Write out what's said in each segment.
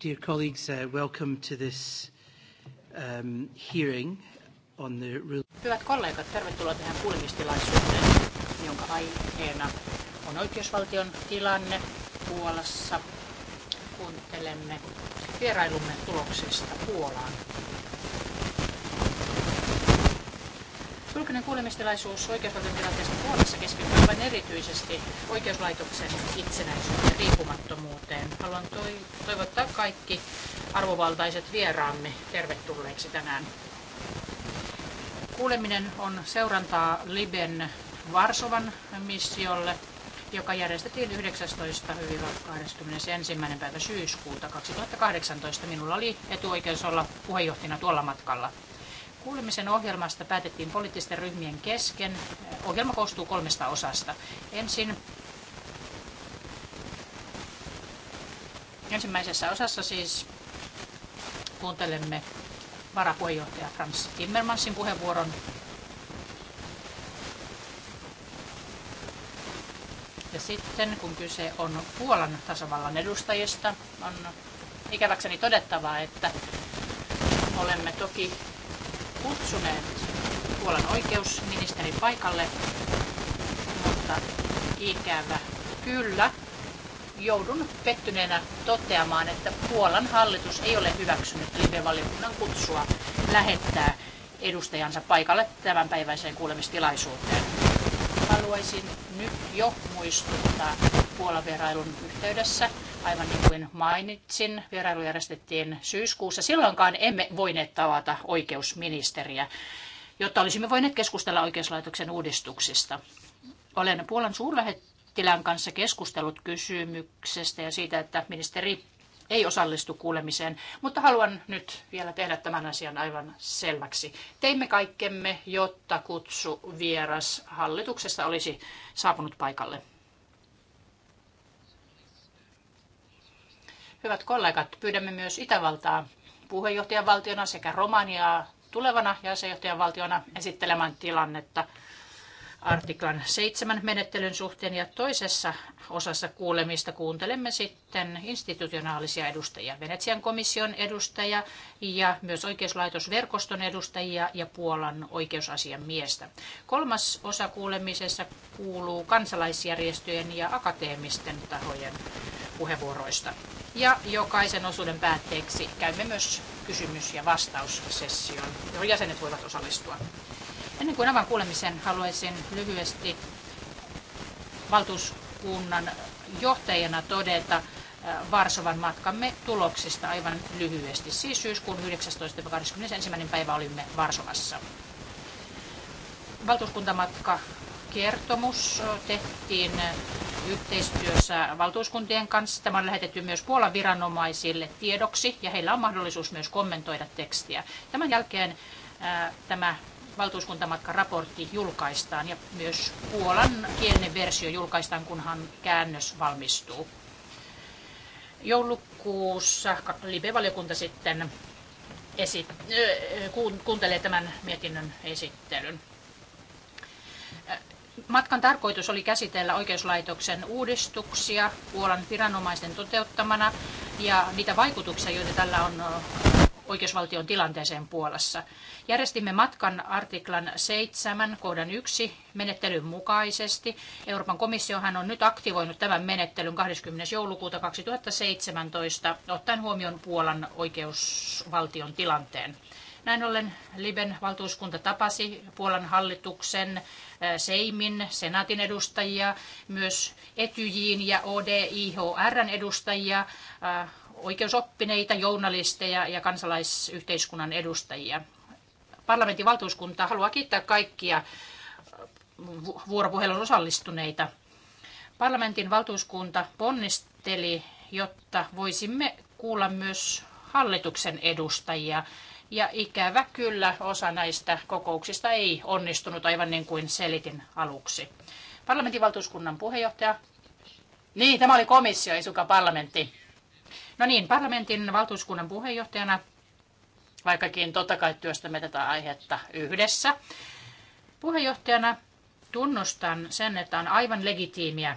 Dear colleagues, uh, welcome to this um, hearing on the rule. Hyvät kollegat, tervetuloa tähän kuulemistilaisuuteen, jonka aiheena on oikeusvaltion tilanne Puolassa. Kuuntelemme vierailumme tuloksesta Puolaan. Julkinen kuulemistilaisuus tilanteesta Puolassa keskittyy aivan erityisesti oikeuslaitoksen itsenäisyyteen ja riippumattomuuteen. Haluan toivottaa kaikki arvovaltaiset vieraamme tervetulleeksi tänään. Kuuleminen on seurantaa Liben Varsovan missiolle, joka järjestettiin 19-21. päivä syyskuuta 2018. Minulla oli etuoikeus olla puheenjohtajana tuolla matkalla. Kuulemisen ohjelmasta päätettiin poliittisten ryhmien kesken. Ohjelma koostuu kolmesta osasta. Ensin Ensimmäisessä osassa siis kuuntelemme varapuheenjohtaja Frans Timmermansin puheenvuoron. Ja sitten kun kyse on Puolan tasavallan edustajista, on ikäväkseni todettava, että olemme toki kutsuneet Puolan oikeusministerin paikalle, mutta ikävä kyllä joudun pettyneenä toteamaan, että Puolan hallitus ei ole hyväksynyt libe valiokunnan kutsua lähettää edustajansa paikalle tämänpäiväiseen kuulemistilaisuuteen. Haluaisin nyt jo muistuttaa Puolan vierailun yhteydessä Aivan niin kuin mainitsin, vierailu järjestettiin syyskuussa. Silloinkaan emme voineet tavata oikeusministeriä, jotta olisimme voineet keskustella oikeuslaitoksen uudistuksista. Olen Puolan suurlähettilän kanssa keskustellut kysymyksestä ja siitä, että ministeri ei osallistu kuulemiseen, mutta haluan nyt vielä tehdä tämän asian aivan selväksi. Teimme kaikkemme, jotta kutsu vieras hallituksesta olisi saapunut paikalle. Hyvät kollegat, pyydämme myös Itävaltaa puheenjohtajavaltiona sekä Romaniaa tulevana jäsenjohtajavaltiona esittelemään tilannetta artiklan 7 menettelyn suhteen ja toisessa osassa kuulemista kuuntelemme sitten institutionaalisia edustajia, Venetsian komission edustajia ja myös oikeuslaitosverkoston edustajia ja Puolan oikeusasian miestä. Kolmas osa kuulemisessa kuuluu kansalaisjärjestöjen ja akateemisten tahojen puheenvuoroista. Ja jokaisen osuuden päätteeksi käymme myös kysymys- ja vastaussession, johon jäsenet voivat osallistua. Ennen kuin avaan kuulemisen, haluaisin lyhyesti valtuuskunnan johtajana todeta äh, Varsovan matkamme tuloksista aivan lyhyesti. Siis syyskuun 19. 21. päivä olimme Varsovassa. Valtuuskuntamatka kertomus tehtiin yhteistyössä valtuuskuntien kanssa. Tämä on lähetetty myös Puolan viranomaisille tiedoksi ja heillä on mahdollisuus myös kommentoida tekstiä. Tämän jälkeen ää, tämä valtuuskuntamatkaraportti julkaistaan ja myös puolan kielinen versio julkaistaan, kunhan käännös valmistuu. Joulukuussa Libe-valiokunta sitten esit- kuuntelee tämän mietinnön esittelyn. Matkan tarkoitus oli käsitellä oikeuslaitoksen uudistuksia Puolan viranomaisten toteuttamana ja niitä vaikutuksia, joita tällä on oikeusvaltion tilanteeseen Puolassa. Järjestimme matkan artiklan 7 kohdan 1 menettelyn mukaisesti. Euroopan komissiohan on nyt aktivoinut tämän menettelyn 20. joulukuuta 2017 ottaen huomioon Puolan oikeusvaltion tilanteen. Näin ollen Liben valtuuskunta tapasi Puolan hallituksen, eh, Seimin, senaatin edustajia, myös Etyjiin ja ODIHRn edustajia, eh, oikeusoppineita, journalisteja ja kansalaisyhteiskunnan edustajia. Parlamentin valtuuskunta haluaa kiittää kaikkia eh, vuoropuhelun osallistuneita. Parlamentin valtuuskunta ponnisteli, jotta voisimme kuulla myös hallituksen edustajia ja ikävä kyllä osa näistä kokouksista ei onnistunut aivan niin kuin selitin aluksi. Parlamentin valtuuskunnan puheenjohtaja. Niin, tämä oli komissio, ei suka parlamentti. No niin, parlamentin valtuuskunnan puheenjohtajana, vaikkakin totta kai työstämme tätä aihetta yhdessä. Puheenjohtajana tunnustan sen, että on aivan legitiimiä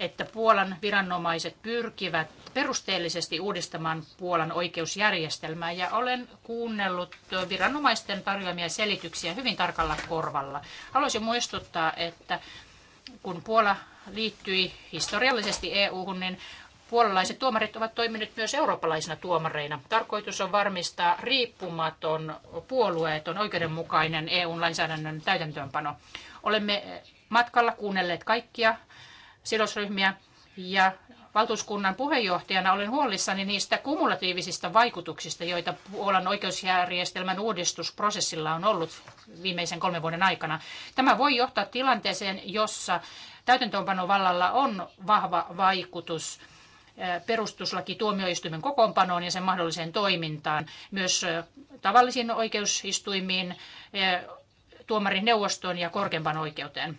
että Puolan viranomaiset pyrkivät perusteellisesti uudistamaan Puolan oikeusjärjestelmää ja olen kuunnellut viranomaisten tarjoamia selityksiä hyvin tarkalla korvalla. Haluaisin muistuttaa, että kun Puola liittyi historiallisesti EU-hun, niin puolalaiset tuomarit ovat toimineet myös eurooppalaisina tuomareina. Tarkoitus on varmistaa riippumaton, puolueeton, oikeudenmukainen EU-lainsäädännön täytäntöönpano. Olemme matkalla kuunnelleet kaikkia sidosryhmiä ja valtuuskunnan puheenjohtajana olen huolissani niistä kumulatiivisista vaikutuksista, joita Puolan oikeusjärjestelmän uudistusprosessilla on ollut viimeisen kolmen vuoden aikana. Tämä voi johtaa tilanteeseen, jossa täytäntöönpanovallalla on vahva vaikutus eh, perustuslaki tuomioistuimen kokoonpanoon ja sen mahdolliseen toimintaan, myös eh, tavallisiin oikeusistuimiin, eh, tuomarin neuvostoon ja korkeimpaan oikeuteen.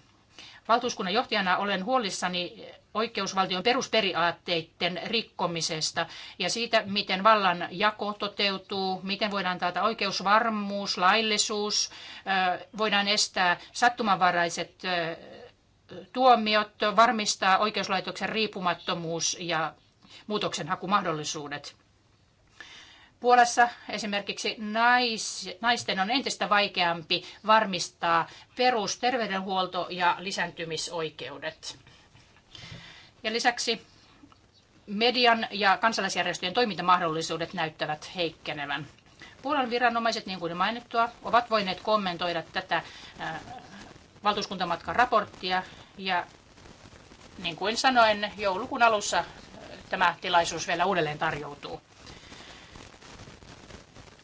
Valtuuskunnan johtajana olen huolissani oikeusvaltion perusperiaatteiden rikkomisesta ja siitä, miten vallan jako toteutuu, miten voidaan taata oikeusvarmuus, laillisuus, voidaan estää sattumanvaraiset tuomiot, varmistaa oikeuslaitoksen riippumattomuus ja muutoksenhakumahdollisuudet. Puolassa esimerkiksi nais, naisten on entistä vaikeampi varmistaa perusterveydenhuolto ja lisääntymisoikeudet. Ja lisäksi median ja kansalaisjärjestöjen toimintamahdollisuudet näyttävät heikkenevän. Puolan viranomaiset, niin kuin mainittua, ovat voineet kommentoida tätä äh, valtuuskuntamatkan raporttia ja niin kuin sanoin, joulukuun alussa äh, tämä tilaisuus vielä uudelleen tarjoutuu.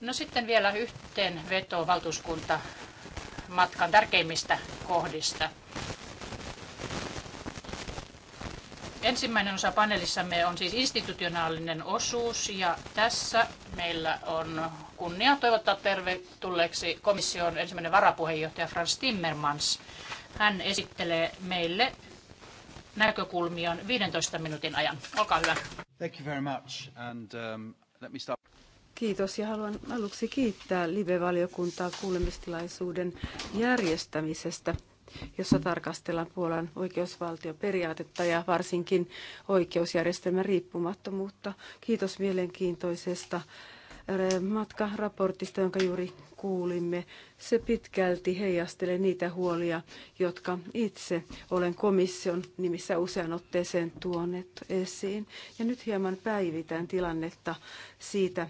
No sitten vielä veto valtuuskunta matkan tärkeimmistä kohdista. Ensimmäinen osa paneelissamme on siis institutionaalinen osuus ja tässä meillä on kunnia toivottaa tervetulleeksi komission ensimmäinen varapuheenjohtaja Frans Timmermans. Hän esittelee meille näkökulmiaan 15 minuutin ajan. Olkaa hyvä. Thank you very much and um, let me start. Kiitos ja haluan aluksi kiittää Live-valiokuntaa kuulemistilaisuuden järjestämisestä, jossa tarkastellaan Puolan oikeusvaltioperiaatetta ja varsinkin oikeusjärjestelmän riippumattomuutta. Kiitos mielenkiintoisesta eh, matkaraportista, jonka juuri kuulimme. Se pitkälti heijastelee niitä huolia, jotka itse olen komission nimissä usean otteeseen tuonut esiin. Ja nyt hieman päivitän tilannetta siitä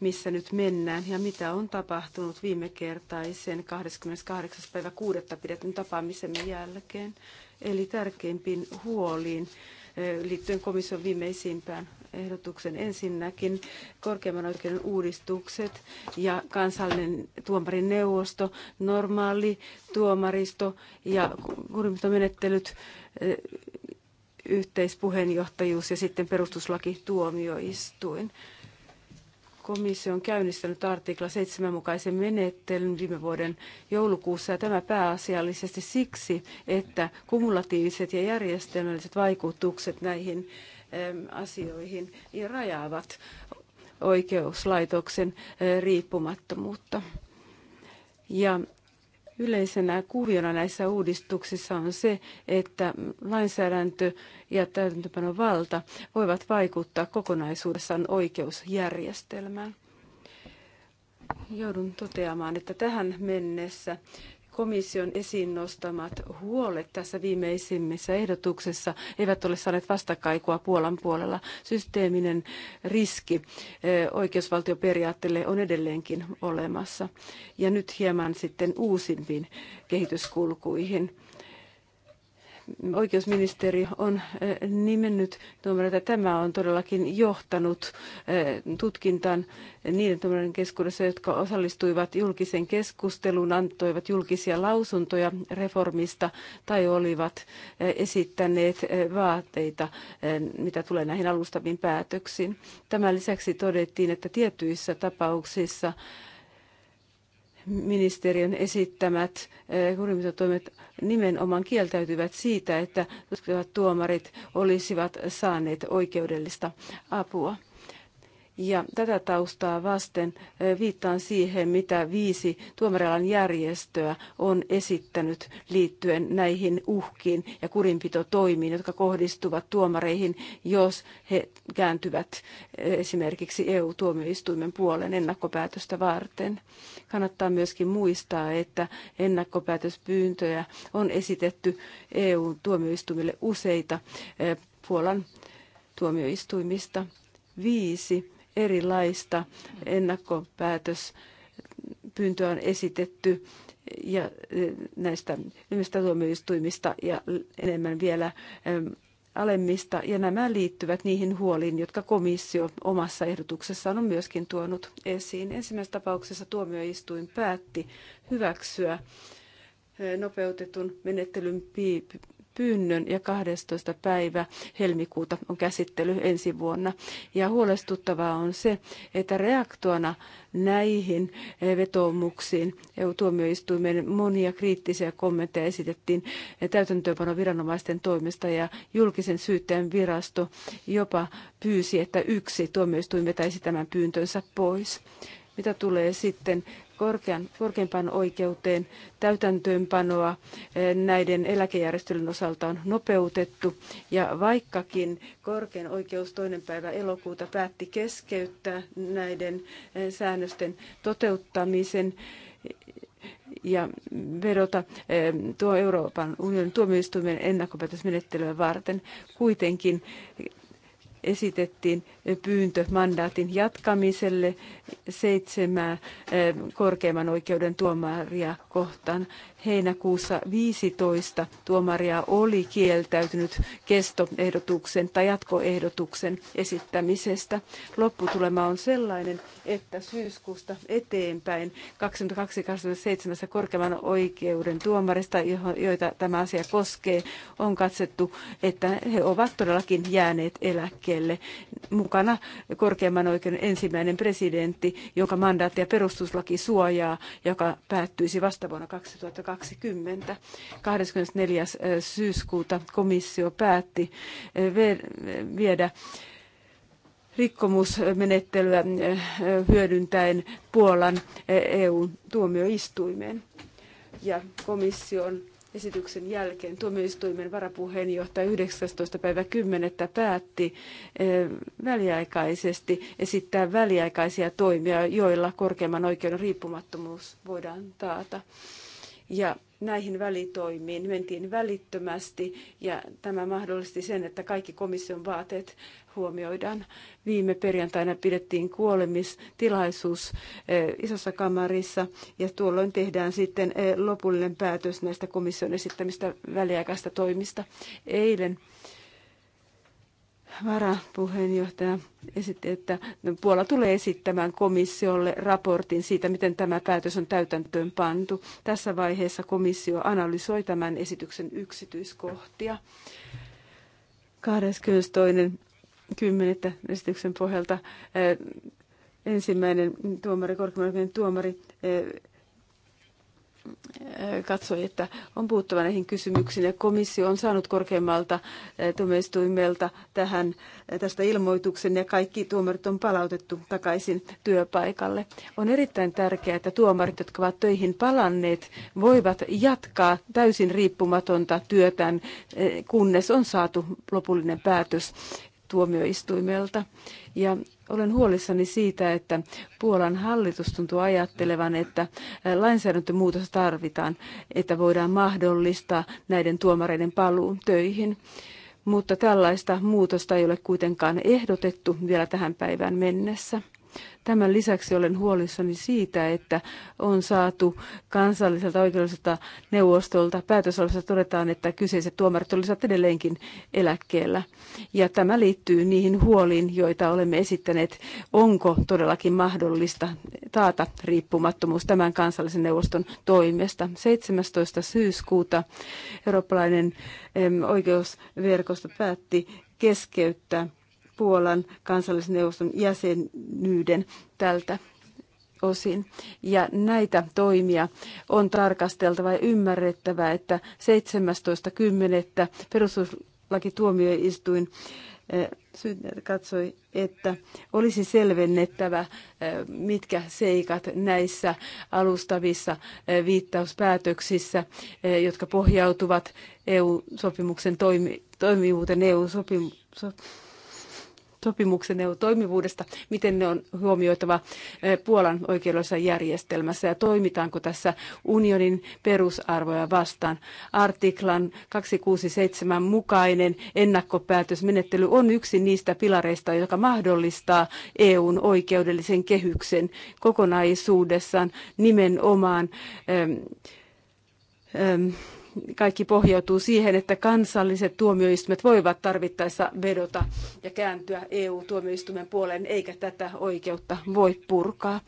missä nyt mennään ja mitä on tapahtunut viime kertaisen 28. päivä 6. pidetyn tapaamisemme jälkeen. Eli tärkeimpiin huoliin eh, liittyen komission viimeisimpään ehdotuksen ensinnäkin korkeimman oikeuden uudistukset ja kansallinen tuomarineuvosto, normaali tuomaristo ja kurinpitomenettelyt, eh, yhteispuheenjohtajuus ja sitten perustuslaki tuomioistuin. Komissio on käynnistänyt artikla 7 mukaisen menettelyn viime vuoden joulukuussa ja tämä pääasiallisesti siksi, että kumulatiiviset ja järjestelmälliset vaikutukset näihin asioihin rajaavat oikeuslaitoksen riippumattomuutta. Ja Yleisenä kuviona näissä uudistuksissa on se, että lainsäädäntö ja valta voivat vaikuttaa kokonaisuudessaan oikeusjärjestelmään joudun toteamaan, että tähän mennessä komission esiin nostamat huolet tässä viimeisimmissä ehdotuksessa eivät ole saaneet vastakaikua Puolan puolella. Systeeminen riski oikeusvaltioperiaatteelle on edelleenkin olemassa. Ja nyt hieman sitten uusimpiin kehityskulkuihin oikeusministeri on nimennyt tuomareita. Tämä on todellakin johtanut tutkintaan niiden tuomareiden keskuudessa, jotka osallistuivat julkisen keskusteluun, antoivat julkisia lausuntoja reformista tai olivat esittäneet vaateita, mitä tulee näihin alustaviin päätöksiin. Tämän lisäksi todettiin, että tietyissä tapauksissa ministeriön esittämät eh, kurimitotoimet nimenomaan kieltäytyvät siitä, että tuomarit olisivat saaneet oikeudellista apua. Ja tätä taustaa vasten eh, viittaan siihen, mitä viisi tuomarialan järjestöä on esittänyt liittyen näihin uhkiin ja kurinpitotoimiin, jotka kohdistuvat tuomareihin, jos he kääntyvät eh, esimerkiksi EU-tuomioistuimen puolen ennakkopäätöstä varten. Kannattaa myöskin muistaa, että ennakkopäätöspyyntöjä on esitetty EU-tuomioistuimille useita eh, Puolan tuomioistuimista viisi erilaista. Ennakkopäätös pyyntöä on esitetty ja e, näistä ylimmistä tuomioistuimista ja enemmän vielä e, alemmista, ja nämä liittyvät niihin huoliin, jotka komissio omassa ehdotuksessaan on myöskin tuonut esiin. Ensimmäisessä tapauksessa tuomioistuin päätti hyväksyä e, nopeutetun menettelyn pyynnön ja 12. päivä helmikuuta on käsittely ensi vuonna. Ja huolestuttavaa on se, että reaktiona näihin vetoomuksiin EU-tuomioistuimen monia kriittisiä kommentteja esitettiin viranomaisten toimesta ja julkisen syyttäjän virasto jopa pyysi, että yksi tuomioistuin vetäisi tämän pyyntönsä pois. Mitä tulee sitten korkean, korkeimpaan oikeuteen täytäntöönpanoa eh, näiden eläkejärjestelyjen osalta on nopeutettu. Ja vaikkakin korkein oikeus toinen päivä elokuuta päätti keskeyttää näiden eh, säännösten toteuttamisen, ja vedota eh, tuo Euroopan unionin tuomioistuimen ennakkopäätösmenettelyä varten. Kuitenkin esitettiin pyyntö mandaatin jatkamiselle seitsemää eh, korkeimman oikeuden tuomaria kohtaan heinäkuussa 15 tuomaria oli kieltäytynyt kestoehdotuksen tai jatkoehdotuksen esittämisestä. Lopputulema on sellainen, että syyskuusta eteenpäin 22-27 korkeimman oikeuden tuomarista, joita tämä asia koskee, on katsettu, että he ovat todellakin jääneet eläkkeelle. Mukana korkeimman oikeuden ensimmäinen presidentti, jonka mandaatti ja perustuslaki suojaa, joka päättyisi vasta vuonna 2020. 2020. 24. Eh, syyskuuta komissio päätti eh, viedä rikkomusmenettelyä eh, hyödyntäen Puolan EU-tuomioistuimeen. E ja komission esityksen jälkeen tuomioistuimen varapuheenjohtaja 19. päivä 10. päätti väliaikaisesti esittää väliaikaisia toimia, joilla korkeimman oikeuden riippumattomuus voidaan taata. Ja näihin välitoimiin mentiin välittömästi ja tämä mahdollisti sen, että kaikki komission vaateet huomioidaan. Viime perjantaina pidettiin kuolemistilaisuus eh, isossa kamarissa ja tuolloin tehdään sitten eh, lopullinen päätös näistä komission esittämistä väliaikaista toimista. Eilen varapuheenjohtaja esitti, että Puola tulee esittämään komissiolle raportin siitä, miten tämä päätös on täytäntöön pantu. Tässä vaiheessa komissio analysoi tämän esityksen yksityiskohtia. 22.10. esityksen pohjalta eh, ensimmäinen tuomari, korkeimman tuomari eh, katsoi, että on puuttuva näihin kysymyksiin ja komissio on saanut korkeammalta tuomioistuimelta tähän tästä ilmoituksen ja kaikki tuomarit on palautettu takaisin työpaikalle. On erittäin tärkeää, että tuomarit, jotka ovat töihin palanneet, voivat jatkaa täysin riippumatonta työtään, kunnes on saatu lopullinen päätös tuomioistuimelta. Ja olen huolissani siitä, että Puolan hallitus tuntuu ajattelevan, että lainsäädäntömuutos tarvitaan, että voidaan mahdollistaa näiden tuomareiden paluu töihin. Mutta tällaista muutosta ei ole kuitenkaan ehdotettu vielä tähän päivään mennessä. Tämän lisäksi olen huolissani siitä, että on saatu kansalliselta oikeudelliselta neuvostolta päätösolossa todetaan, että kyseiset tuomarit olisivat edelleenkin eläkkeellä. Ja tämä liittyy niihin huoliin, joita olemme esittäneet. Onko todellakin mahdollista taata riippumattomuus tämän kansallisen neuvoston toimesta? 17. syyskuuta eurooppalainen oikeusverkosto päätti keskeyttää Puolan kansallisneuvoston jäsenyyden tältä osin. Ja näitä toimia on tarkasteltava ja ymmärrettävä, että 17.10. perustuslakituomioistuin eh, katsoi, että olisi selvennettävä, eh, mitkä seikat näissä alustavissa eh, viittauspäätöksissä, jotka pohjautuvat EU-sopimuksen toimi, toimivuuteen eu sopimuksen sopimuksen toimivuudesta, miten ne on huomioitava eh, Puolan oikeudellisessa järjestelmässä ja toimitaanko tässä unionin perusarvoja vastaan. Artiklan 267 mukainen ennakkopäätösmenettely on yksi niistä pilareista, joka mahdollistaa EUn oikeudellisen kehyksen kokonaisuudessaan nimenomaan ähm, ähm, kaikki pohjautuu siihen, että kansalliset tuomioistuimet voivat tarvittaessa vedota ja kääntyä EU-tuomioistuimen puoleen, eikä tätä oikeutta voi purkaa.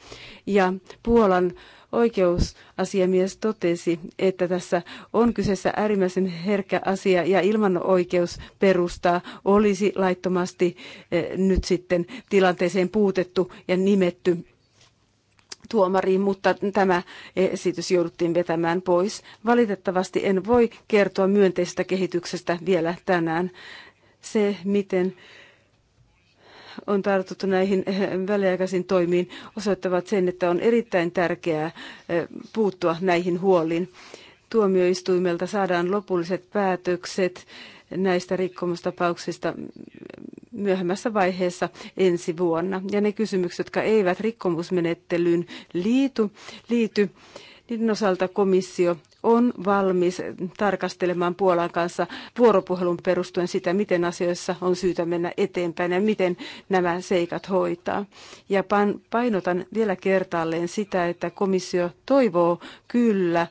Ja Puolan oikeusasiamies totesi, että tässä on kyseessä äärimmäisen herkkä asia ja ilman oikeusperustaa olisi laittomasti eh, nyt sitten tilanteeseen puutettu ja nimetty tuomariin, mutta tämä esitys jouduttiin vetämään pois. Valitettavasti en voi kertoa myönteisestä kehityksestä vielä tänään. Se, miten on tartuttu näihin eh, väliaikaisiin toimiin, osoittavat sen, että on erittäin tärkeää eh, puuttua näihin huoliin. Tuomioistuimelta saadaan lopulliset päätökset näistä rikkomustapauksista myöhemmässä vaiheessa ensi vuonna. Ja ne kysymykset, jotka eivät rikkomusmenettelyyn liity, liity niiden osalta komissio on valmis tarkastelemaan Puolan kanssa vuoropuhelun perustuen sitä, miten asioissa on syytä mennä eteenpäin ja miten nämä seikat hoitaa. Ja painotan vielä kertaalleen sitä, että komissio toivoo kyllä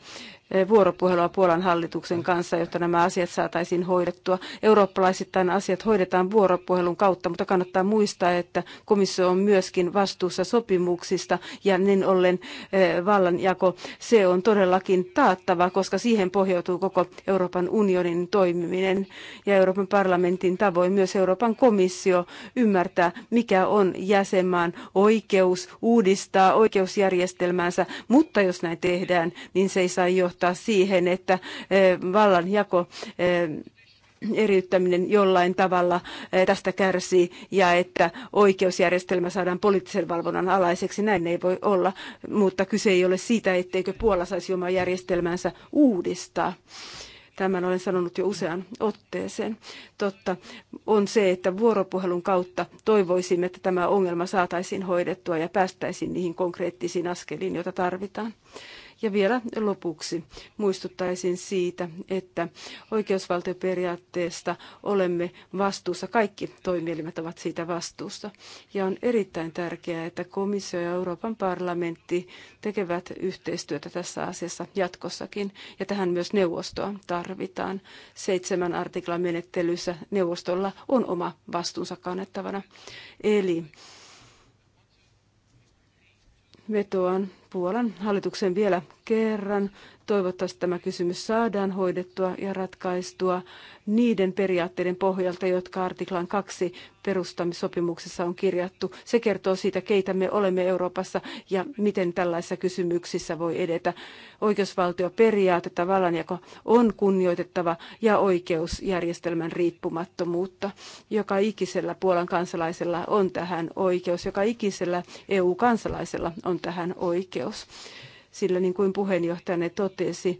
Eh, vuoropuhelua Puolan hallituksen kanssa, jotta nämä asiat saataisiin hoidettua. Eurooppalaisittain asiat hoidetaan vuoropuhelun kautta, mutta kannattaa muistaa, että komissio on myöskin vastuussa sopimuksista ja niin ollen eh, vallanjako, se on todellakin taattava, koska siihen pohjautuu koko Euroopan unionin toimiminen ja Euroopan parlamentin tavoin myös Euroopan komissio ymmärtää, mikä on jäsenmaan oikeus uudistaa oikeusjärjestelmäänsä, mutta jos näin tehdään, niin se ei saa johtaa vaikuttaa siihen, että eh, vallanjako eh, eriyttäminen jollain tavalla eh, tästä kärsii ja että oikeusjärjestelmä saadaan poliittisen valvonnan alaiseksi. Näin ei voi olla, mutta kyse ei ole siitä, etteikö Puola saisi omaa järjestelmänsä uudistaa. Tämän olen sanonut jo usean otteeseen. Totta on se, että vuoropuhelun kautta toivoisimme, että tämä ongelma saataisiin hoidettua ja päästäisiin niihin konkreettisiin askeliin, joita tarvitaan. Ja vielä lopuksi muistuttaisin siitä, että oikeusvaltioperiaatteesta olemme vastuussa. Kaikki toimielimet ovat siitä vastuussa. Ja on erittäin tärkeää, että komissio ja Euroopan parlamentti tekevät yhteistyötä tässä asiassa jatkossakin. Ja tähän myös neuvostoa tarvitaan. Seitsemän artiklan menettelyssä neuvostolla on oma vastuunsa kannettavana. Eli vetoan Puolan hallituksen vielä kerran, Toivottavasti tämä kysymys saadaan hoidettua ja ratkaistua niiden periaatteiden pohjalta, jotka artiklan kaksi perustamissopimuksessa on kirjattu. Se kertoo siitä, keitä me olemme Euroopassa ja miten tällaisissa kysymyksissä voi edetä. Oikeusvaltioperiaatetta vallanjako on kunnioitettava ja oikeusjärjestelmän riippumattomuutta. Joka ikisellä Puolan kansalaisella on tähän oikeus, joka ikisellä EU-kansalaisella on tähän oikeus sillä niin kuin puheenjohtajanne totesi,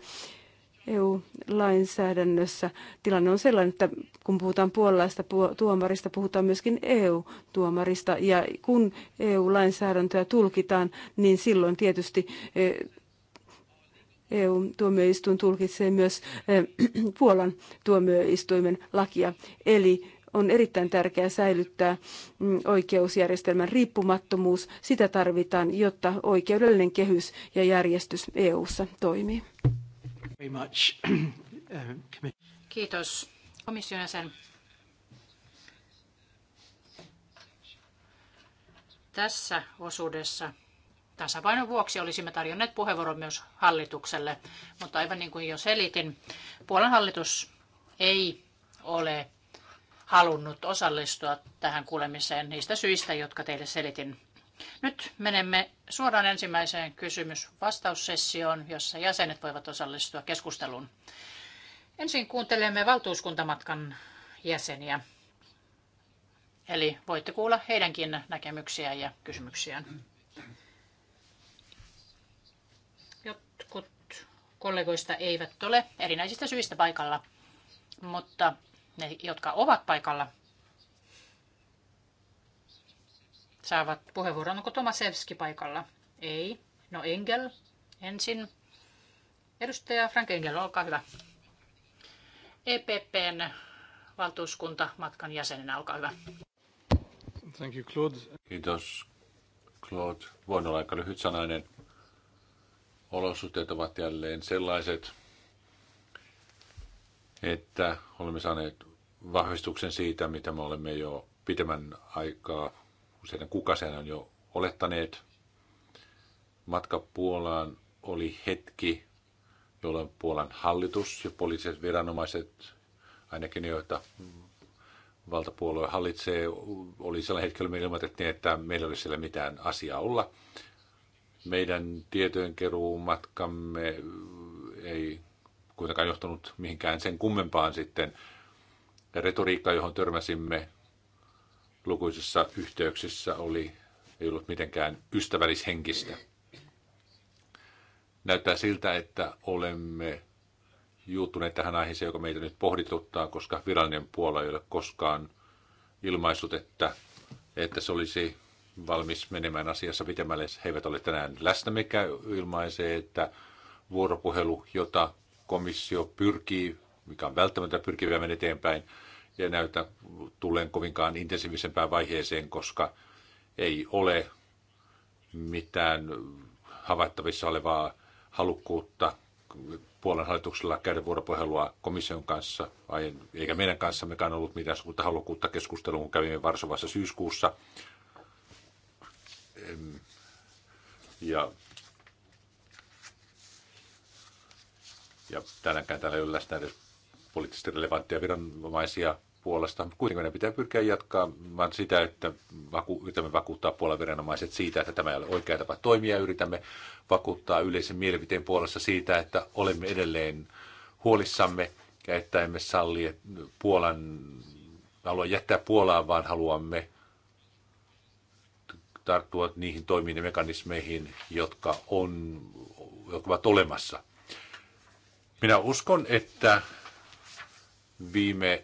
EU-lainsäädännössä tilanne on sellainen, että kun puhutaan puolalaista tuomarista, puhutaan myöskin EU-tuomarista. Ja kun EU-lainsäädäntöä tulkitaan, niin silloin tietysti EU-tuomioistuin e tulkitsee myös e, Puolan tuomioistuimen lakia. Eli on erittäin tärkeää säilyttää mm, oikeusjärjestelmän riippumattomuus. Sitä tarvitaan, jotta oikeudellinen kehys ja järjestys EU:ssa toimii. Kiitos komission jäsen. Tässä osuudessa tasapainon vuoksi olisimme tarjonneet puheenvuoron myös hallitukselle, mutta aivan niin kuin jo selitin, Puolan hallitus ei ole halunnut osallistua tähän kuulemiseen niistä syistä, jotka teille selitin. Nyt menemme suoraan ensimmäiseen kysymys-vastaussessioon, jossa jäsenet voivat osallistua keskusteluun. Ensin kuuntelemme valtuuskuntamatkan jäseniä. Eli voitte kuulla heidänkin näkemyksiään ja kysymyksiään. Jotkut kollegoista eivät ole erinäisistä syistä paikalla, mutta ne, jotka ovat paikalla, saavat puheenvuoron. Onko Tomasevski paikalla? Ei. No Engel ensin. Edustaja Frank Engel, olkaa hyvä. EPPn valtuuskunta matkan jäsenenä, olkaa hyvä. Thank you, Claude. Kiitos, Claude. Voin olla aika lyhyt sanainen. Olosuhteet ovat jälleen sellaiset, että olemme saaneet vahvistuksen siitä, mitä me olemme jo pitemmän aikaa, useiden kuukausien on jo olettaneet. Matka Puolaan oli hetki, jolloin Puolan hallitus ja poliittiset viranomaiset, ainakin joita valtapuolue hallitsee, oli sellainen jolloin me ilmoitettiin, että meillä olisi siellä mitään asiaa olla. Meidän tietojenkeruumatkamme ei kuitenkaan johtanut mihinkään sen kummempaan sitten. Retoriikka, johon törmäsimme lukuisissa yhteyksissä, oli, ei ollut mitenkään ystävällishenkistä. Näyttää siltä, että olemme juuttuneet tähän aiheeseen, joka meitä nyt pohdituttaa, koska virallinen puola ei ole koskaan ilmaissut, että, että se olisi valmis menemään asiassa pitemmälle. He eivät ole tänään läsnä, mikä ilmaisee, että vuoropuhelu, jota komissio pyrkii, mikä on välttämätöntä, pyrkii viemään eteenpäin ja näytä tulleen kovinkaan intensiivisempään vaiheeseen, koska ei ole mitään havaittavissa olevaa halukkuutta Puolan hallituksella käydä vuoropuhelua komission kanssa, eikä meidän kanssammekaan ollut mitään suurta halukkuutta keskusteluun, kun kävimme Varsovassa syyskuussa. Ja ja tänäänkään täällä ei ole läsnä edes poliittisesti relevanttia viranomaisia puolesta. Kuitenkin meidän pitää pyrkiä jatkamaan sitä, että vaku, yritämme vakuuttaa puolen viranomaiset siitä, että tämä ei ole oikea tapa toimia. Yritämme vakuuttaa yleisen mielipiteen puolesta siitä, että olemme edelleen huolissamme ja että emme salli Puolan, halua jättää Puolaan, vaan haluamme tarttua niihin toimiin ja mekanismeihin, jotka, on, jotka ovat olemassa. Minä uskon, että viime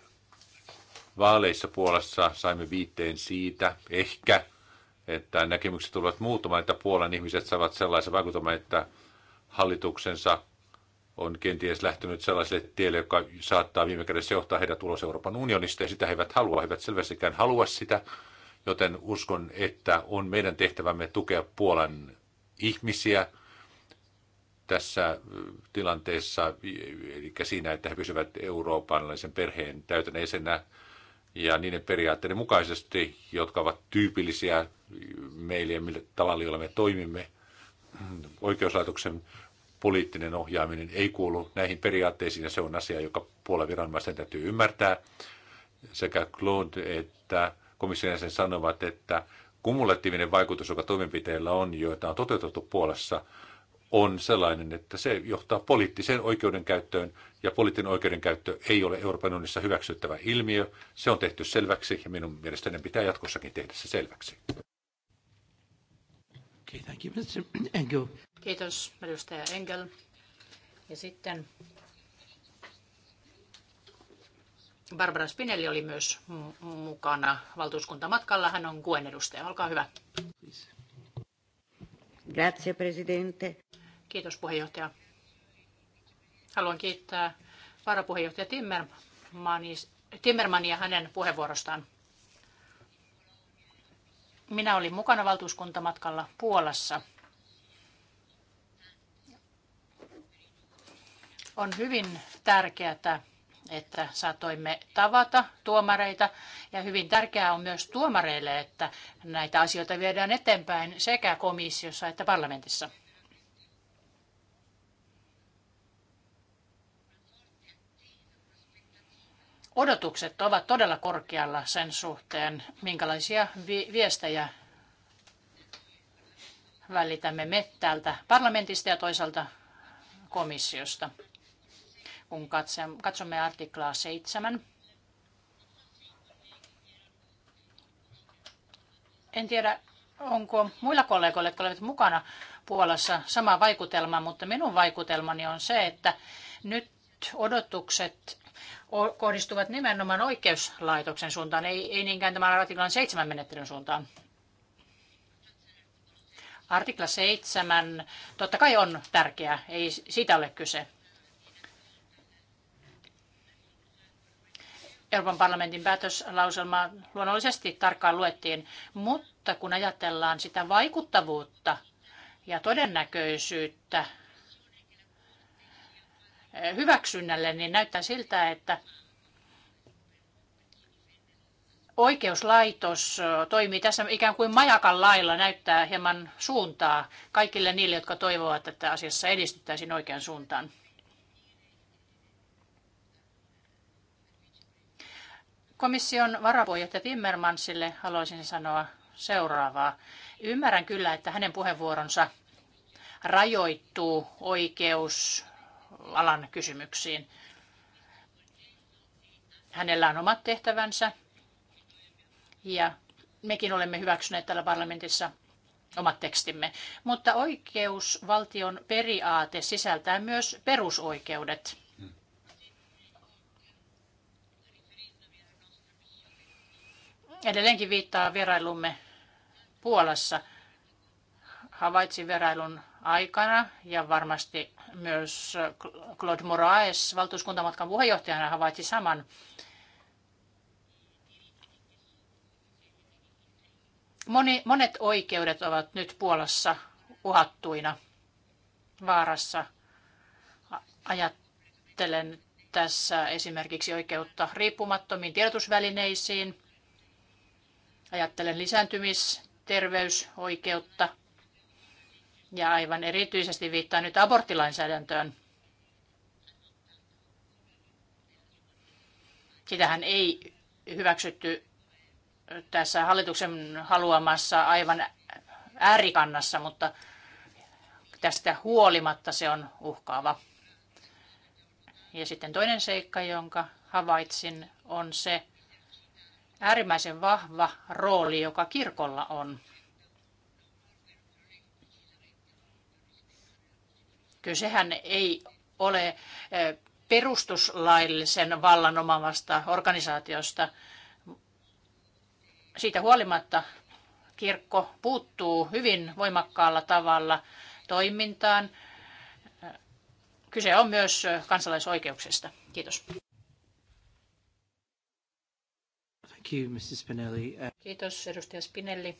vaaleissa Puolassa saimme viitteen siitä, ehkä, että näkemykset tulevat muuttumaan, että Puolan ihmiset saavat sellaisen vaikutelman, että hallituksensa on kenties lähtenyt sellaiselle tielle, joka saattaa viime kädessä johtaa heidät ulos Euroopan unionista, ja sitä he eivät halua, he eivät selvästikään halua sitä, joten uskon, että on meidän tehtävämme tukea Puolan ihmisiä – tässä äh, tilanteessa, eli siinä, että he pysyvät eurooppalaisen perheen täytäneisenä ja niiden periaatteiden mukaisesti, jotka ovat tyypillisiä meille ja millä tavalla, jolla me toimimme. Oikeuslaitoksen poliittinen ohjaaminen ei kuulu näihin periaatteisiin ja se on asia, joka puolen viranomaisten täytyy ymmärtää. Sekä Claude että komission jäsen sanovat, että kumulatiivinen vaikutus, joka toimenpiteillä on, joita on toteutettu Puolassa – on sellainen, että se johtaa poliittiseen oikeudenkäyttöön, ja poliittinen oikeudenkäyttö ei ole Euroopan unionissa hyväksyttävä ilmiö. Se on tehty selväksi, ja minun mielestäni pitää jatkossakin tehdä se selväksi. Kiitos Engel. Kiitos, edustaja Engel. Ja sitten Barbara Spinelli oli myös mukana valtuuskuntamatkalla. Hän on kuen edustaja. Olkaa hyvä. Grazie, presidente. Kiitos puheenjohtaja. Haluan kiittää varapuheenjohtaja Timmermania hänen puheenvuorostaan. Minä olin mukana valtuuskuntamatkalla Puolassa. On hyvin tärkeää, että saatoimme tavata tuomareita. Ja hyvin tärkeää on myös tuomareille, että näitä asioita viedään eteenpäin sekä komissiossa että parlamentissa. odotukset ovat todella korkealla sen suhteen, minkälaisia vi- viestejä välitämme me täältä parlamentista ja toisaalta komissiosta. Kun katsomme artiklaa 7, en tiedä, onko muilla kollegoilla, jotka olivat mukana Puolassa, sama vaikutelma, mutta minun vaikutelmani on se, että nyt odotukset kohdistuvat nimenomaan oikeuslaitoksen suuntaan, ei, ei niinkään tämän artiklan 7 menettelyn suuntaan. Artikla 7 totta kai on tärkeä, ei siitä ole kyse. Euroopan parlamentin päätöslauselma luonnollisesti tarkkaan luettiin, mutta kun ajatellaan sitä vaikuttavuutta ja todennäköisyyttä, Eh, hyväksynnälle, niin näyttää siltä, että oikeuslaitos eh, toimii tässä ikään kuin majakan lailla, näyttää hieman suuntaa kaikille niille, jotka toivovat, että asiassa edistyttäisiin oikean suuntaan. Komission varapuheenjohtaja Timmermansille haluaisin sanoa seuraavaa. Ymmärrän kyllä, että hänen puheenvuoronsa rajoittuu oikeus alan kysymyksiin. Hänellä on omat tehtävänsä ja mekin olemme hyväksyneet täällä parlamentissa omat tekstimme. Mutta oikeusvaltion periaate sisältää myös perusoikeudet. Edelleenkin viittaa vierailumme Puolassa. Havaitsin vierailun aikana ja varmasti myös Claude Moraes valtuuskuntamatkan puheenjohtajana havaitsi saman. Moni, monet oikeudet ovat nyt Puolassa uhattuina, vaarassa. Ajattelen tässä esimerkiksi oikeutta riippumattomiin tiedotusvälineisiin. Ajattelen lisääntymisterveysoikeutta ja aivan erityisesti viittaan nyt aborttilainsäädäntöön. Sitähän ei hyväksytty tässä hallituksen haluamassa aivan äärikannassa, mutta tästä huolimatta se on uhkaava. Ja sitten toinen seikka, jonka havaitsin, on se äärimmäisen vahva rooli, joka kirkolla on liittyy, sehän ei ole eh, perustuslaillisen vallan omavasta organisaatiosta. Siitä huolimatta kirkko puuttuu hyvin voimakkaalla tavalla toimintaan. Kyse on myös kansalaisoikeuksista. Kiitos. Thank you, Spinelli. Kiitos, edustaja Spinelli.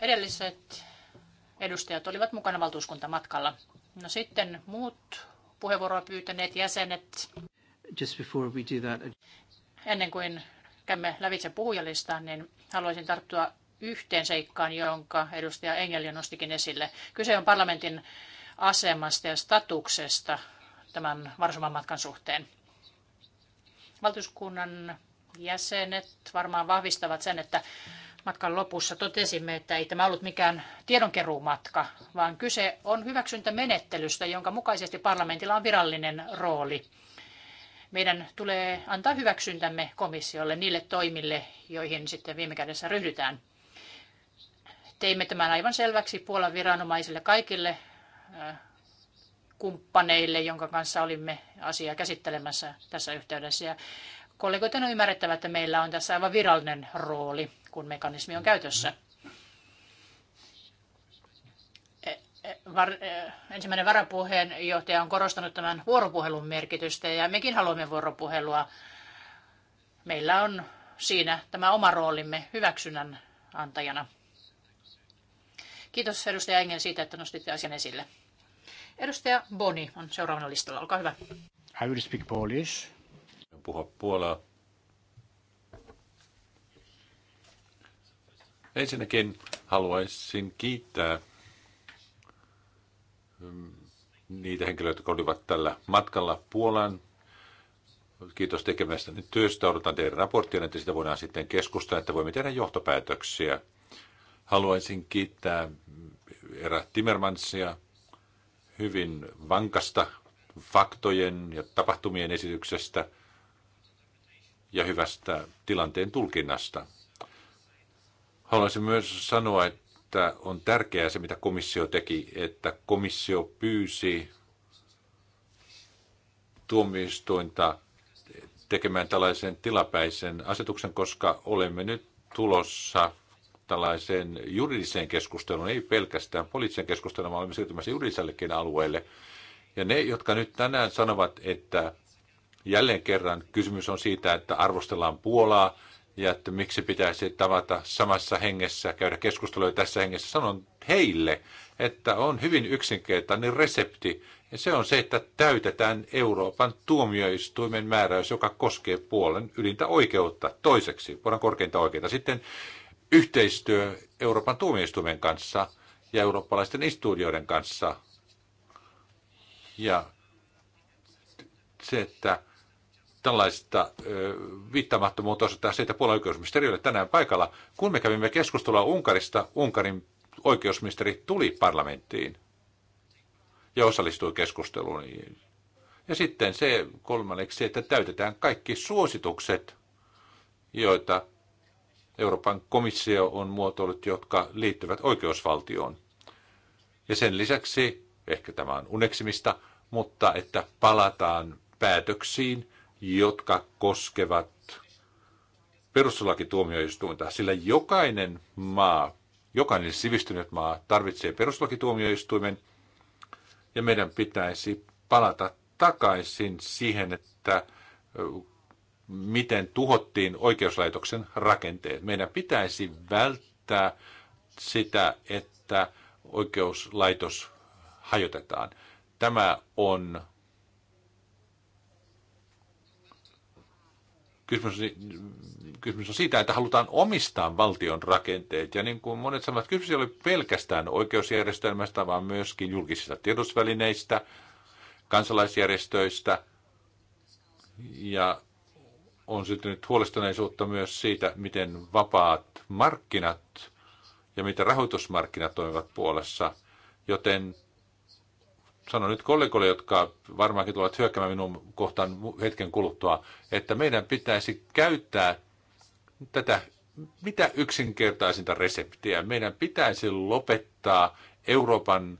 Edelliset edustajat olivat mukana valtuuskuntamatkalla. No sitten muut puheenvuoroa pyytäneet jäsenet. Just before we do that. Ennen kuin käymme lävitse puhujalistaan, niin haluaisin tarttua yhteen seikkaan, jonka edustaja Engel nostikin esille. Kyse on parlamentin asemasta ja statuksesta tämän Varsoman matkan suhteen. Valtuuskunnan jäsenet varmaan vahvistavat sen, että matkan lopussa totesimme, että ei tämä ollut mikään tiedonkeruumatka, vaan kyse on hyväksyntämenettelystä, jonka mukaisesti parlamentilla on virallinen rooli. Meidän tulee antaa hyväksyntämme komissiolle niille toimille, joihin sitten viime kädessä ryhdytään. Teimme tämän aivan selväksi Puolan viranomaisille kaikille äh, kumppaneille, jonka kanssa olimme asiaa käsittelemässä tässä yhteydessä. Ja kollegoiden on ymmärrettävä, että meillä on tässä aivan virallinen rooli, kun mekanismi on käytössä. E, e, var, e, ensimmäinen varapuheenjohtaja on korostanut tämän vuoropuhelun merkitystä ja mekin haluamme vuoropuhelua. Meillä on siinä tämä oma roolimme hyväksynnän antajana. Kiitos edustaja Engel siitä, että nostitte asian esille. Edustaja Boni on seuraavana listalla. Olkaa hyvä. I will speak Polish puhua Puolaa. Ensinnäkin haluaisin kiittää mm, niitä henkilöitä, jotka olivat tällä matkalla Puolaan. Kiitos tekemästä työstä. Odotan teidän raporttia, että sitä voidaan sitten keskustella, että voimme tehdä johtopäätöksiä. Haluaisin kiittää mm, erä Timmermansia hyvin vankasta faktojen ja tapahtumien esityksestä – ja hyvästä tilanteen tulkinnasta. Haluaisin myös sanoa, että on tärkeää se, mitä komissio teki, että komissio pyysi tuomioistuinta tekemään tällaisen tilapäisen asetuksen, koska olemme nyt tulossa tällaiseen juridiseen keskusteluun, ei pelkästään poliittiseen keskusteluun, vaan olemme siirtymässä juridisellekin alueelle. Ja ne, jotka nyt tänään sanovat, että Jälleen kerran kysymys on siitä, että arvostellaan Puolaa ja että miksi pitäisi tavata samassa hengessä, käydä keskustelua tässä hengessä. Sanon heille, että on hyvin yksinkertainen resepti ja se on se, että täytetään Euroopan tuomioistuimen määräys, joka koskee puolen ylintä oikeutta toiseksi, puolen korkeinta oikeutta. Sitten yhteistyö Euroopan tuomioistuimen kanssa ja eurooppalaisten instituutioiden kanssa. Ja se, että tällaista viittamattomuutta osoittaa siitä Puolan oikeusministeriölle tänään paikalla. Kun me kävimme keskustelua Unkarista, Unkarin oikeusministeri tuli parlamenttiin ja osallistui keskusteluun. Ja sitten se kolmanneksi, että täytetään kaikki suositukset, joita Euroopan komissio on muotoillut, jotka liittyvät oikeusvaltioon. Ja sen lisäksi, ehkä tämä on uneksimista, mutta että palataan päätöksiin, jotka koskevat perustuslakituomioistuinta, sillä jokainen maa, jokainen sivistynyt maa tarvitsee perustuslakituomioistuimen ja meidän pitäisi palata takaisin siihen, että miten tuhottiin oikeuslaitoksen rakenteet. Meidän pitäisi välttää sitä, että oikeuslaitos hajotetaan. Tämä on Kysymys, kysymys on siitä, että halutaan omistaa valtion rakenteet. Ja niin kuin monet sanovat, kysymys ei ole pelkästään oikeusjärjestelmästä, vaan myöskin julkisista tiedotusvälineistä, kansalaisjärjestöistä. Ja on syntynyt huolestuneisuutta myös siitä, miten vapaat markkinat ja miten rahoitusmarkkinat toimivat puolessa. Joten sanon nyt kollegoille, jotka varmaankin tulevat hyökkäämään minun kohtaan hetken kuluttua, että meidän pitäisi käyttää tätä mitä yksinkertaisinta reseptiä. Meidän pitäisi lopettaa Euroopan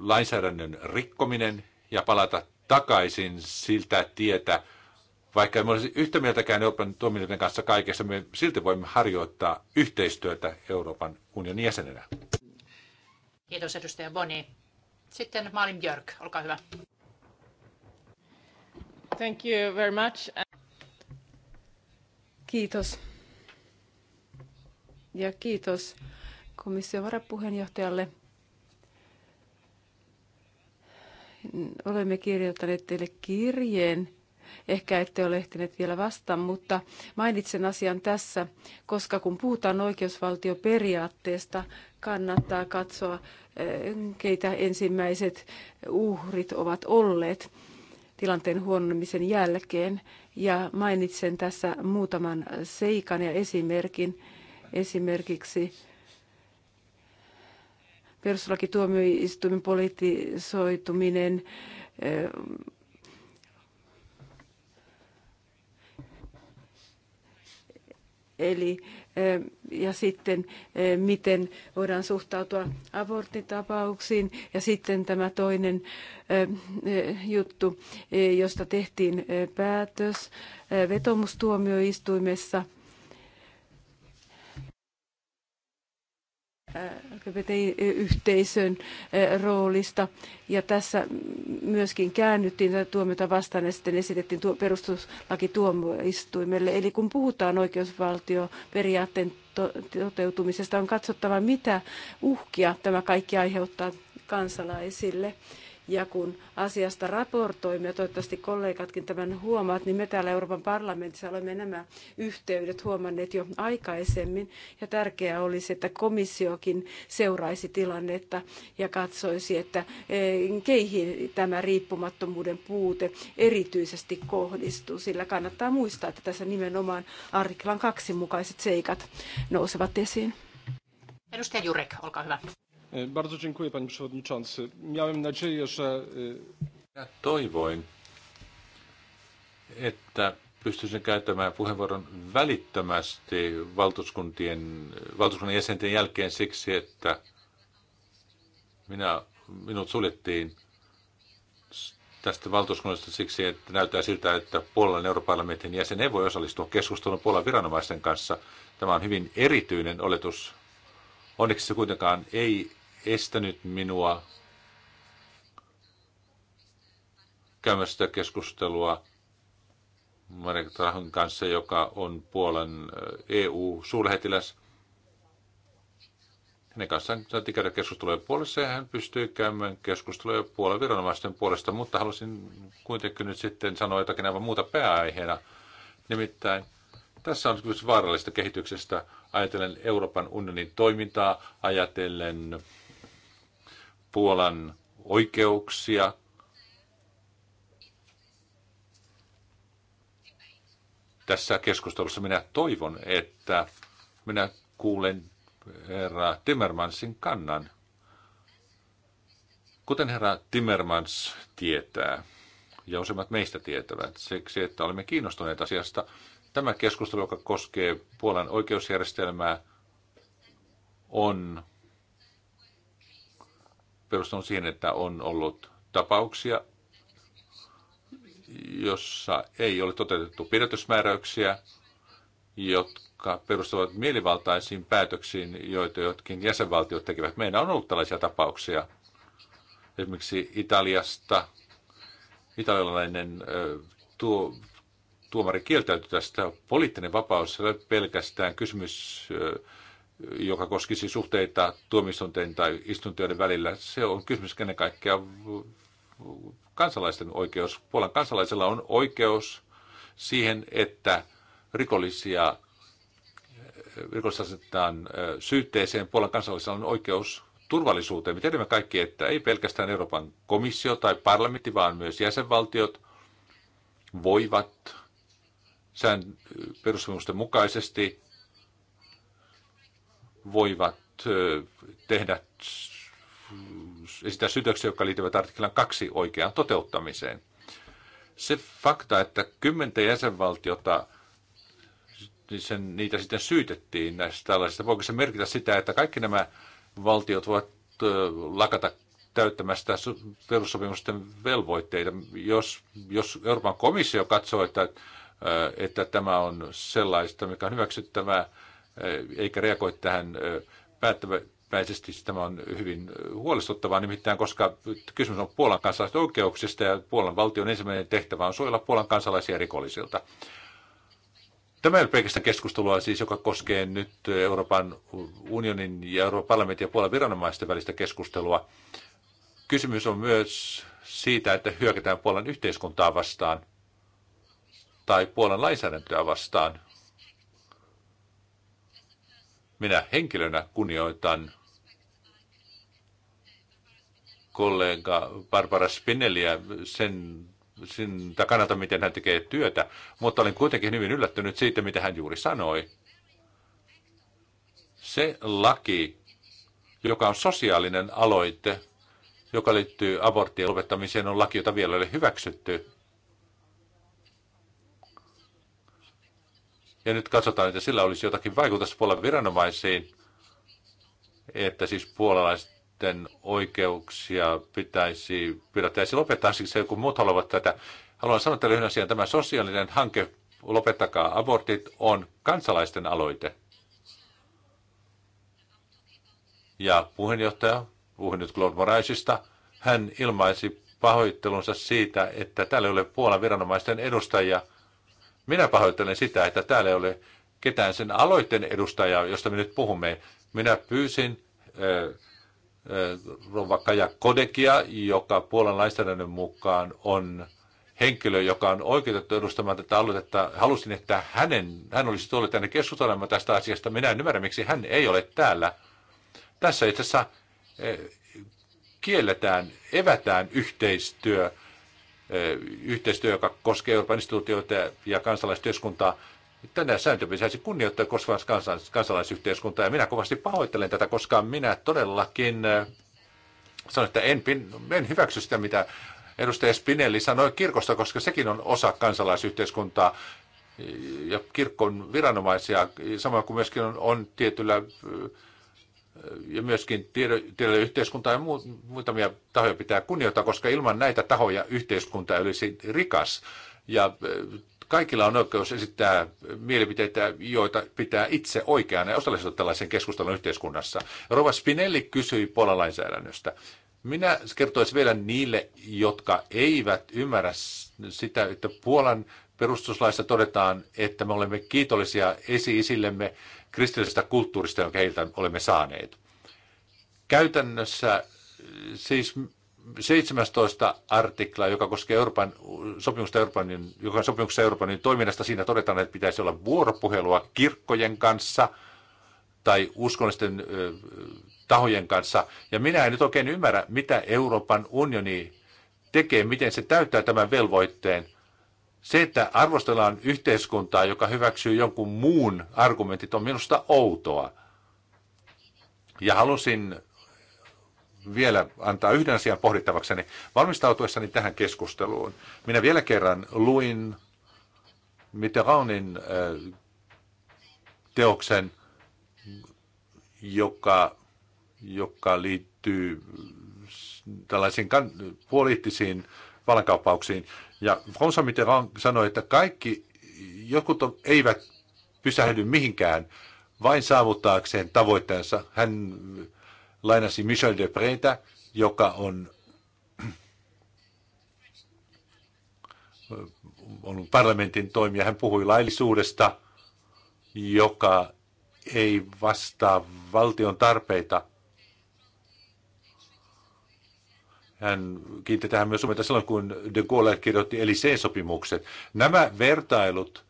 lainsäädännön rikkominen ja palata takaisin siltä tietä, vaikka emme olisi yhtä mieltäkään Euroopan tuomioiden kanssa kaikessa, me silti voimme harjoittaa yhteistyötä Euroopan unionin jäsenenä. Kiitos edustaja Boni. Sitten Malin Björk, olkaa hyvä. Thank you very much. Kiitos. Ja kiitos komission varapuheenjohtajalle. Olemme kirjoittaneet teille kirjeen. Ehkä ette ole ehtineet vielä vastaan, mutta mainitsen asian tässä, koska kun puhutaan oikeusvaltioperiaatteesta, kannattaa katsoa keitä ensimmäiset uhrit ovat olleet tilanteen huononemisen jälkeen. Ja mainitsen tässä muutaman seikan ja esimerkin. Esimerkiksi perustuslakituomioistuimen politisoituminen Eli eh, ja sitten eh, miten voidaan suhtautua aborttitapauksiin. Ja sitten tämä toinen eh, juttu, josta tehtiin päätös vetomustuomioistuimessa – LGBT-yhteisön eh, roolista. Ja tässä myöskin käännyttiin tätä tuomiota vastaan ja sitten esitettiin tuo perustuslakituomioistuimelle. Eli kun puhutaan oikeusvaltioperiaatteen toteutumisesta, on katsottava, mitä uhkia tämä kaikki aiheuttaa kansalaisille. Ja kun asiasta raportoimme, ja toivottavasti kollegatkin tämän huomaat, niin me täällä Euroopan parlamentissa olemme nämä yhteydet huomanneet jo aikaisemmin. Ja tärkeää olisi, että komissiokin seuraisi tilannetta ja katsoisi, että e, keihin tämä riippumattomuuden puute erityisesti kohdistuu. Sillä kannattaa muistaa, että tässä nimenomaan artiklan kaksi mukaiset seikat nousevat esiin. Edustaja Jurek, olkaa hyvä. E, bardzo dziękuję, panie przewodniczący. Miałem nadzieję, że... E, ja toivoin, että pystyisin käyttämään puheenvuoron välittömästi valtuuskuntien, valtuuskunnan jäsenten jälkeen siksi, että minä, minut suljettiin tästä valtuuskunnasta siksi, että näyttää siltä, että Puolan europarlamentin jäsen ei voi osallistua keskusteluun Puolan viranomaisten kanssa. Tämä on hyvin erityinen oletus. Onneksi se kuitenkaan ei estänyt minua käymästä keskustelua Marek Trahun kanssa, joka on Puolan EU-suurlähetiläs. Hänen kanssaan saatiin käydä keskustelua puolessa ja hän pystyy käymään keskustelua puolen viranomaisten puolesta, mutta halusin kuitenkin nyt sitten sanoa jotakin aivan muuta pääaiheena. Nimittäin tässä on kyse vaarallisesta kehityksestä ajatellen Euroopan unionin toimintaa, ajatellen Puolan oikeuksia. Tässä keskustelussa minä toivon, että minä kuulen herra Timmermansin kannan. Kuten herra Timmermans tietää, ja useimmat meistä tietävät, siksi että olemme kiinnostuneet asiasta, tämä keskustelu, joka koskee Puolan oikeusjärjestelmää, on perustunut siihen, että on ollut tapauksia, jossa ei ole toteutettu pidätysmääräyksiä, jotka perustuvat mielivaltaisiin päätöksiin, joita jotkin jäsenvaltiot tekevät. Meillä on ollut tällaisia tapauksia. Esimerkiksi Italiasta italialainen tuo, tuomari kieltäytyi tästä. Poliittinen vapaus ei ole pelkästään kysymys joka koskisi suhteita tuomistunteen tai istuntojen välillä. Se on kysymys ennen kaikkea kansalaisten oikeus. Puolan kansalaisilla on oikeus siihen, että rikollisia rikollisasetetaan syytteeseen. Puolan kansalaisilla on oikeus turvallisuuteen. Me tiedämme kaikki, että ei pelkästään Euroopan komissio tai parlamentti, vaan myös jäsenvaltiot voivat sään perussopimusten mukaisesti voivat tehdä esittää syytöksiä, jotka liittyvät artiklan kaksi oikeaan toteuttamiseen. Se fakta, että kymmentä jäsenvaltiota niin sen, niitä sitten syytettiin näistä tällaisista, voiko se merkitä sitä, että kaikki nämä valtiot voivat lakata täyttämästä perussopimusten velvoitteita. Jos, jos Euroopan komissio katsoo, että, että tämä on sellaista, mikä on hyväksyttävää, eikä reagoi tähän päättäväisesti. Tämä on hyvin huolestuttavaa nimittäin, koska kysymys on Puolan kansalaisten oikeuksista ja Puolan valtion ensimmäinen tehtävä on suojella Puolan kansalaisia rikollisilta. Tämä ei ole pelkästään keskustelua, siis, joka koskee nyt Euroopan unionin ja Euroopan parlamentin ja Puolan viranomaisten välistä keskustelua. Kysymys on myös siitä, että hyökätään Puolan yhteiskuntaa vastaan tai Puolan lainsäädäntöä vastaan. Minä henkilönä kunnioitan kollega Barbara Spinelliä sen, sen kannalta, miten hän tekee työtä, mutta olin kuitenkin hyvin yllättynyt siitä, mitä hän juuri sanoi. Se laki, joka on sosiaalinen aloite, joka liittyy aborttien lopettamiseen, on laki, jota vielä ei ole hyväksytty. Ja nyt katsotaan, että sillä olisi jotakin vaikutusta Puolan viranomaisiin, että siis puolalaisten oikeuksia pitäisi, pitäisi lopettaa, siksi joku muut haluavat tätä. Haluan sanoa teille yhden asian. Tämä sosiaalinen hanke Lopettakaa abortit on kansalaisten aloite. Ja puheenjohtaja, puhun nyt Claude Moraisista, hän ilmaisi pahoittelunsa siitä, että täällä ei ole Puolan viranomaisten edustajia – minä pahoittelen sitä, että täällä ei ole ketään sen aloitteen edustajaa, josta me nyt puhumme. Minä pyysin rouva Kaja Kodekia, joka Puolan lainsäädännön mukaan on henkilö, joka on oikeutettu edustamaan tätä aloitetta. Halusin, että hänen, hän olisi tullut tänne keskustelemaan tästä asiasta. Minä en ymmärrä, miksi hän ei ole täällä. Tässä itse asiassa kielletään, evätään yhteistyö yhteistyö, joka koskee Euroopan instituutioita ja kansalaistyöskuntaa, niin tänään sääntö pitäisi kunnioittaa koskaan kansalais- kansalaisyhteiskuntaa. Ja minä kovasti pahoittelen tätä, koska minä todellakin sanon, että en, en hyväksy sitä, mitä edustaja Spinelli sanoi kirkosta, koska sekin on osa kansalaisyhteiskuntaa ja kirkon viranomaisia, samoin kuin myöskin on, on tietyllä ja myöskin tiedolle yhteiskunta ja muutamia tahoja pitää kunnioittaa, koska ilman näitä tahoja yhteiskunta olisi rikas. Ja äh, kaikilla on oikeus esittää mielipiteitä, joita pitää itse oikeana ja osallistua tällaisen keskustelun yhteiskunnassa. Rova Spinelli kysyi Puolan lainsäädännöstä. Minä kertoisin vielä niille, jotka eivät ymmärrä sitä, että Puolan perustuslaissa todetaan, että me olemme kiitollisia esi-isillemme kristillisestä kulttuurista, jonka heiltä olemme saaneet. Käytännössä siis 17 artikla, joka koskee Euroopan, sopimusta Euroopan, joka on sopimuksessa Euroopan niin toiminnasta, siinä todetaan, että pitäisi olla vuoropuhelua kirkkojen kanssa tai uskonnollisten ö, tahojen kanssa. Ja minä en nyt oikein ymmärrä, mitä Euroopan unioni tekee, miten se täyttää tämän velvoitteen. Se, että arvostellaan yhteiskuntaa, joka hyväksyy jonkun muun argumentit, on minusta outoa. Ja halusin vielä antaa yhden asian pohdittavakseni valmistautuessani tähän keskusteluun. Minä vielä kerran luin Mitterrandin äh, teoksen, joka, joka liittyy tällaisiin kan- poliittisiin vallankauppauksiin. Ja François Mitterrand sanoi, että kaikki, jotkut eivät pysähdy mihinkään vain saavuttaakseen tavoitteensa. Hän lainasi Michel de Preta, joka on äh, ollut parlamentin toimija. Hän puhui laillisuudesta, joka ei vastaa valtion tarpeita – Hän kiinnitti tähän myös huomiota silloin, kun de Gaulle kirjoitti eli C-sopimukset. Nämä vertailut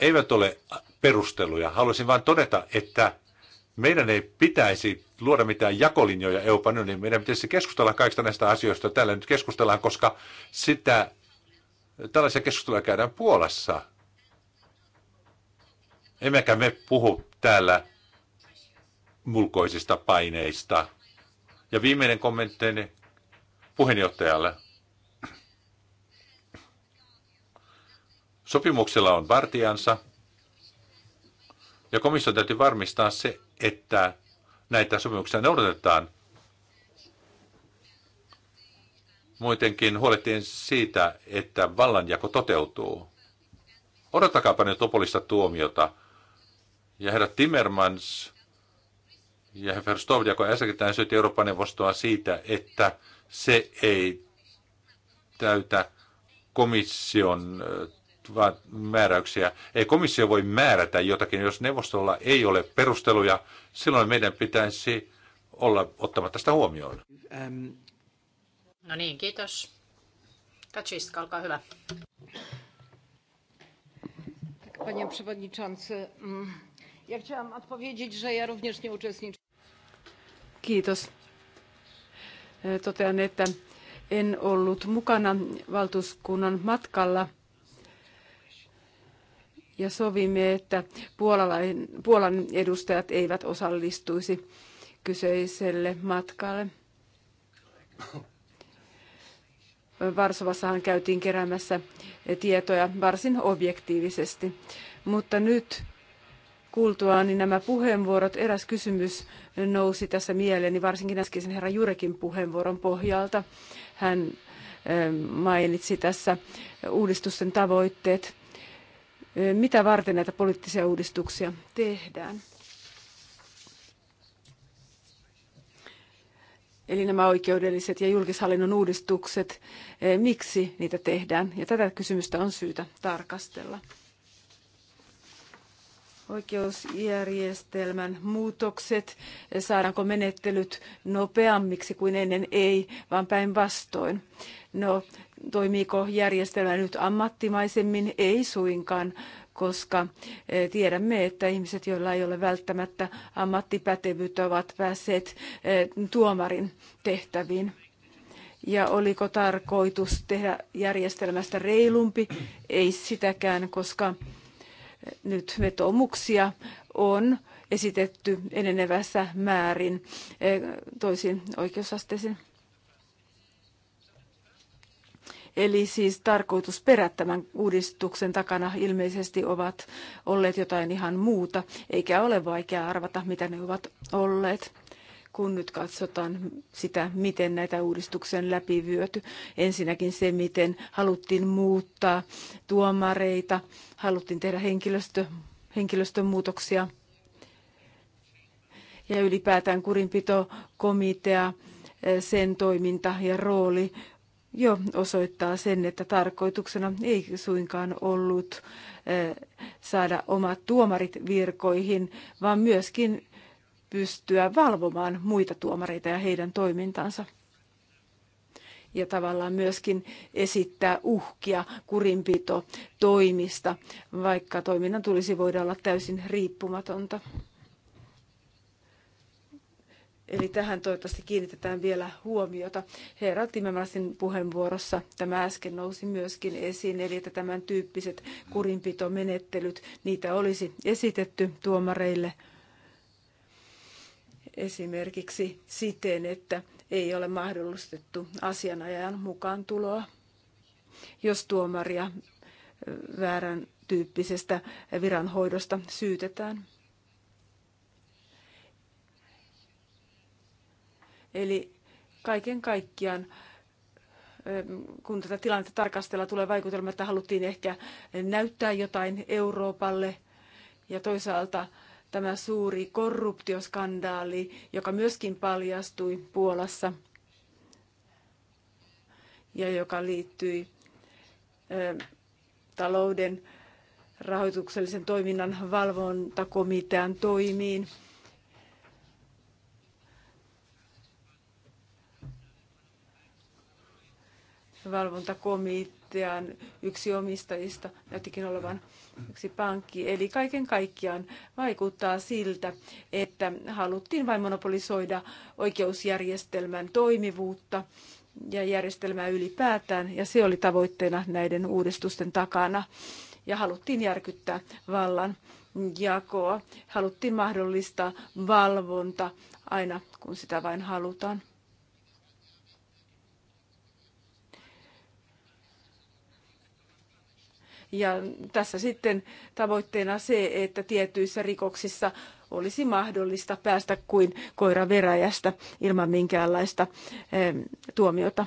eivät ole perusteluja. Haluaisin vain todeta, että meidän ei pitäisi luoda mitään jakolinjoja Euroopan niin Meidän pitäisi keskustella kaikista näistä asioista. Täällä nyt keskustellaan, koska sitä, tällaisia keskusteluja käydään Puolassa. Emmekä me puhu täällä mulkoisista paineista. Ja viimeinen kommentti puheenjohtajalle. Sopimuksella on vartijansa, ja komission täytyy varmistaa se, että näitä sopimuksia noudatetaan. Muutenkin huolettiin siitä, että vallanjako toteutuu. Odottakaapa nyt lopullista tuomiota. Ja herra Timmermans ja herra Stovdiako äsken syytti Euroopan neuvostoa siitä, että se ei täytä komission äh, määräyksiä. Ei komissio voi määrätä jotakin, jos neuvostolla ei ole perusteluja, silloin meidän pitäisi olla ottamatta sitä huomioon. Ähm. No niin, kiitos. Kaczyński, olkaa hyvä. Panie przewodniczący, mm, ja chciałam odpowiedzieć, że ja również nie uczestniczę. Kiitos totean, että en ollut mukana valtuuskunnan matkalla ja sovimme, että Puolan edustajat eivät osallistuisi kyseiselle matkalle. Varsovassahan käytiin keräämässä tietoja varsin objektiivisesti, mutta nyt kuultuaan niin nämä puheenvuorot, eräs kysymys nousi tässä mieleeni, varsinkin äskeisen herra Jurekin puheenvuoron pohjalta. Hän ähm, mainitsi tässä uudistusten tavoitteet. Äh, mitä varten näitä poliittisia uudistuksia tehdään? Eli nämä oikeudelliset ja julkishallinnon uudistukset, äh, miksi niitä tehdään? Ja tätä kysymystä on syytä tarkastella oikeusjärjestelmän muutokset, saadaanko menettelyt nopeammiksi kuin ennen ei, vaan päinvastoin. No, toimiiko järjestelmä nyt ammattimaisemmin? Ei suinkaan, koska eh, tiedämme, että ihmiset, joilla ei ole välttämättä ammattipätevyyttä, ovat päässeet eh, tuomarin tehtäviin ja oliko tarkoitus tehdä järjestelmästä reilumpi? Ei sitäkään, koska nyt vetomuksia on esitetty enenevässä määrin eh, toisin oikeusasteisiin. Eli siis tarkoitus tämän uudistuksen takana ilmeisesti ovat olleet jotain ihan muuta, eikä ole vaikea arvata, mitä ne ovat olleet kun nyt katsotaan sitä, miten näitä uudistuksen läpivyöty. Ensinnäkin se, miten haluttiin muuttaa tuomareita, haluttiin tehdä henkilöstö, henkilöstön muutoksia ja ylipäätään kurinpitokomitea, sen toiminta ja rooli jo osoittaa sen, että tarkoituksena ei suinkaan ollut eh, saada omat tuomarit virkoihin, vaan myöskin pystyä valvomaan muita tuomareita ja heidän toimintansa. Ja tavallaan myöskin esittää uhkia kurinpito toimista, vaikka toiminnan tulisi voida olla täysin riippumatonta. Eli tähän toivottavasti kiinnitetään vielä huomiota. Herra Timmermansin puheenvuorossa tämä äsken nousi myöskin esiin, eli että tämän tyyppiset kurinpitomenettelyt, niitä olisi esitetty tuomareille – esimerkiksi siten, että ei ole mahdollistettu asianajajan mukaan tuloa, jos tuomaria väärän tyyppisestä viranhoidosta syytetään. Eli kaiken kaikkiaan, kun tätä tilannetta tarkastellaan, tulee vaikutelma, että haluttiin ehkä näyttää jotain Euroopalle ja toisaalta tämä suuri korruptioskandaali, joka myöskin paljastui Puolassa ja joka liittyi talouden rahoituksellisen toiminnan valvontakomitean toimiin. Valvontakomitea Altian yksi omistajista näyttikin olevan yksi pankki. Eli kaiken kaikkiaan vaikuttaa siltä, että haluttiin vain monopolisoida oikeusjärjestelmän toimivuutta ja järjestelmää ylipäätään, ja se oli tavoitteena näiden uudistusten takana. Ja haluttiin järkyttää vallan jakoa. Haluttiin mahdollistaa valvonta aina, kun sitä vain halutaan. Ja tässä sitten tavoitteena se, että tietyissä rikoksissa olisi mahdollista päästä kuin koira veräjästä ilman minkäänlaista tuomiota.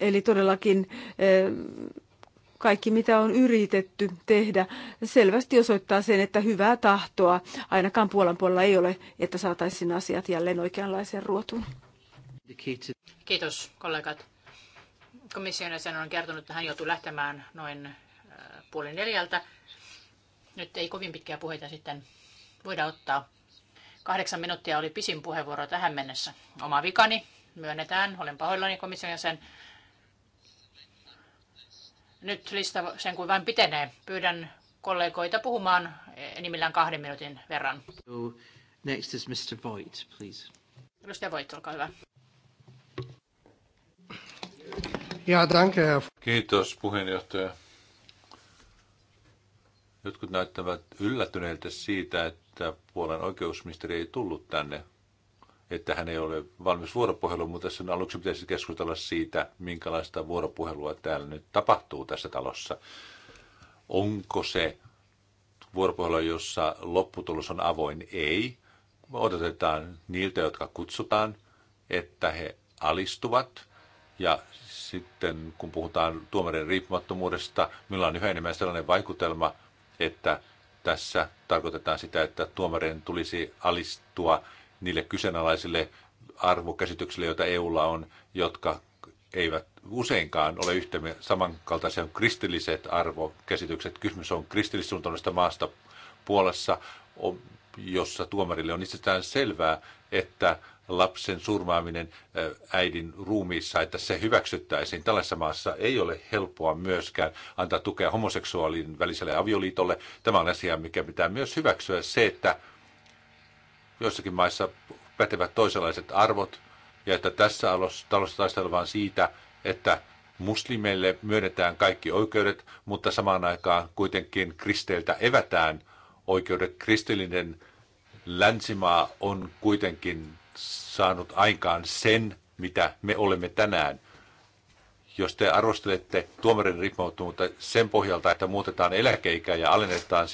Eli todellakin kaikki mitä on yritetty tehdä selvästi osoittaa sen, että hyvää tahtoa ainakaan Puolan puolella ei ole, että saataisiin asiat jälleen oikeanlaiseen ruotuun. Kiitos kollegat. Komission jäsen on kertonut, että hän joutuu lähtemään noin äh, puoli neljältä. Nyt ei kovin pitkiä puheita sitten voida ottaa. Kahdeksan minuuttia oli pisin puheenvuoro tähän mennessä. Oma vikani myönnetään, olen pahoillani komission jäsen. Nyt lista sen kuin vain pitenee. Pyydän kollegoita puhumaan enimmillään kahden minuutin verran. Next is Mr. Voigt, please. Edustaja Voigt, olkaa hyvä. Ja, danke. Kiitos puheenjohtaja. Jotkut näyttävät yllättyneiltä siitä, että Puolan oikeusministeri ei tullut tänne että hän ei ole valmis vuoropuheluun, mutta sen aluksi pitäisi keskustella siitä, minkälaista vuoropuhelua täällä nyt tapahtuu tässä talossa. Onko se vuoropuhelu, jossa lopputulos on avoin? Ei. Odotetaan niiltä, jotka kutsutaan, että he alistuvat. Ja sitten kun puhutaan tuomarin riippumattomuudesta, millä on yhä enemmän sellainen vaikutelma, että tässä tarkoitetaan sitä, että tuomarin tulisi alistua – niille kyseenalaisille arvokäsityksille, joita EUlla on, jotka eivät useinkaan ole yhtä samankaltaisia kuin kristilliset arvokäsitykset. Kysymys on kristillissuuntaisesta maasta Puolassa, jossa tuomarille on itsestään selvää, että lapsen surmaaminen äidin ruumiissa, että se hyväksyttäisiin. Tällaisessa maassa ei ole helppoa myöskään antaa tukea homoseksuaalin väliselle avioliitolle. Tämä on asia, mikä pitää myös hyväksyä se, että joissakin maissa pätevät toisenlaiset arvot, ja että tässä talossa taistellaan siitä, että muslimeille myönnetään kaikki oikeudet, mutta samaan aikaan kuitenkin kristeiltä evätään oikeudet. Kristillinen länsimaa on kuitenkin saanut aikaan sen, mitä me olemme tänään. Jos te arvostelette tuomarin riippumattomuutta sen pohjalta, että muutetaan eläkeikää ja alennetaan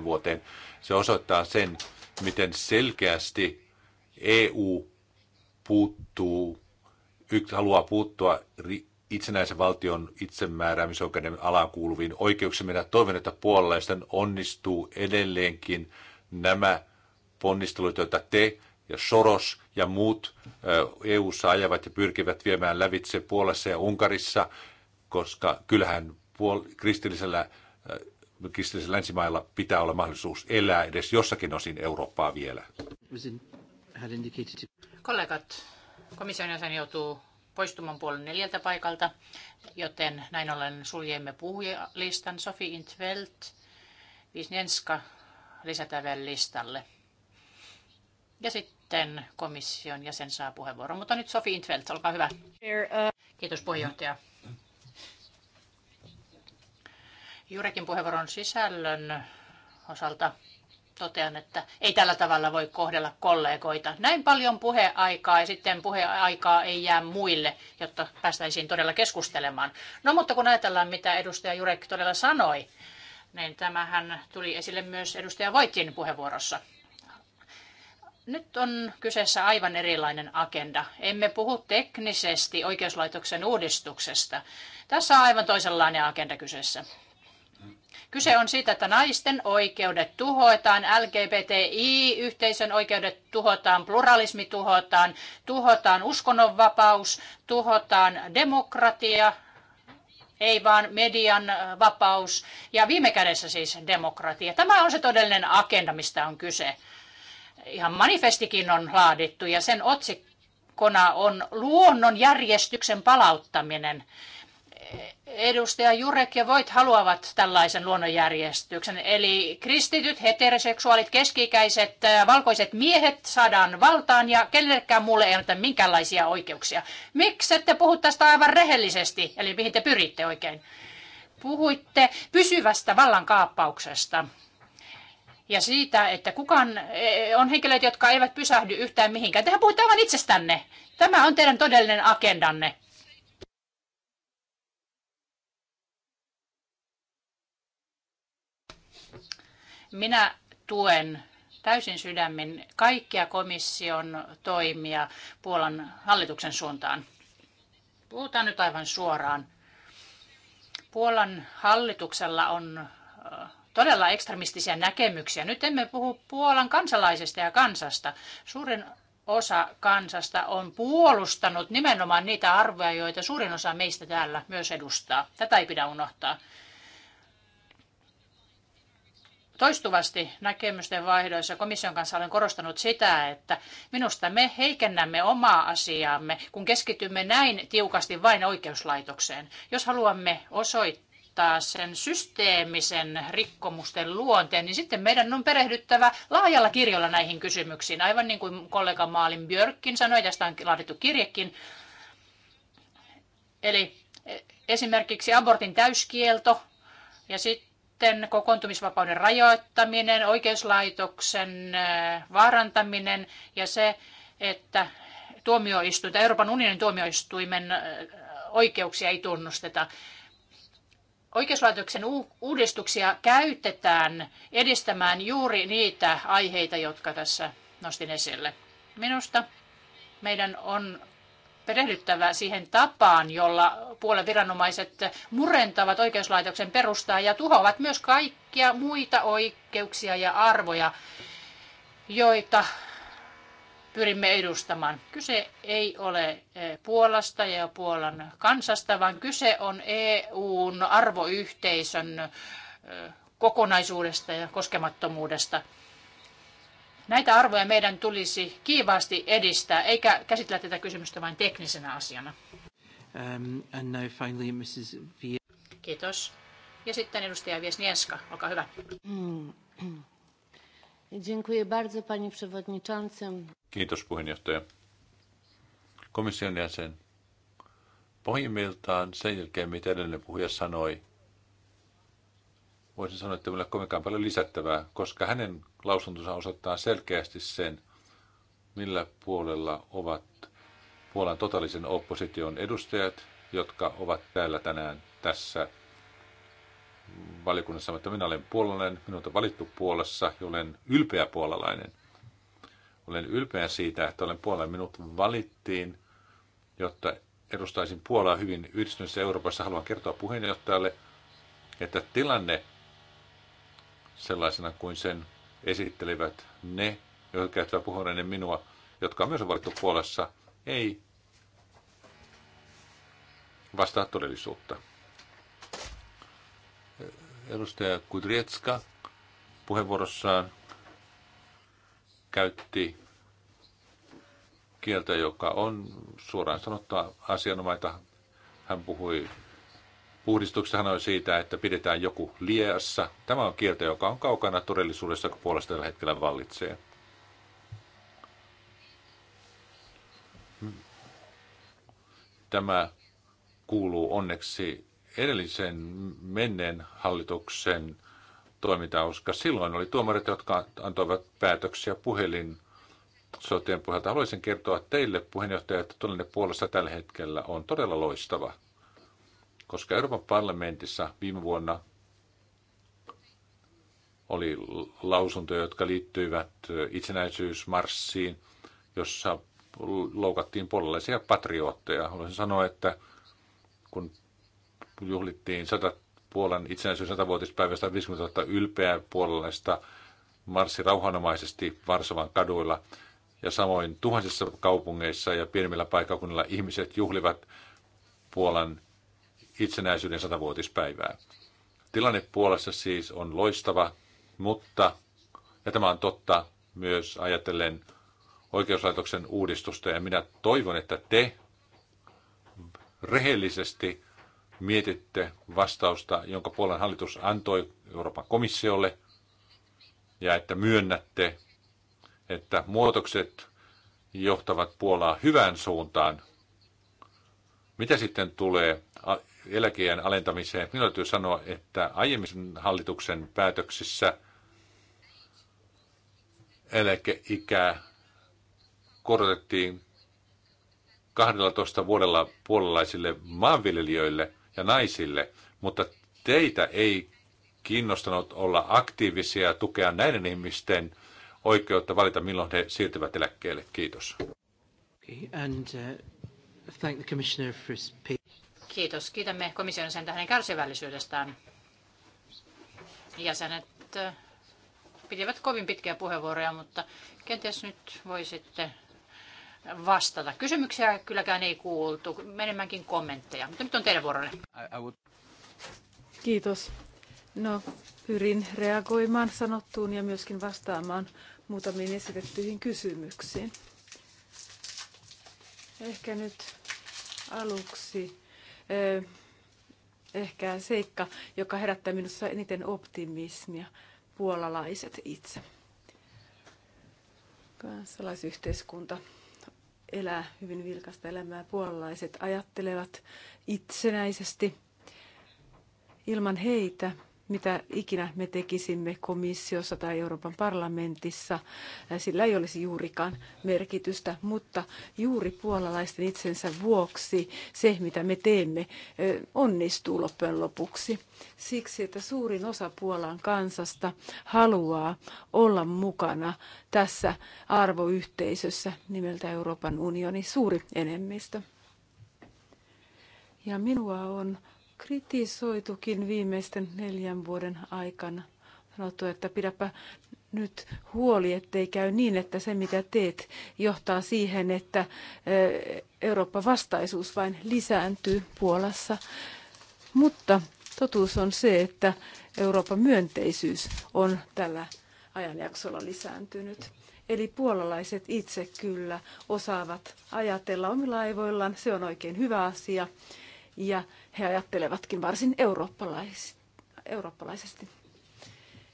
70-65 vuoteen, se osoittaa sen, miten selkeästi EU puuttuu, haluaa puuttua itsenäisen valtion itsemääräämisoikeuden alaan kuuluviin oikeuksiin. Minä toivon, että puolalaisten onnistuu edelleenkin nämä ponnistelut, joita te ja Soros ja muut EU-ssa ajavat ja pyrkivät viemään lävitse Puolassa ja Unkarissa, koska kyllähän puol- kristillisellä, kristillisellä länsimailla pitää olla mahdollisuus elää edes jossakin osin Eurooppaa vielä. Kollegat, komission jäsen joutuu poistumaan puolen neljältä paikalta, joten näin ollen suljemme puhujalistan. Sofi Intveld, Visnenska lisätään vielä listalle. Ja sitten komission jäsen saa puheenvuoron. Mutta nyt Sofi Intveld, olkaa hyvä. Kiitos puheenjohtaja. Jurekin puheenvuoron sisällön osalta totean, että ei tällä tavalla voi kohdella kollegoita. Näin paljon puheaikaa ja sitten puheaikaa ei jää muille, jotta päästäisiin todella keskustelemaan. No mutta kun ajatellaan, mitä edustaja Jurek todella sanoi, niin tämähän tuli esille myös edustaja Voitin puheenvuorossa. Nyt on kyseessä aivan erilainen agenda. Emme puhu teknisesti oikeuslaitoksen uudistuksesta. Tässä on aivan toisenlainen agenda kyseessä. Kyse on siitä, että naisten oikeudet tuhoetaan, LGBTI-yhteisön oikeudet tuhotaan, pluralismi tuhotaan, tuhotaan uskonnonvapaus, tuhotaan demokratia, ei vaan median vapaus ja viime kädessä siis demokratia. Tämä on se todellinen agenda, mistä on kyse ihan manifestikin on laadittu ja sen otsikkona on luonnon järjestyksen palauttaminen. Edustaja Jurek ja Voit haluavat tällaisen luonnonjärjestyksen. Eli kristityt, heteroseksuaalit, keskikäiset äh, valkoiset miehet saadaan valtaan ja kenellekään muulle ei anneta minkäänlaisia oikeuksia. Miksi ette puhu tästä aivan rehellisesti, eli mihin te pyritte oikein? Puhuitte pysyvästä vallankaappauksesta ja siitä, että kukaan e, on henkilöitä, jotka eivät pysähdy yhtään mihinkään. Tehän puhutte aivan itsestänne. Tämä on teidän todellinen agendanne. Minä tuen täysin sydämin kaikkia komission toimia Puolan hallituksen suuntaan. Puhutaan nyt aivan suoraan. Puolan hallituksella on todella ekstremistisiä näkemyksiä. Nyt emme puhu Puolan kansalaisista ja kansasta. Suurin osa kansasta on puolustanut nimenomaan niitä arvoja, joita suurin osa meistä täällä myös edustaa. Tätä ei pidä unohtaa. Toistuvasti näkemysten vaihdoissa komission kanssa olen korostanut sitä, että minusta me heikennämme omaa asiaamme, kun keskitymme näin tiukasti vain oikeuslaitokseen. Jos haluamme osoittaa, tunnistaa sen systeemisen rikkomusten luonteen, niin sitten meidän on perehdyttävä laajalla kirjolla näihin kysymyksiin. Aivan niin kuin kollega Maalin Björkkin sanoi, tästä on laadittu kirjekin. Eli esimerkiksi abortin täyskielto ja sitten kokoontumisvapauden rajoittaminen, oikeuslaitoksen vaarantaminen ja se, että tuomioistuinta, Euroopan unionin tuomioistuimen oikeuksia ei tunnusteta oikeuslaitoksen uudistuksia käytetään edistämään juuri niitä aiheita, jotka tässä nostin esille. Minusta meidän on perehdyttävä siihen tapaan, jolla puolen viranomaiset murentavat oikeuslaitoksen perustaa ja tuhoavat myös kaikkia muita oikeuksia ja arvoja, joita pyrimme edustamaan. Kyse ei ole eh, Puolasta ja Puolan kansasta, vaan kyse on EUn arvoyhteisön eh, kokonaisuudesta ja koskemattomuudesta. Näitä arvoja meidän tulisi kiivaasti edistää, eikä käsitellä tätä kysymystä vain teknisenä asiana. Um, and now finally Mrs. Kiitos. Ja sitten edustaja Viesnieska, olkaa hyvä. Kiitos puheenjohtaja. Komission jäsen. Pohjimmiltaan sen jälkeen, mitä edellinen puhuja sanoi, voisin sanoa, että ei ole kovinkaan paljon lisättävää, koska hänen lausuntonsa osoittaa selkeästi sen, millä puolella ovat Puolan totaalisen opposition edustajat, jotka ovat täällä tänään tässä valiokunnassa, että minä olen puolalainen, minut on valittu Puolassa ja olen ylpeä puolalainen. Olen ylpeä siitä, että olen puolalainen. Minut valittiin, jotta edustaisin Puolaa hyvin yhdistyneessä Euroopassa. Haluan kertoa puheenjohtajalle, että tilanne sellaisena kuin sen esittelivät ne, jotka käyttävät puheenjohtajan minua, jotka on myös valittu Puolassa, ei vastaa todellisuutta. Edustaja Kudrietska puheenvuorossaan käytti kieltä, joka on suoraan sanottua asianomaita. Hän puhui puhdistuksesta, hän on siitä, että pidetään joku lieassa. Tämä on kieltä, joka on kaukana todellisuudessa, kun puolesta tällä hetkellä vallitsee. Tämä kuuluu onneksi edellisen menneen hallituksen toimintaa, koska silloin oli tuomarit, jotka antoivat päätöksiä puhelin sotien puhelta. Haluaisin kertoa teille, puheenjohtaja, että tilanne puolessa tällä hetkellä on todella loistava, koska Euroopan parlamentissa viime vuonna oli lausuntoja, jotka liittyivät itsenäisyysmarssiin, jossa loukattiin puolalaisia patriootteja. Haluaisin sanoa, että kun juhlittiin 100, Puolan itsenäisyys 100-vuotispäivästä 50 000 ylpeää puolalaista marssi rauhanomaisesti Varsovan kaduilla. Ja samoin tuhansissa kaupungeissa ja pienemmillä paikkakunnilla ihmiset juhlivat Puolan itsenäisyyden 100-vuotispäivää. Tilanne Puolassa siis on loistava, mutta, ja tämä on totta myös ajatellen oikeuslaitoksen uudistusta, ja minä toivon, että te rehellisesti mietitte vastausta, jonka Puolan hallitus antoi Euroopan komissiolle, ja että myönnätte, että muutokset johtavat Puolaa hyvään suuntaan. Mitä sitten tulee eläkeen alentamiseen? Minun täytyy sanoa, että aiemmin hallituksen päätöksissä eläkeikää korotettiin 12 vuodella puolalaisille maanviljelijöille – ja naisille, mutta teitä ei kiinnostanut olla aktiivisia ja tukea näiden ihmisten oikeutta valita, milloin he siirtyvät eläkkeelle. Kiitos. Uh, Kiitos. Kiitämme komission sen hänen kärsivällisyydestään. Jäsenet uh, pitivät kovin pitkiä puheenvuoroja, mutta kenties nyt voisitte vastata. Kysymyksiä kylläkään ei kuultu, enemmänkin kommentteja. Mutta nyt on teidän vuoronne. Kiitos. No, pyrin reagoimaan sanottuun ja myöskin vastaamaan muutamiin esitettyihin kysymyksiin. Ehkä nyt aluksi eh, ehkä seikka, joka herättää minussa eniten optimismia, puolalaiset itse. Kansalaisyhteiskunta elää hyvin vilkasta elämää. Puolalaiset ajattelevat itsenäisesti. Ilman heitä mitä ikinä me tekisimme komissiossa tai Euroopan parlamentissa, sillä ei olisi juurikaan merkitystä, mutta juuri puolalaisten itsensä vuoksi se, mitä me teemme, onnistuu loppujen lopuksi. Siksi, että suurin osa Puolan kansasta haluaa olla mukana tässä arvoyhteisössä nimeltä Euroopan unioni, suuri enemmistö. Ja minua on kritisoitukin viimeisten neljän vuoden aikana. Sanottu, että pidäpä nyt huoli, ettei käy niin, että se mitä teet johtaa siihen, että Eurooppa-vastaisuus vain lisääntyy Puolassa. Mutta totuus on se, että Euroopan myönteisyys on tällä ajanjaksolla lisääntynyt. Eli puolalaiset itse kyllä osaavat ajatella omilla aivoillaan, se on oikein hyvä asia ja he ajattelevatkin varsin eurooppalais, eurooppalaisesti.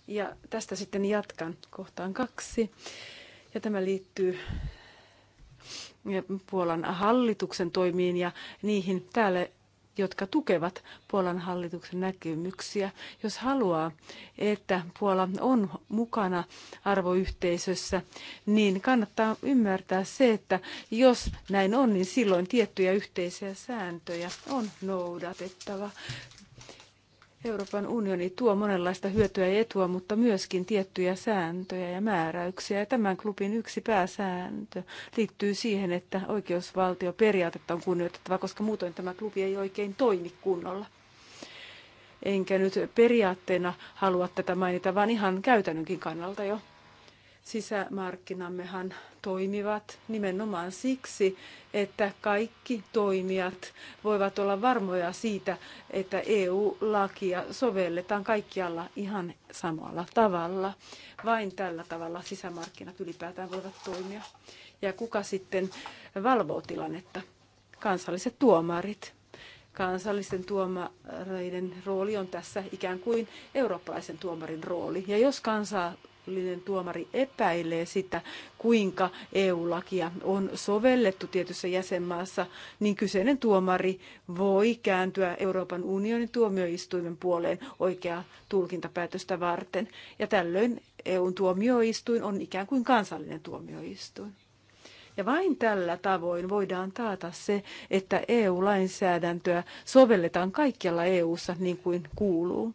Ja tästä sitten jatkan kohtaan kaksi. Ja tämä liittyy eh, Puolan hallituksen toimiin ja niihin täällä jotka tukevat Puolan hallituksen näkemyksiä. Jos haluaa, että Puola on mukana arvoyhteisössä, niin kannattaa ymmärtää se, että jos näin on, niin silloin tiettyjä yhteisiä sääntöjä on noudatettava. Euroopan unioni tuo monenlaista hyötyä ja etua, mutta myöskin tiettyjä sääntöjä ja määräyksiä. Ja tämän klubin yksi pääsääntö liittyy siihen, että oikeusvaltioperiaatetta on kunnioitettava, koska muutoin tämä klubi ei oikein toimi kunnolla. Enkä nyt periaatteena halua tätä mainita, vaan ihan käytännönkin kannalta jo sisämarkkinammehan toimivat nimenomaan siksi, että kaikki toimijat voivat olla varmoja siitä, että EU-lakia sovelletaan kaikkialla ihan samalla tavalla. Vain tällä tavalla sisämarkkinat ylipäätään voivat toimia. Ja kuka sitten valvoo tilannetta? Kansalliset tuomarit. Kansallisten tuomareiden rooli on tässä ikään kuin eurooppalaisen tuomarin rooli. Ja jos kansaa lopullinen tuomari epäilee sitä, kuinka EU-lakia on sovellettu tietyssä jäsenmaassa, niin kyseinen tuomari voi kääntyä Euroopan unionin tuomioistuimen puoleen oikeaa tulkintapäätöstä varten. Ja tällöin eu tuomioistuin on ikään kuin kansallinen tuomioistuin. Ja vain tällä tavoin voidaan taata se, että EU-lainsäädäntöä sovelletaan kaikkialla EU:ssa niin kuin kuuluu.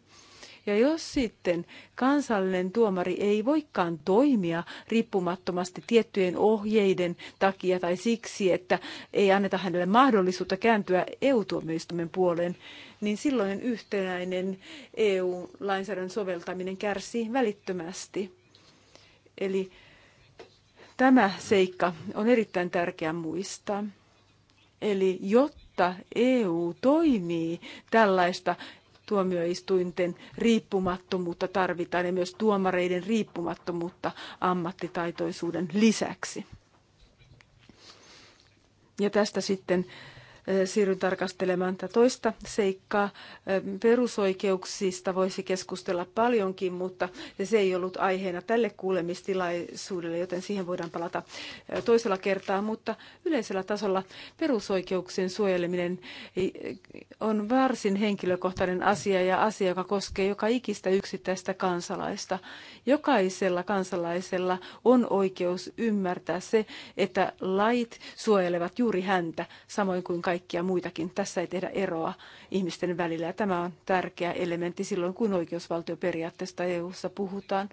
Ja jos sitten kansallinen tuomari ei voikaan toimia riippumattomasti tiettyjen ohjeiden takia tai siksi, että ei anneta hänelle mahdollisuutta kääntyä EU-tuomioistuimen puoleen, niin silloin yhtenäinen EU-lainsäädännön soveltaminen kärsii välittömästi. Eli tämä seikka on erittäin tärkeä muistaa. Eli jotta EU toimii tällaista tuomioistuinten riippumattomuutta tarvitaan ja myös tuomareiden riippumattomuutta ammattitaitoisuuden lisäksi. Ja tästä sitten siirryn tarkastelemaan tätä toista seikkaa. Perusoikeuksista voisi keskustella paljonkin, mutta se ei ollut aiheena tälle kuulemistilaisuudelle, joten siihen voidaan palata toisella kertaa. Mutta yleisellä tasolla perusoikeuksien suojeleminen on varsin henkilökohtainen asia ja asia, joka koskee joka ikistä yksittäistä kansalaista. Jokaisella kansalaisella on oikeus ymmärtää se, että lait suojelevat juuri häntä, samoin kuin kaikki kaikkia muitakin. Tässä ei tehdä eroa ihmisten välillä. Ja tämä on tärkeä elementti silloin, kun oikeusvaltioperiaatteesta EU-ssa puhutaan.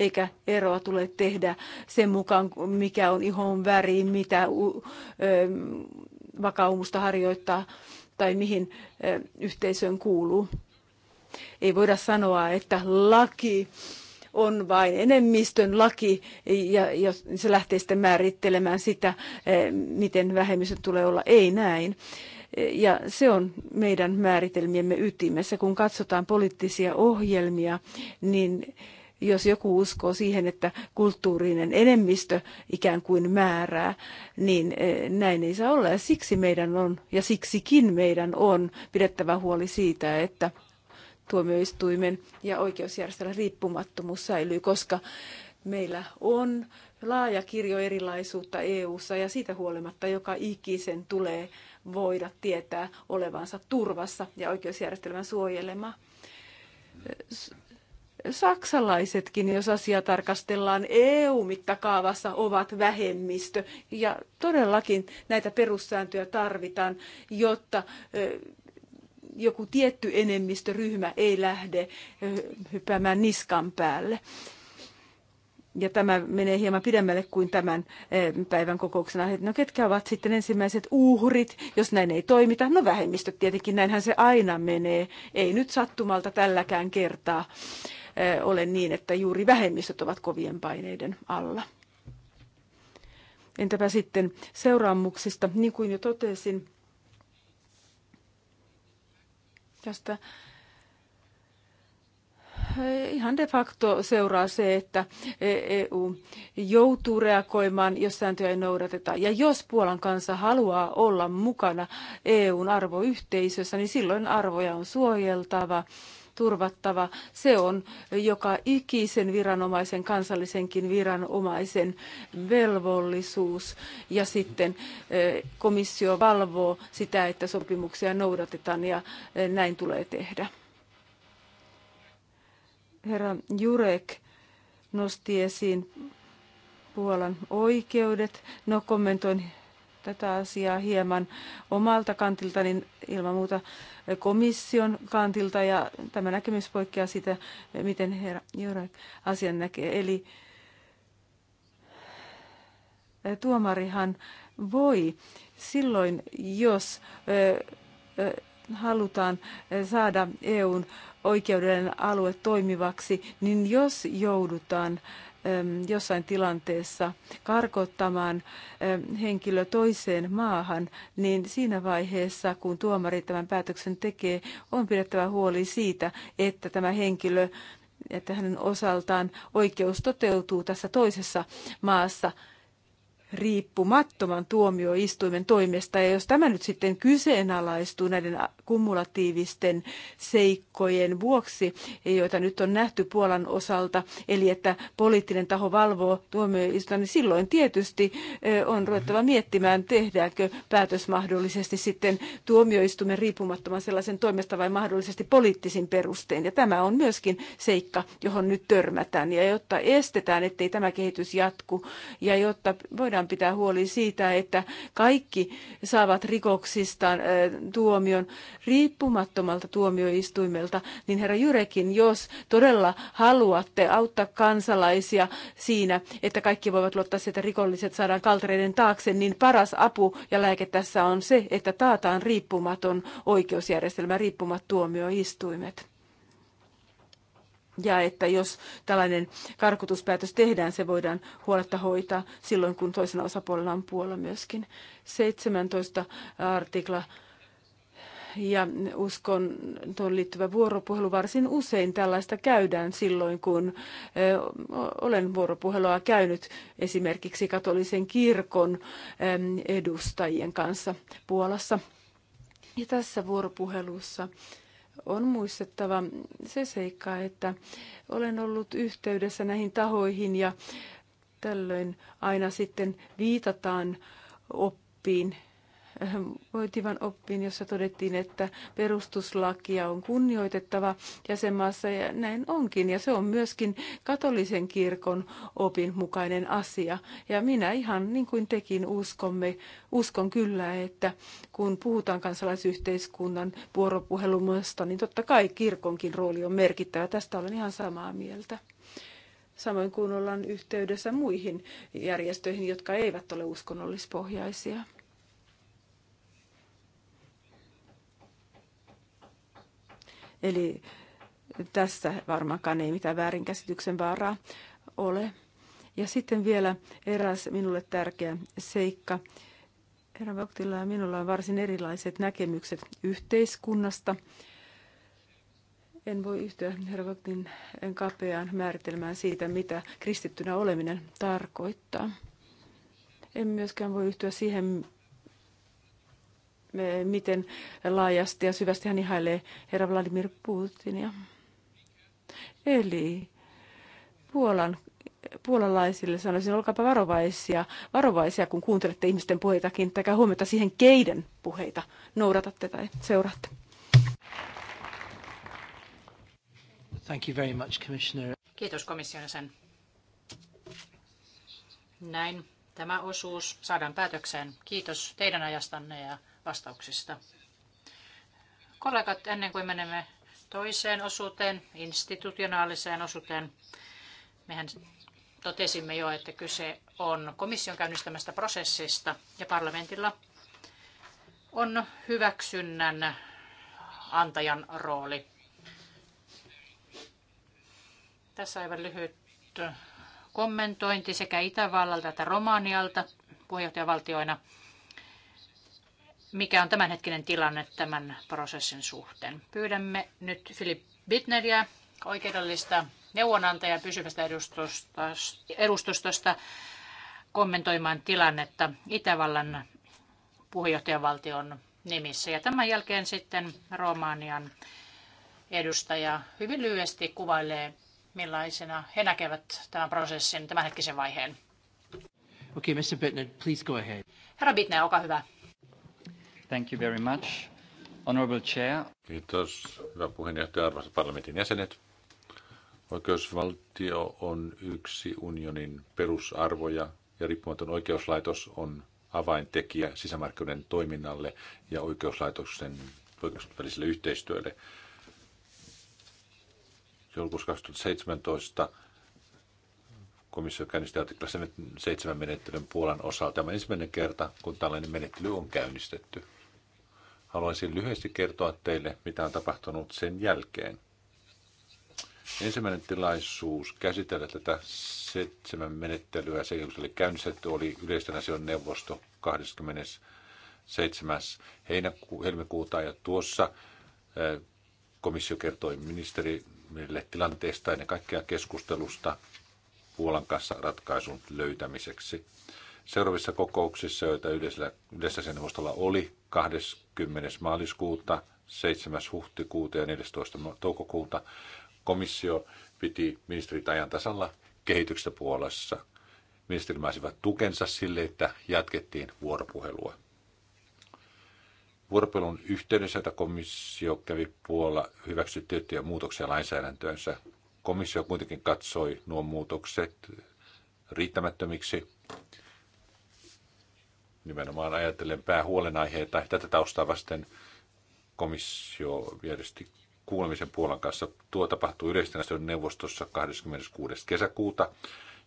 Eikä eroa tule tehdä sen mukaan, mikä on ihon väri, mitä vakaumusta harjoittaa tai mihin yhteisöön kuuluu. Ei voida sanoa, että laki on vain enemmistön laki ja se lähtee sitten määrittelemään sitä, eh, miten vähemmistö tulee olla, ei näin. Eh, ja se on meidän määritelmiemme ytimessä. Kun katsotaan poliittisia ohjelmia, niin jos joku uskoo siihen, että kulttuurinen enemmistö ikään kuin määrää, niin eh, näin ei saa olla. Ja siksi meidän on, ja siksikin meidän on pidettävä huoli siitä, että tuomioistuimen ja oikeusjärjestelmän riippumattomuus säilyy, koska meillä on laaja kirjo erilaisuutta EU:ssa ja siitä huolimatta joka ikisen tulee voida tietää olevansa turvassa ja oikeusjärjestelmän suojelema. Saksalaisetkin, jos asia tarkastellaan EU-mittakaavassa, ovat vähemmistö. Ja todellakin näitä perussääntöjä tarvitaan, jotta joku tietty enemmistöryhmä ei lähde hyppäämään niskan päälle. Ja tämä menee hieman pidemmälle kuin tämän päivän kokouksena. No ketkä ovat sitten ensimmäiset uhrit, jos näin ei toimita? No vähemmistöt tietenkin, näinhän se aina menee. Ei nyt sattumalta tälläkään kertaa ole niin, että juuri vähemmistöt ovat kovien paineiden alla. Entäpä sitten seuraamuksista, niin kuin jo totesin, tästä ihan de facto seuraa se, että EU joutuu reagoimaan, jos sääntöjä ei noudateta. Ja jos Puolan kanssa haluaa olla mukana EUn arvoyhteisössä, niin silloin arvoja on suojeltava turvattava. Se on joka ikisen viranomaisen, kansallisenkin viranomaisen velvollisuus. Ja sitten eh, komissio valvoo sitä, että sopimuksia noudatetaan ja eh, näin tulee tehdä. Herra Jurek nosti esiin Puolan oikeudet. No kommentoin tätä asiaa hieman omalta kantilta, niin ilman muuta komission kantilta, ja tämä näkemys poikkeaa siitä, miten herra Jurek asian näkee. Eli tuomarihan voi silloin, jos halutaan saada EUn oikeudellinen alue toimivaksi, niin jos joudutaan jossain tilanteessa karkottamaan henkilö toiseen maahan, niin siinä vaiheessa, kun tuomari tämän päätöksen tekee, on pidettävä huoli siitä, että tämä henkilö että hänen osaltaan oikeus toteutuu tässä toisessa maassa riippumattoman tuomioistuimen toimesta. Ja jos tämä nyt sitten kyseenalaistuu näiden kumulatiivisten seikkojen vuoksi, joita nyt on nähty Puolan osalta, eli että poliittinen taho valvoo tuomioistuinta, niin silloin tietysti on ruvettava miettimään, tehdäänkö päätös mahdollisesti sitten tuomioistuimen riippumattoman sellaisen toimesta vai mahdollisesti poliittisin perustein. Ja tämä on myöskin seikka, johon nyt törmätään. Ja jotta estetään, ettei tämä kehitys jatku ja jotta voidaan voidaan pitää huoli siitä, että kaikki saavat rikoksistaan tuomion riippumattomalta tuomioistuimelta, niin herra Jyrekin, jos todella haluatte auttaa kansalaisia siinä, että kaikki voivat luottaa sitä, että rikolliset saadaan kaltereiden taakse, niin paras apu ja lääke tässä on se, että taataan riippumaton oikeusjärjestelmä, riippumat tuomioistuimet. Ja että jos tällainen karkotuspäätös tehdään, se voidaan huoletta hoitaa silloin, kun toisena osapuolella on puolella myöskin. 17 artikla ja tuon liittyvä vuoropuhelu. Varsin usein tällaista käydään silloin, kun olen vuoropuhelua käynyt esimerkiksi katolisen kirkon edustajien kanssa Puolassa. Ja tässä vuoropuhelussa on muistettava se seikka, että olen ollut yhteydessä näihin tahoihin ja tällöin aina sitten viitataan oppiin voitivan oppiin, jossa todettiin, että perustuslakia on kunnioitettava jäsenmaassa ja näin onkin. Ja se on myöskin katolisen kirkon opin mukainen asia. Ja minä ihan niin kuin tekin uskomme, uskon kyllä, että kun puhutaan kansalaisyhteiskunnan vuoropuhelumasta, niin totta kai kirkonkin rooli on merkittävä. Tästä olen ihan samaa mieltä samoin kuin ollaan yhteydessä muihin järjestöihin, jotka eivät ole uskonnollispohjaisia. Eli tässä varmaankaan ei mitään väärinkäsityksen vaaraa ole. Ja sitten vielä eräs minulle tärkeä seikka. Herra Vaktilla ja minulla on varsin erilaiset näkemykset yhteiskunnasta. En voi yhtyä herra Vaktin kapeaan määritelmään siitä, mitä kristittynä oleminen tarkoittaa. En myöskään voi yhtyä siihen miten laajasti ja syvästi hän ihailee herra Vladimir Putinia. Eli Puolan, puolalaisille sanoisin, olkaapa varovaisia, varovaisia, kun kuuntelette ihmisten puheita, kiinnittäkää huomiota siihen, keiden puheita noudatatte tai seuraatte. Thank you very much, Commissioner. Kiitos komission sen. Näin tämä osuus saadaan päätökseen. Kiitos teidän ajastanne ja vastauksista. Kollegat, ennen kuin menemme toiseen osuuteen, institutionaaliseen osuuteen, mehän totesimme jo, että kyse on komission käynnistämästä prosessista ja parlamentilla on hyväksynnän antajan rooli. Tässä aivan lyhyt kommentointi sekä Itävallalta että Romaanialta puheenjohtajavaltioina. valtioina mikä on tämänhetkinen tilanne tämän prosessin suhteen. Pyydämme nyt Philip Bittneriä, oikeudellista neuvonantajaa pysyvästä edustustosta, kommentoimaan tilannetta Itävallan puheenjohtajavaltion nimissä. Ja tämän jälkeen sitten Romanian edustaja hyvin lyhyesti kuvailee, millaisena he näkevät tämän prosessin tämänhetkisen vaiheen. Okay, Mr. Bittner, please go ahead. Herra Bittner, olkaa hyvä. Thank you very much. Honorable Chair. Kiitos, hyvä puheenjohtaja, arvoisat parlamentin jäsenet. Oikeusvaltio on yksi unionin perusarvoja ja riippumaton oikeuslaitos on avaintekijä sisämarkkinoiden toiminnalle ja oikeuslaitoksen oikeusväliselle yhteistyölle. Joulukuussa 2017 komissio käynnisti artikla 7 menettelyn Puolan osalta. Tämä on ensimmäinen kerta, kun tällainen menettely on käynnistetty. Haluaisin lyhyesti kertoa teille, mitä on tapahtunut sen jälkeen. Ensimmäinen tilaisuus käsitellä tätä seitsemän menettelyä, se oli käynnistetty, oli yleisten asioiden neuvosto 27. Heinäku- helmikuuta ja tuossa eh, komissio kertoi ministerille tilanteesta ennen kaikkea keskustelusta Puolan kanssa ratkaisun löytämiseksi. Seuraavissa kokouksissa, joita yhdessä, yhdessä sen neuvostolla oli 20. maaliskuuta, 7. huhtikuuta ja 14. toukokuuta, komissio piti ministerit ajan tasalla kehityksestä Puolassa. Ministerimäisivät tukensa sille, että jatkettiin vuoropuhelua. Vuoropuhelun yhteydessä, että komissio kävi Puola, hyväksy tiettyjä muutoksia lainsäädäntöönsä. Komissio kuitenkin katsoi nuo muutokset riittämättömiksi Nimenomaan ajatellen päähuolenaiheita. Tätä taustaa vasten komissio vieresti kuulemisen Puolan kanssa. Tuo tapahtuu yleisten neuvostossa 26. kesäkuuta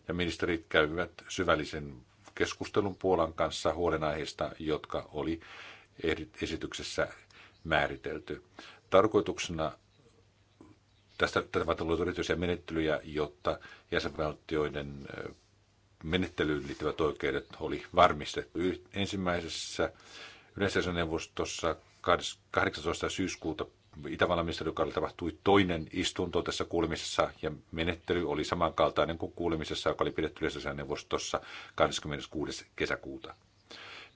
ja ministerit käyvät syvällisen keskustelun Puolan kanssa huolenaiheista, jotka oli esityksessä määritelty. Tarkoituksena tästä tätä ovat ollut erityisiä menettelyjä, jotta jäsenvaltioiden menettelyyn liittyvät oikeudet oli varmistettu. Ensimmäisessä yleisessä neuvostossa 18. syyskuuta Itävallan ministeriökaudella tapahtui toinen istunto tässä kuulemisessa ja menettely oli samankaltainen kuin kuulemisessa, joka oli pidetty neuvostossa 26. kesäkuuta.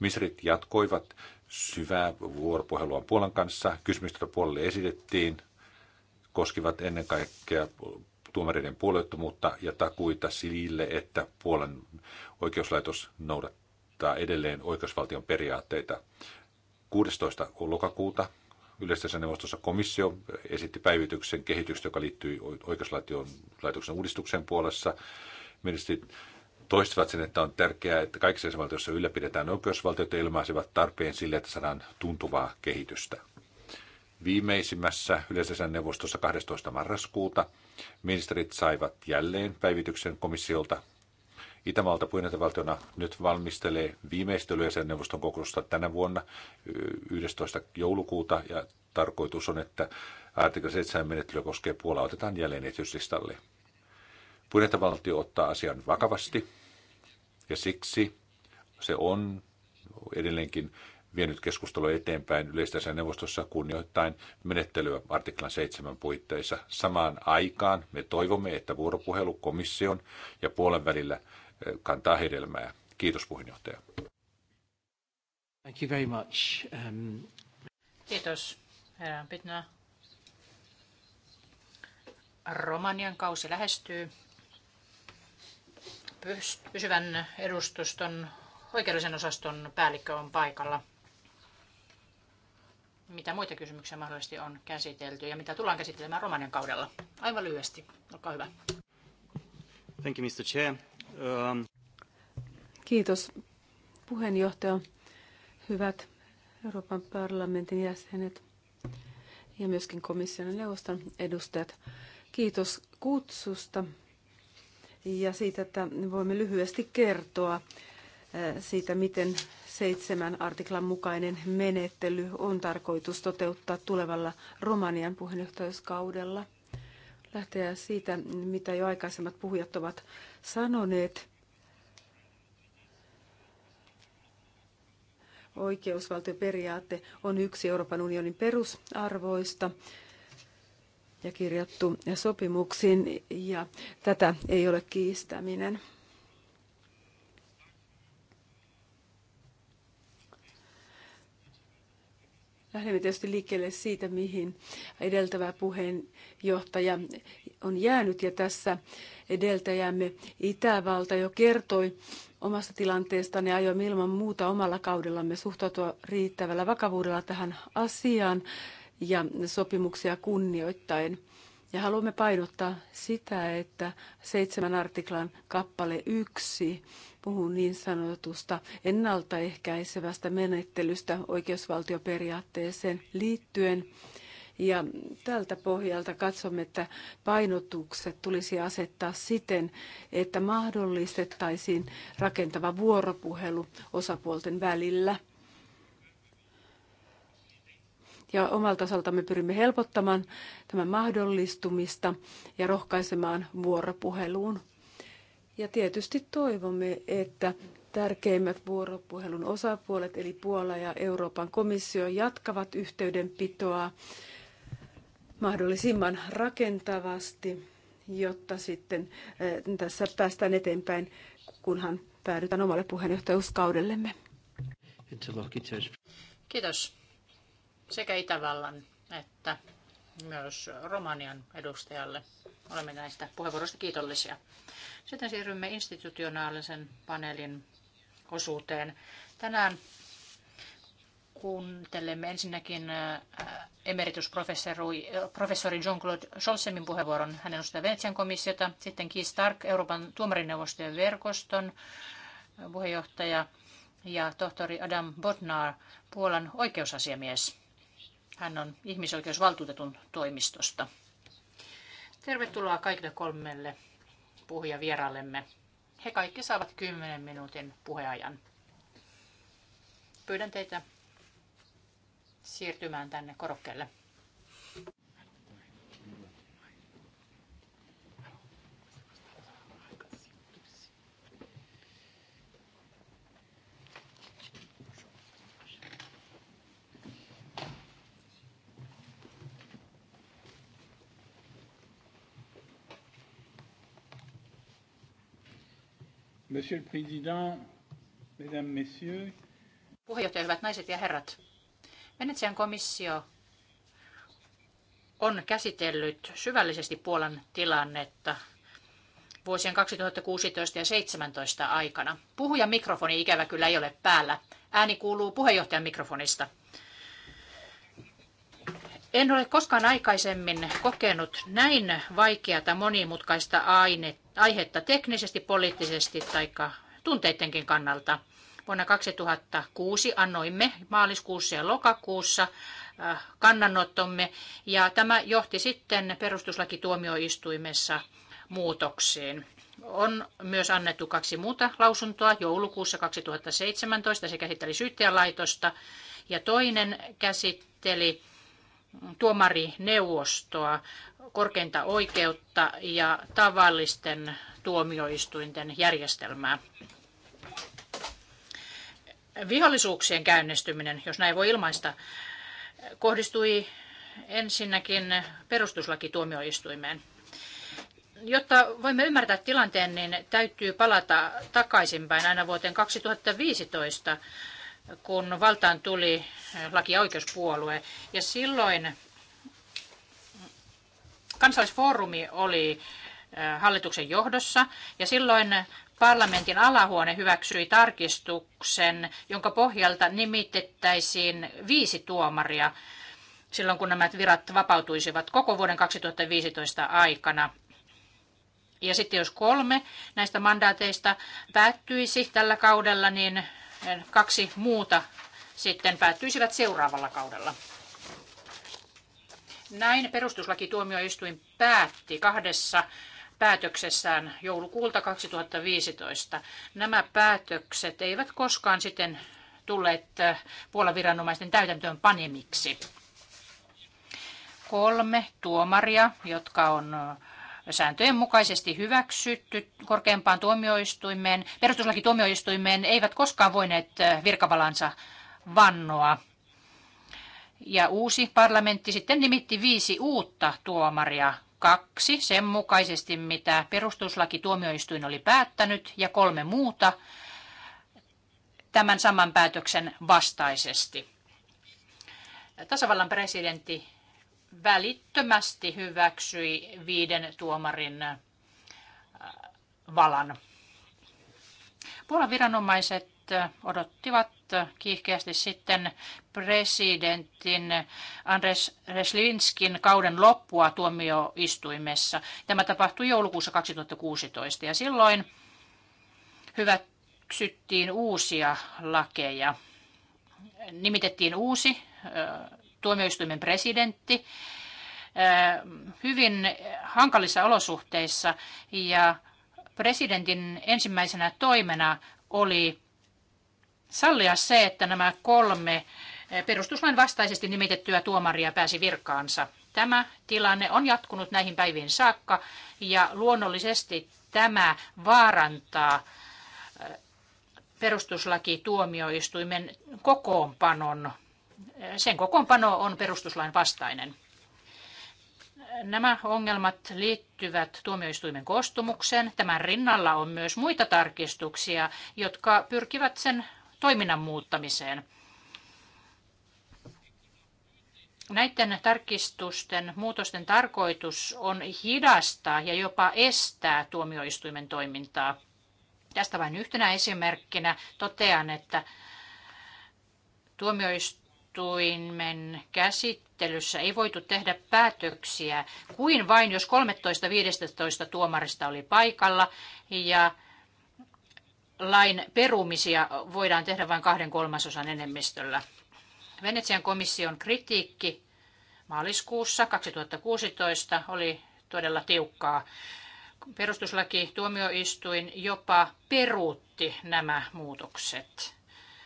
Ministerit jatkoivat syvää vuoropuhelua Puolan kanssa. Kysymykset, joita Puolalle esitettiin, koskivat ennen kaikkea tuomareiden puolueettomuutta ja takuita sille, että Puolan oikeuslaitos noudattaa edelleen oikeusvaltion periaatteita. 16. lokakuuta yleisessä neuvostossa komissio esitti päivityksen kehityksestä, joka liittyy oikeuslaitoksen uudistuksen puolessa. Ministeri toistivat sen, että on tärkeää, että kaikissa jäsenvaltioissa ylläpidetään oikeusvaltiota ja ilmaisivat tarpeen sille, että saadaan tuntuvaa kehitystä. Viimeisimmässä yleisessä neuvostossa 12. marraskuuta Ministerit saivat jälleen päivityksen komissiolta. Itämaalta puheenjohtajavaltiona nyt valmistelee viimeistelyä sen neuvoston kokousta tänä vuonna 11. joulukuuta ja tarkoitus on, että artikla 7 menettelyä koskee Puola otetaan jälleen etyslistalle. Puheenjohtajavaltio ottaa asian vakavasti ja siksi se on edelleenkin vienyt keskustelua eteenpäin yleistässä neuvostossa kunnioittain menettelyä artiklan 7 puitteissa. Samaan aikaan me toivomme, että vuoropuhelu komission ja puolen välillä eh, kantaa hedelmää. Kiitos puheenjohtaja. Thank you very much. Um... Kiitos, herra Pitna. Romanian kausi lähestyy. Pysyvän edustuston oikeudellisen osaston päällikkö on paikalla mitä muita kysymyksiä mahdollisesti on käsitelty ja mitä tullaan käsittelemään Romanian kaudella. Aivan lyhyesti, olkaa hyvä. Thank you, Mr. Chair. Um... Kiitos puheenjohtaja. Hyvät Euroopan parlamentin jäsenet ja myöskin komission neuvoston edustajat. Kiitos kutsusta ja siitä, että voimme lyhyesti kertoa eh, siitä, miten 7 artiklan mukainen menettely on tarkoitus toteuttaa tulevalla Romanian puheenjohtajuuskaudella. Lähteä siitä, mitä jo aikaisemmat puhujat ovat sanoneet. Oikeusvaltioperiaate on yksi Euroopan unionin perusarvoista ja kirjattu sopimuksiin, ja tätä ei ole kiistäminen. Lähdemme tietysti liikkeelle siitä, mihin edeltävä puheenjohtaja on jäänyt. Ja tässä edeltäjämme Itävalta jo kertoi omasta tilanteestaan ja ajoimme ilman muuta omalla kaudellamme suhtautua riittävällä vakavuudella tähän asiaan ja sopimuksia kunnioittain. Ja haluamme painottaa sitä, että seitsemän artiklan kappale yksi puhuu niin sanotusta ennaltaehkäisevästä menettelystä oikeusvaltioperiaatteeseen liittyen. Ja tältä pohjalta katsomme, että painotukset tulisi asettaa siten, että mahdollistettaisiin rakentava vuoropuhelu osapuolten välillä – ja omalta osaltamme pyrimme helpottamaan tämän mahdollistumista ja rohkaisemaan vuoropuheluun. Ja tietysti toivomme, että tärkeimmät vuoropuhelun osapuolet, eli Puola ja Euroopan komissio, jatkavat yhteydenpitoa mahdollisimman rakentavasti, jotta sitten eh, tässä päästään eteenpäin, kunhan päädytään omalle puheenjohtajuuskaudellemme. Kiitos sekä Itävallan että myös Romanian edustajalle. Olemme näistä puheenvuoroista kiitollisia. Sitten siirrymme institutionaalisen paneelin osuuteen. Tänään kuuntelemme ensinnäkin äh, emeritusprofessori John-Claude Scholzemin puheenvuoron. hänen edustaa Venetsian komissiota, sitten Keith Stark, Euroopan tuomarineuvostojen verkoston puheenjohtaja ja tohtori Adam Bodnar, Puolan oikeusasiamies. Hän on ihmisoikeusvaltuutetun toimistosta. Tervetuloa kaikille kolmelle puhujavieraillemme. He kaikki saavat 10 minuutin puheajan. Pyydän teitä siirtymään tänne korokkeelle. Monsieur le Président, Mesdames, Messieurs. Puheenjohtaja, hyvät naiset ja herrat. Venetsian komissio on käsitellyt syvällisesti Puolan tilannetta vuosien 2016 ja 2017 aikana. Puhuja mikrofoni ikävä kyllä ei ole päällä. Ääni kuuluu puheenjohtajan mikrofonista. En ole koskaan aikaisemmin kokenut näin vaikeata monimutkaista ainetta aihetta teknisesti, poliittisesti tai tunteidenkin kannalta. Vuonna 2006 annoimme maaliskuussa ja lokakuussa äh, kannanottomme ja tämä johti sitten perustuslakituomioistuimessa muutoksiin. On myös annettu kaksi muuta lausuntoa joulukuussa 2017. Se käsitteli syyttäjälaitosta ja toinen käsitteli tuomarineuvostoa korkeinta oikeutta ja tavallisten tuomioistuinten järjestelmää. Vihollisuuksien käynnistyminen, jos näin voi ilmaista, kohdistui ensinnäkin perustuslakituomioistuimeen. Jotta voimme ymmärtää tilanteen, niin täytyy palata takaisinpäin aina vuoteen 2015, kun valtaan tuli laki- ja oikeuspuolue. Ja silloin kansallisfoorumi oli hallituksen johdossa ja silloin parlamentin alahuone hyväksyi tarkistuksen, jonka pohjalta nimitettäisiin viisi tuomaria silloin, kun nämä virat vapautuisivat koko vuoden 2015 aikana. Ja sitten jos kolme näistä mandaateista päättyisi tällä kaudella, niin kaksi muuta sitten päättyisivät seuraavalla kaudella. Näin perustuslakituomioistuin päätti kahdessa päätöksessään joulukuulta 2015. Nämä päätökset eivät koskaan sitten tulleet äh, Puolan viranomaisten täytäntöön panemiksi. Kolme tuomaria, jotka on äh, sääntöjen mukaisesti hyväksytty korkeimpaan tuomioistuimeen, perustuslakituomioistuimeen, eivät koskaan voineet äh, virkavalansa vannoa ja uusi parlamentti sitten nimitti viisi uutta tuomaria, kaksi sen mukaisesti, mitä perustuslaki tuomioistuin oli päättänyt, ja kolme muuta tämän saman päätöksen vastaisesti. Tasavallan presidentti välittömästi hyväksyi viiden tuomarin äh, valan. Puolan viranomaiset odottivat kiihkeästi sitten presidentin Andres Reslinskin kauden loppua tuomioistuimessa. Tämä tapahtui joulukuussa 2016 ja silloin hyväksyttiin uusia lakeja. Nimitettiin uusi tuomioistuimen presidentti hyvin hankalissa olosuhteissa ja presidentin ensimmäisenä toimena oli sallia se, että nämä kolme eh, perustuslain vastaisesti nimitettyä tuomaria pääsi virkaansa. Tämä tilanne on jatkunut näihin päiviin saakka ja luonnollisesti tämä vaarantaa eh, perustuslakituomioistuimen kokoonpanon. Eh, sen kokoonpano on perustuslain vastainen. Nämä ongelmat liittyvät tuomioistuimen koostumukseen. Tämän rinnalla on myös muita tarkistuksia, jotka pyrkivät sen toiminnan muuttamiseen. Näiden tarkistusten muutosten tarkoitus on hidastaa ja jopa estää tuomioistuimen toimintaa. Tästä vain yhtenä esimerkkinä totean, että tuomioistuimen käsittelyssä ei voitu tehdä päätöksiä kuin vain, jos 13-15 tuomarista oli paikalla ja lain perumisia voidaan tehdä vain kahden kolmasosan enemmistöllä. Venetsian komission kritiikki maaliskuussa 2016 oli todella tiukkaa. Perustuslaki tuomioistuin jopa peruutti nämä muutokset.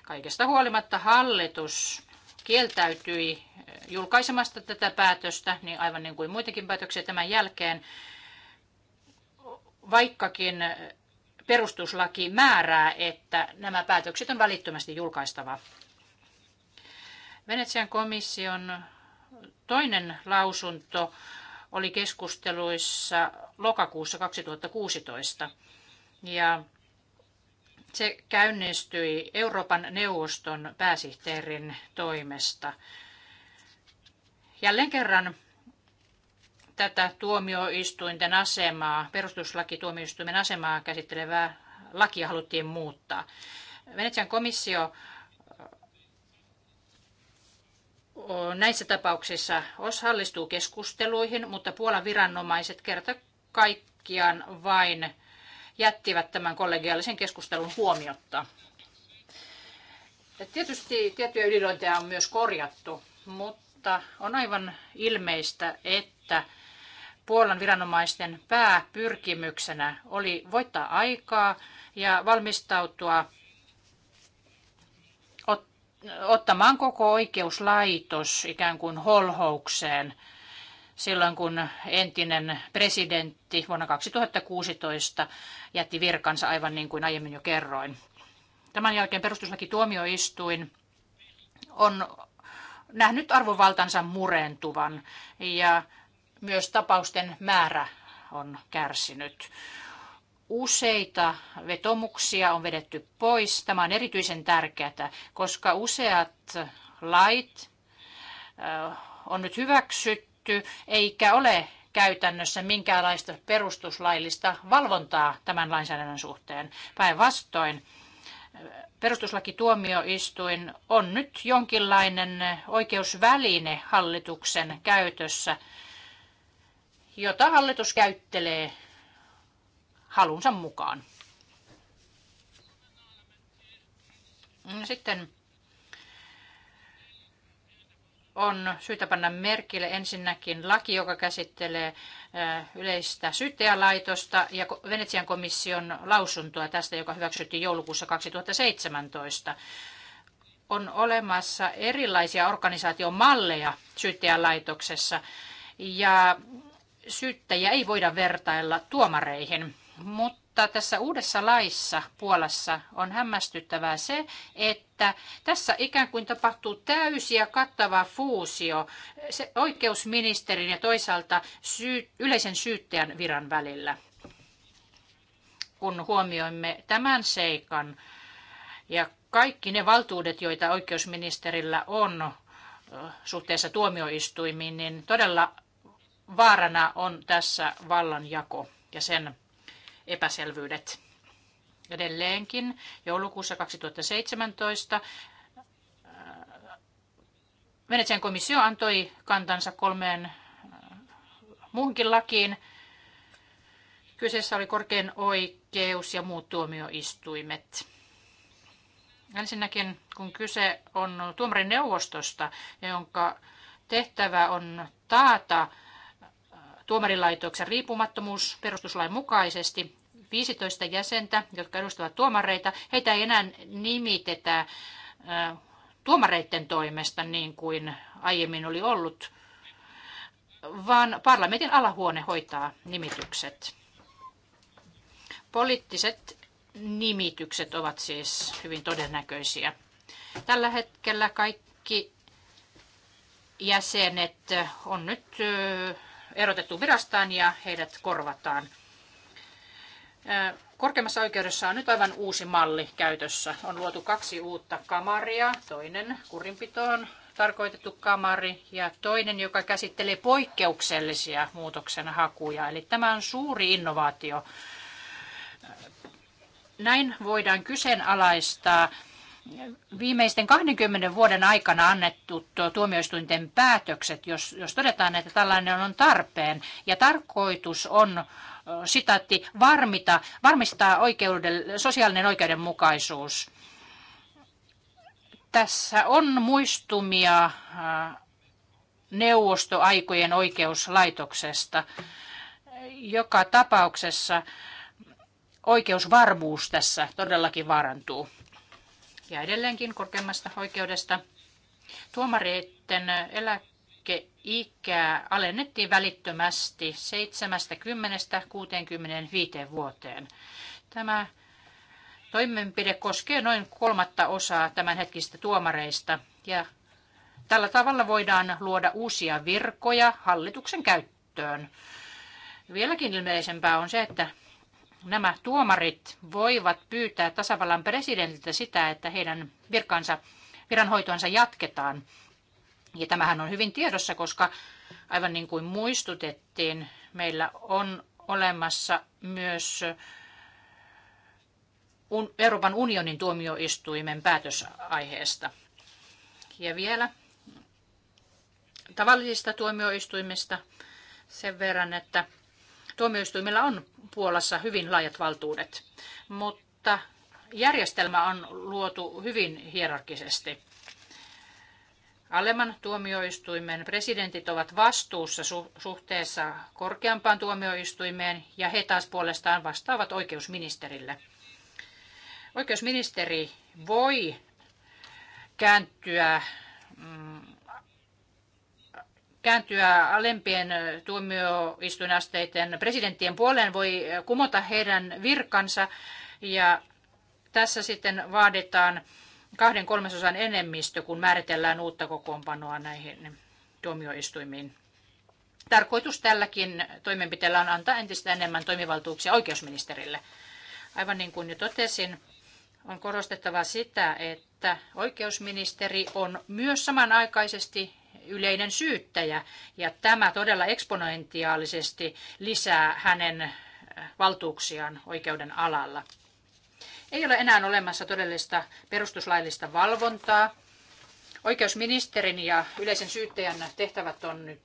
Kaikesta huolimatta hallitus kieltäytyi julkaisemasta tätä päätöstä, niin aivan niin kuin muitakin päätöksiä tämän jälkeen, vaikkakin perustuslaki määrää, että nämä päätökset on välittömästi julkaistava. Venetsian komission toinen lausunto oli keskusteluissa lokakuussa 2016 ja se käynnistyi Euroopan neuvoston pääsihteerin toimesta. Jälleen kerran tätä tuomioistuinten asemaa, perustuslakituomioistuimen asemaa käsittelevää lakia haluttiin muuttaa. Venetsian komissio näissä tapauksissa osallistuu keskusteluihin, mutta Puolan viranomaiset kerta kaikkiaan vain jättivät tämän kollegiaalisen keskustelun huomiotta. Tietysti tiettyjä ylilointeja on myös korjattu, mutta on aivan ilmeistä, että Puolan viranomaisten pääpyrkimyksenä oli voittaa aikaa ja valmistautua ottamaan koko oikeuslaitos ikään kuin holhoukseen silloin, kun entinen presidentti vuonna 2016 jätti virkansa aivan niin kuin aiemmin jo kerroin. Tämän jälkeen perustuslaki tuomioistuin on nähnyt arvovaltansa murentuvan ja myös tapausten määrä on kärsinyt. Useita vetomuksia on vedetty pois. Tämä on erityisen tärkeää, koska useat lait on nyt hyväksytty, eikä ole käytännössä minkäänlaista perustuslaillista valvontaa tämän lainsäädännön suhteen. Päinvastoin perustuslakituomioistuin on nyt jonkinlainen oikeusväline hallituksen käytössä – jota hallitus käyttelee halunsa mukaan. Sitten on syytä panna merkille ensinnäkin laki, joka käsittelee eh, yleistä syyttäjälaitosta ja Venetsian komission lausuntoa tästä, joka hyväksyttiin joulukuussa 2017. On olemassa erilaisia organisaatiomalleja syyttäjälaitoksessa ja syyttäjiä ei voida vertailla tuomareihin, mutta tässä uudessa laissa Puolassa on hämmästyttävää se, että tässä ikään kuin tapahtuu täysi ja kattava fuusio se oikeusministerin ja toisaalta syy, yleisen syyttäjän viran välillä. Kun huomioimme tämän seikan ja kaikki ne valtuudet, joita oikeusministerillä on suhteessa tuomioistuimiin, niin todella vaarana on tässä vallanjako ja sen epäselvyydet. Edelleenkin joulukuussa 2017 äh, Venetsian komissio antoi kantansa kolmeen äh, muuhunkin lakiin. Kyseessä oli korkein oikeus ja muut tuomioistuimet. Ensinnäkin, kun kyse on tuomarin neuvostosta, jonka tehtävä on taata tuomarilaitoksen riippumattomuus perustuslain mukaisesti. 15 jäsentä, jotka edustavat tuomareita, heitä ei enää nimitetä äh, tuomareiden toimesta niin kuin aiemmin oli ollut, vaan parlamentin alahuone hoitaa nimitykset. Poliittiset nimitykset ovat siis hyvin todennäköisiä. Tällä hetkellä kaikki jäsenet on nyt äh, erotettu virastaan ja heidät korvataan. Korkeimmassa oikeudessa on nyt aivan uusi malli käytössä. On luotu kaksi uutta kamaria, toinen kurinpitoon tarkoitettu kamari ja toinen, joka käsittelee poikkeuksellisia muutoksen hakuja. Eli tämä on suuri innovaatio. Näin voidaan kyseenalaistaa viimeisten 20 vuoden aikana annettu tuomioistuinten päätökset, jos, jos todetaan, että tällainen on tarpeen ja tarkoitus on sitaatti varmita, varmistaa oikeuden, sosiaalinen oikeudenmukaisuus. Tässä on muistumia neuvostoaikojen oikeuslaitoksesta. Joka tapauksessa oikeusvarmuus tässä todellakin vaarantuu ja edelleenkin korkeimmasta oikeudesta. Tuomareiden eläkeikää alennettiin välittömästi 70-65 vuoteen. Tämä toimenpide koskee noin kolmatta osaa tämänhetkistä tuomareista ja tällä tavalla voidaan luoda uusia virkoja hallituksen käyttöön. Vieläkin ilmeisempää on se, että nämä tuomarit voivat pyytää tasavallan presidentiltä sitä, että heidän virkansa, viranhoitoansa jatketaan. Ja tämähän on hyvin tiedossa, koska aivan niin kuin muistutettiin, meillä on olemassa myös Euroopan unionin tuomioistuimen päätösaiheesta. Ja vielä tavallisista tuomioistuimista sen verran, että tuomioistuimilla on Puolassa hyvin laajat valtuudet, mutta järjestelmä on luotu hyvin hierarkisesti. Alemman tuomioistuimen presidentit ovat vastuussa suhteessa korkeampaan tuomioistuimeen ja he taas puolestaan vastaavat oikeusministerille. Oikeusministeri voi kääntyä mm, kääntyä alempien tuomioistuinasteiden presidenttien puoleen, voi kumota heidän virkansa ja tässä sitten vaaditaan kahden kolmasosan enemmistö, kun määritellään uutta kokoonpanoa näihin tuomioistuimiin. Tarkoitus tälläkin toimenpiteellä on antaa entistä enemmän toimivaltuuksia oikeusministerille. Aivan niin kuin jo totesin, on korostettava sitä, että oikeusministeri on myös samanaikaisesti yleinen syyttäjä. Ja tämä todella eksponentiaalisesti lisää hänen äh, valtuuksiaan oikeuden alalla. Ei ole enää olemassa todellista perustuslaillista valvontaa. Oikeusministerin ja yleisen syyttäjän tehtävät on nyt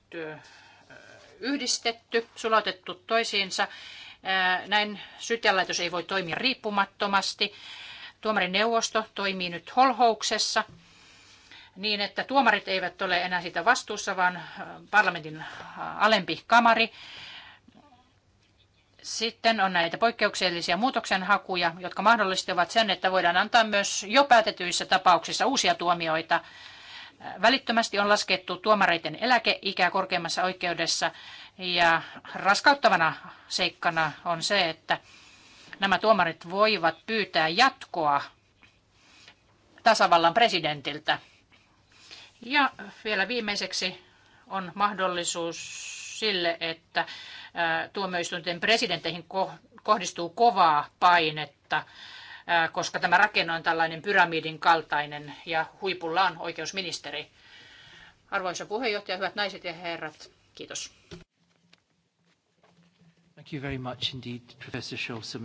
yhdistetty, sulautettu toisiinsa. Näin syyttäjälaitos ei voi toimia riippumattomasti. Tuomarin neuvosto toimii nyt holhouksessa niin, että tuomarit eivät ole enää siitä vastuussa, vaan äh, parlamentin äh, alempi kamari. Sitten on näitä poikkeuksellisia muutoksenhakuja, jotka mahdollistavat sen, että voidaan antaa myös jo päätetyissä tapauksissa uusia tuomioita. Äh, välittömästi on laskettu tuomareiden eläkeikää korkeimmassa oikeudessa ja raskauttavana seikkana on se, että nämä tuomarit voivat pyytää jatkoa tasavallan presidentiltä ja vielä viimeiseksi on mahdollisuus sille, että tuomioistuinten presidentteihin kohdistuu kovaa painetta, koska tämä rakenne on tällainen pyramidin kaltainen ja huipulla on oikeusministeri. Arvoisa puheenjohtaja, hyvät naiset ja herrat, kiitos. Thank you very much indeed, Professor Scholzem.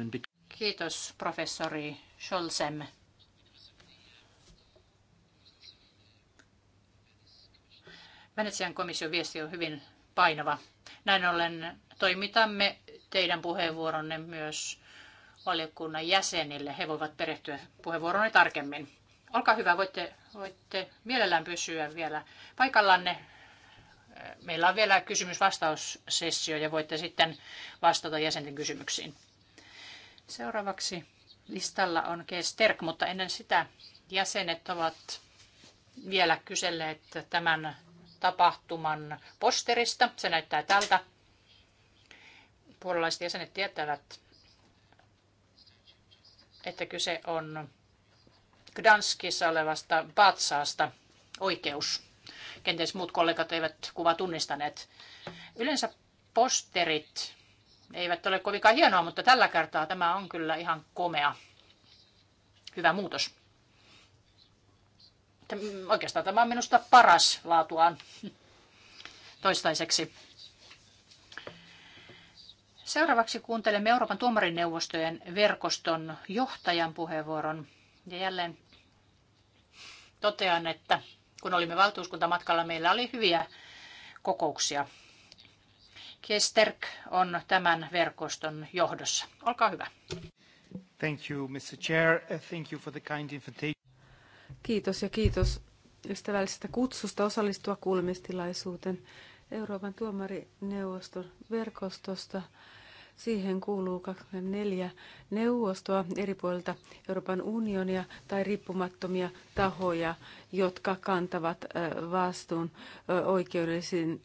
Kiitos professori Scholzem Venetsian komission viesti on hyvin painava. Näin ollen toimitamme teidän puheenvuoronne myös valiokunnan jäsenille. He voivat perehtyä puheenvuoronne tarkemmin. Olkaa hyvä, voitte, voitte mielellään pysyä vielä paikallanne. Meillä on vielä kysymys-vastaussessio ja voitte sitten vastata jäsenten kysymyksiin. Seuraavaksi listalla on Kesterk, mutta ennen sitä jäsenet ovat vielä kyselleet tämän tapahtuman posterista. Se näyttää tältä. Puolalaiset jäsenet tietävät, että kyse on Gdanskissa olevasta patsaasta oikeus. Kenties muut kollegat eivät kuvaa tunnistaneet. Yleensä posterit eivät ole kovinkaan hienoa, mutta tällä kertaa tämä on kyllä ihan komea. Hyvä muutos. Oikeastaan tämä on minusta paras laatuaan toistaiseksi. Seuraavaksi kuuntelemme Euroopan tuomarineuvostojen verkoston johtajan puheenvuoron. Ja jälleen totean, että kun olimme valtuuskuntamatkalla, meillä oli hyviä kokouksia. Kesterk on tämän verkoston johdossa. Olkaa hyvä. Thank you, Mr. Chair. Thank you for the kind invitation. Kiitos ja kiitos ystävällisestä kutsusta osallistua kuulemistilaisuuteen Euroopan tuomarineuvoston verkostosta. Siihen kuuluu 24 neuvostoa eri puolilta Euroopan unionia tai riippumattomia tahoja, jotka kantavat vastuun oikeudellisiin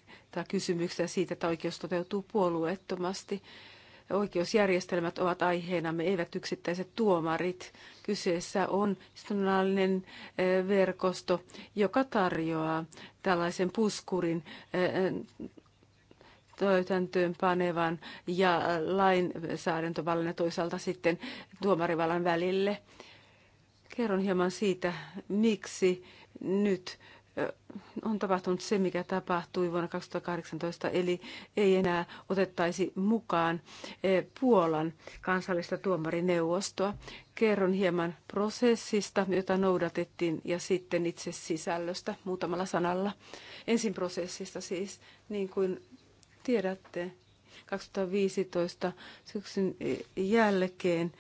kysymyksiä siitä, että oikeus toteutuu puolueettomasti oikeusjärjestelmät ovat aiheenamme, eivät yksittäiset tuomarit. Kyseessä on istunnallinen eh, verkosto, joka tarjoaa tällaisen puskurin eh, toitantöön panevan ja lainsäädäntövallan ja toisaalta sitten tuomarivallan välille. Kerron hieman siitä, miksi nyt on tapahtunut se, mikä tapahtui vuonna 2018, eli ei enää otettaisi mukaan Puolan kansallista tuomarineuvostoa. Kerron hieman prosessista, jota noudatettiin, ja sitten itse sisällöstä muutamalla sanalla. Ensin prosessista siis, niin kuin tiedätte, 2015 syksyn jälkeen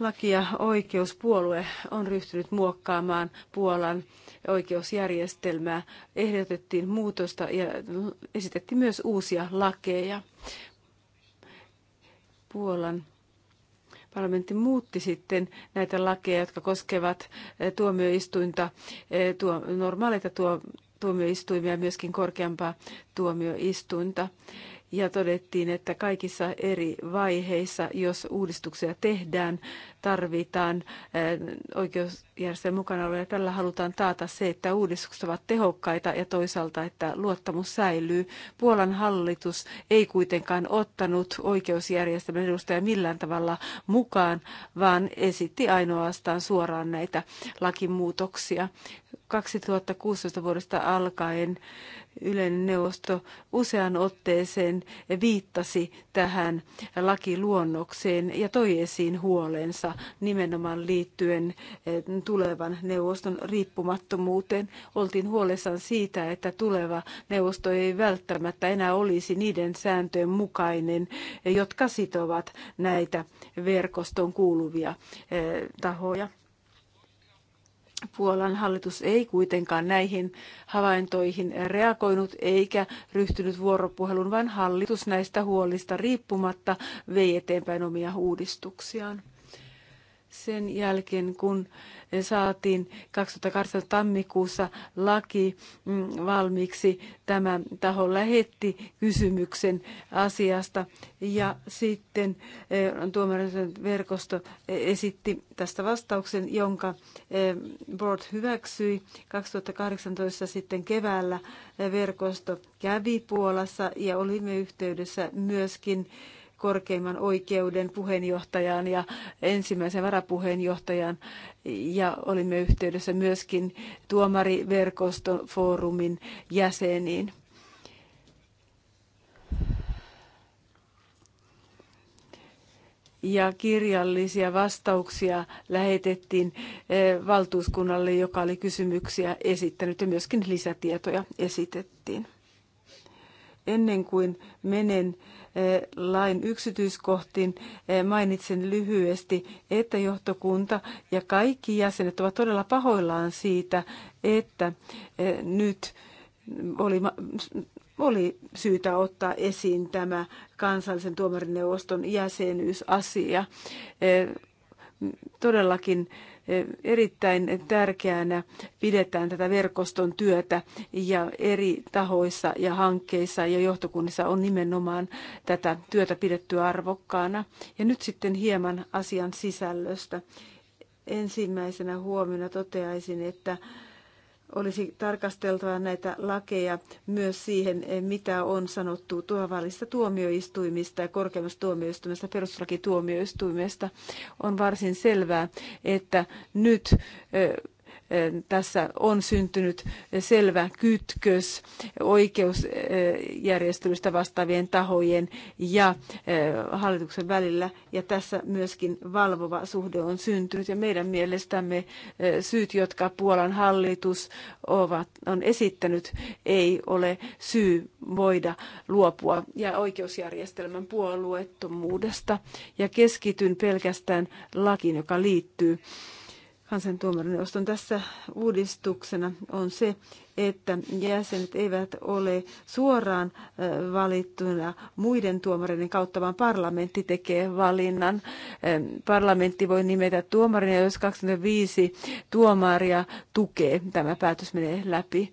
Laki- ja oikeuspuolue on ryhtynyt muokkaamaan Puolan oikeusjärjestelmää. Ehdotettiin muutosta ja esitettiin myös uusia lakeja. Puolan parlamentti muutti sitten näitä lakeja, jotka koskevat eh, tuomioistuinta, eh, tuo, normaaleita tuo, tuomioistuimia, myöskin korkeampaa tuomioistuinta ja todettiin, että kaikissa eri vaiheissa, jos uudistuksia tehdään, tarvitaan eh, oikeusjärjestelmän mukana ja Tällä halutaan taata se, että uudistukset ovat tehokkaita ja toisaalta, että luottamus säilyy. Puolan hallitus ei kuitenkaan ottanut oikeusjärjestelmän edustajia millään tavalla mukaan, vaan esitti ainoastaan suoraan näitä lakimuutoksia. 2016 vuodesta alkaen Yleinen neuvosto usean otteeseen viittasi tähän lakiluonnokseen ja toi esiin huolensa nimenomaan liittyen eh, tulevan neuvoston riippumattomuuteen. Oltiin huolessaan siitä, että tuleva neuvosto ei välttämättä enää olisi niiden sääntöjen mukainen, jotka sitovat näitä verkoston kuuluvia eh, tahoja. Puolan hallitus ei kuitenkaan näihin havaintoihin reagoinut eikä ryhtynyt vuoropuheluun, vaan hallitus näistä huolista riippumatta vei eteenpäin omia uudistuksiaan sen jälkeen, kun saatiin 2008 tammikuussa laki mm, valmiiksi, tämä taho lähetti kysymyksen asiasta ja sitten eh, tuomarin verkosto esitti tästä vastauksen, jonka eh, board hyväksyi. 2018 sitten keväällä eh, verkosto kävi Puolassa ja olimme yhteydessä myöskin korkeimman oikeuden puheenjohtajan ja ensimmäisen varapuheenjohtajan ja olimme yhteydessä myöskin tuomariverkoston foorumin jäseniin. ja kirjallisia vastauksia lähetettiin eh, valtuuskunnalle, joka oli kysymyksiä esittänyt ja myöskin lisätietoja esitettiin. Ennen kuin menen lain yksityiskohtiin. Mainitsen lyhyesti, että johtokunta ja kaikki jäsenet ovat todella pahoillaan siitä, että nyt oli oli syytä ottaa esiin tämä kansallisen tuomarineuvoston jäsenyysasia. Todellakin erittäin tärkeänä pidetään tätä verkoston työtä ja eri tahoissa ja hankkeissa ja johtokunnissa on nimenomaan tätä työtä pidetty arvokkaana. Ja nyt sitten hieman asian sisällöstä. Ensimmäisenä huomiona toteaisin, että olisi tarkasteltava näitä lakeja myös siihen, mitä on sanottu tuovallisista tuomioistuimista ja korkeimmasta tuomioistuimesta, perustuslakituomioistuimesta. On varsin selvää, että nyt eh, tässä on syntynyt selvä kytkös oikeusjärjestelystä vastaavien tahojen ja hallituksen välillä. Ja tässä myöskin valvova suhde on syntynyt. Ja meidän mielestämme syyt, jotka Puolan hallitus ovat, on esittänyt, ei ole syy voida luopua ja oikeusjärjestelmän puolueettomuudesta. Ja keskityn pelkästään lakiin, joka liittyy kansantuomarinneuvoston tässä uudistuksena on se, että jäsenet eivät ole suoraan valittuina muiden tuomareiden kautta, vaan parlamentti tekee valinnan. Parlamentti voi nimetä tuomarin, ja jos 25 tuomaria tukee, tämä päätös menee läpi.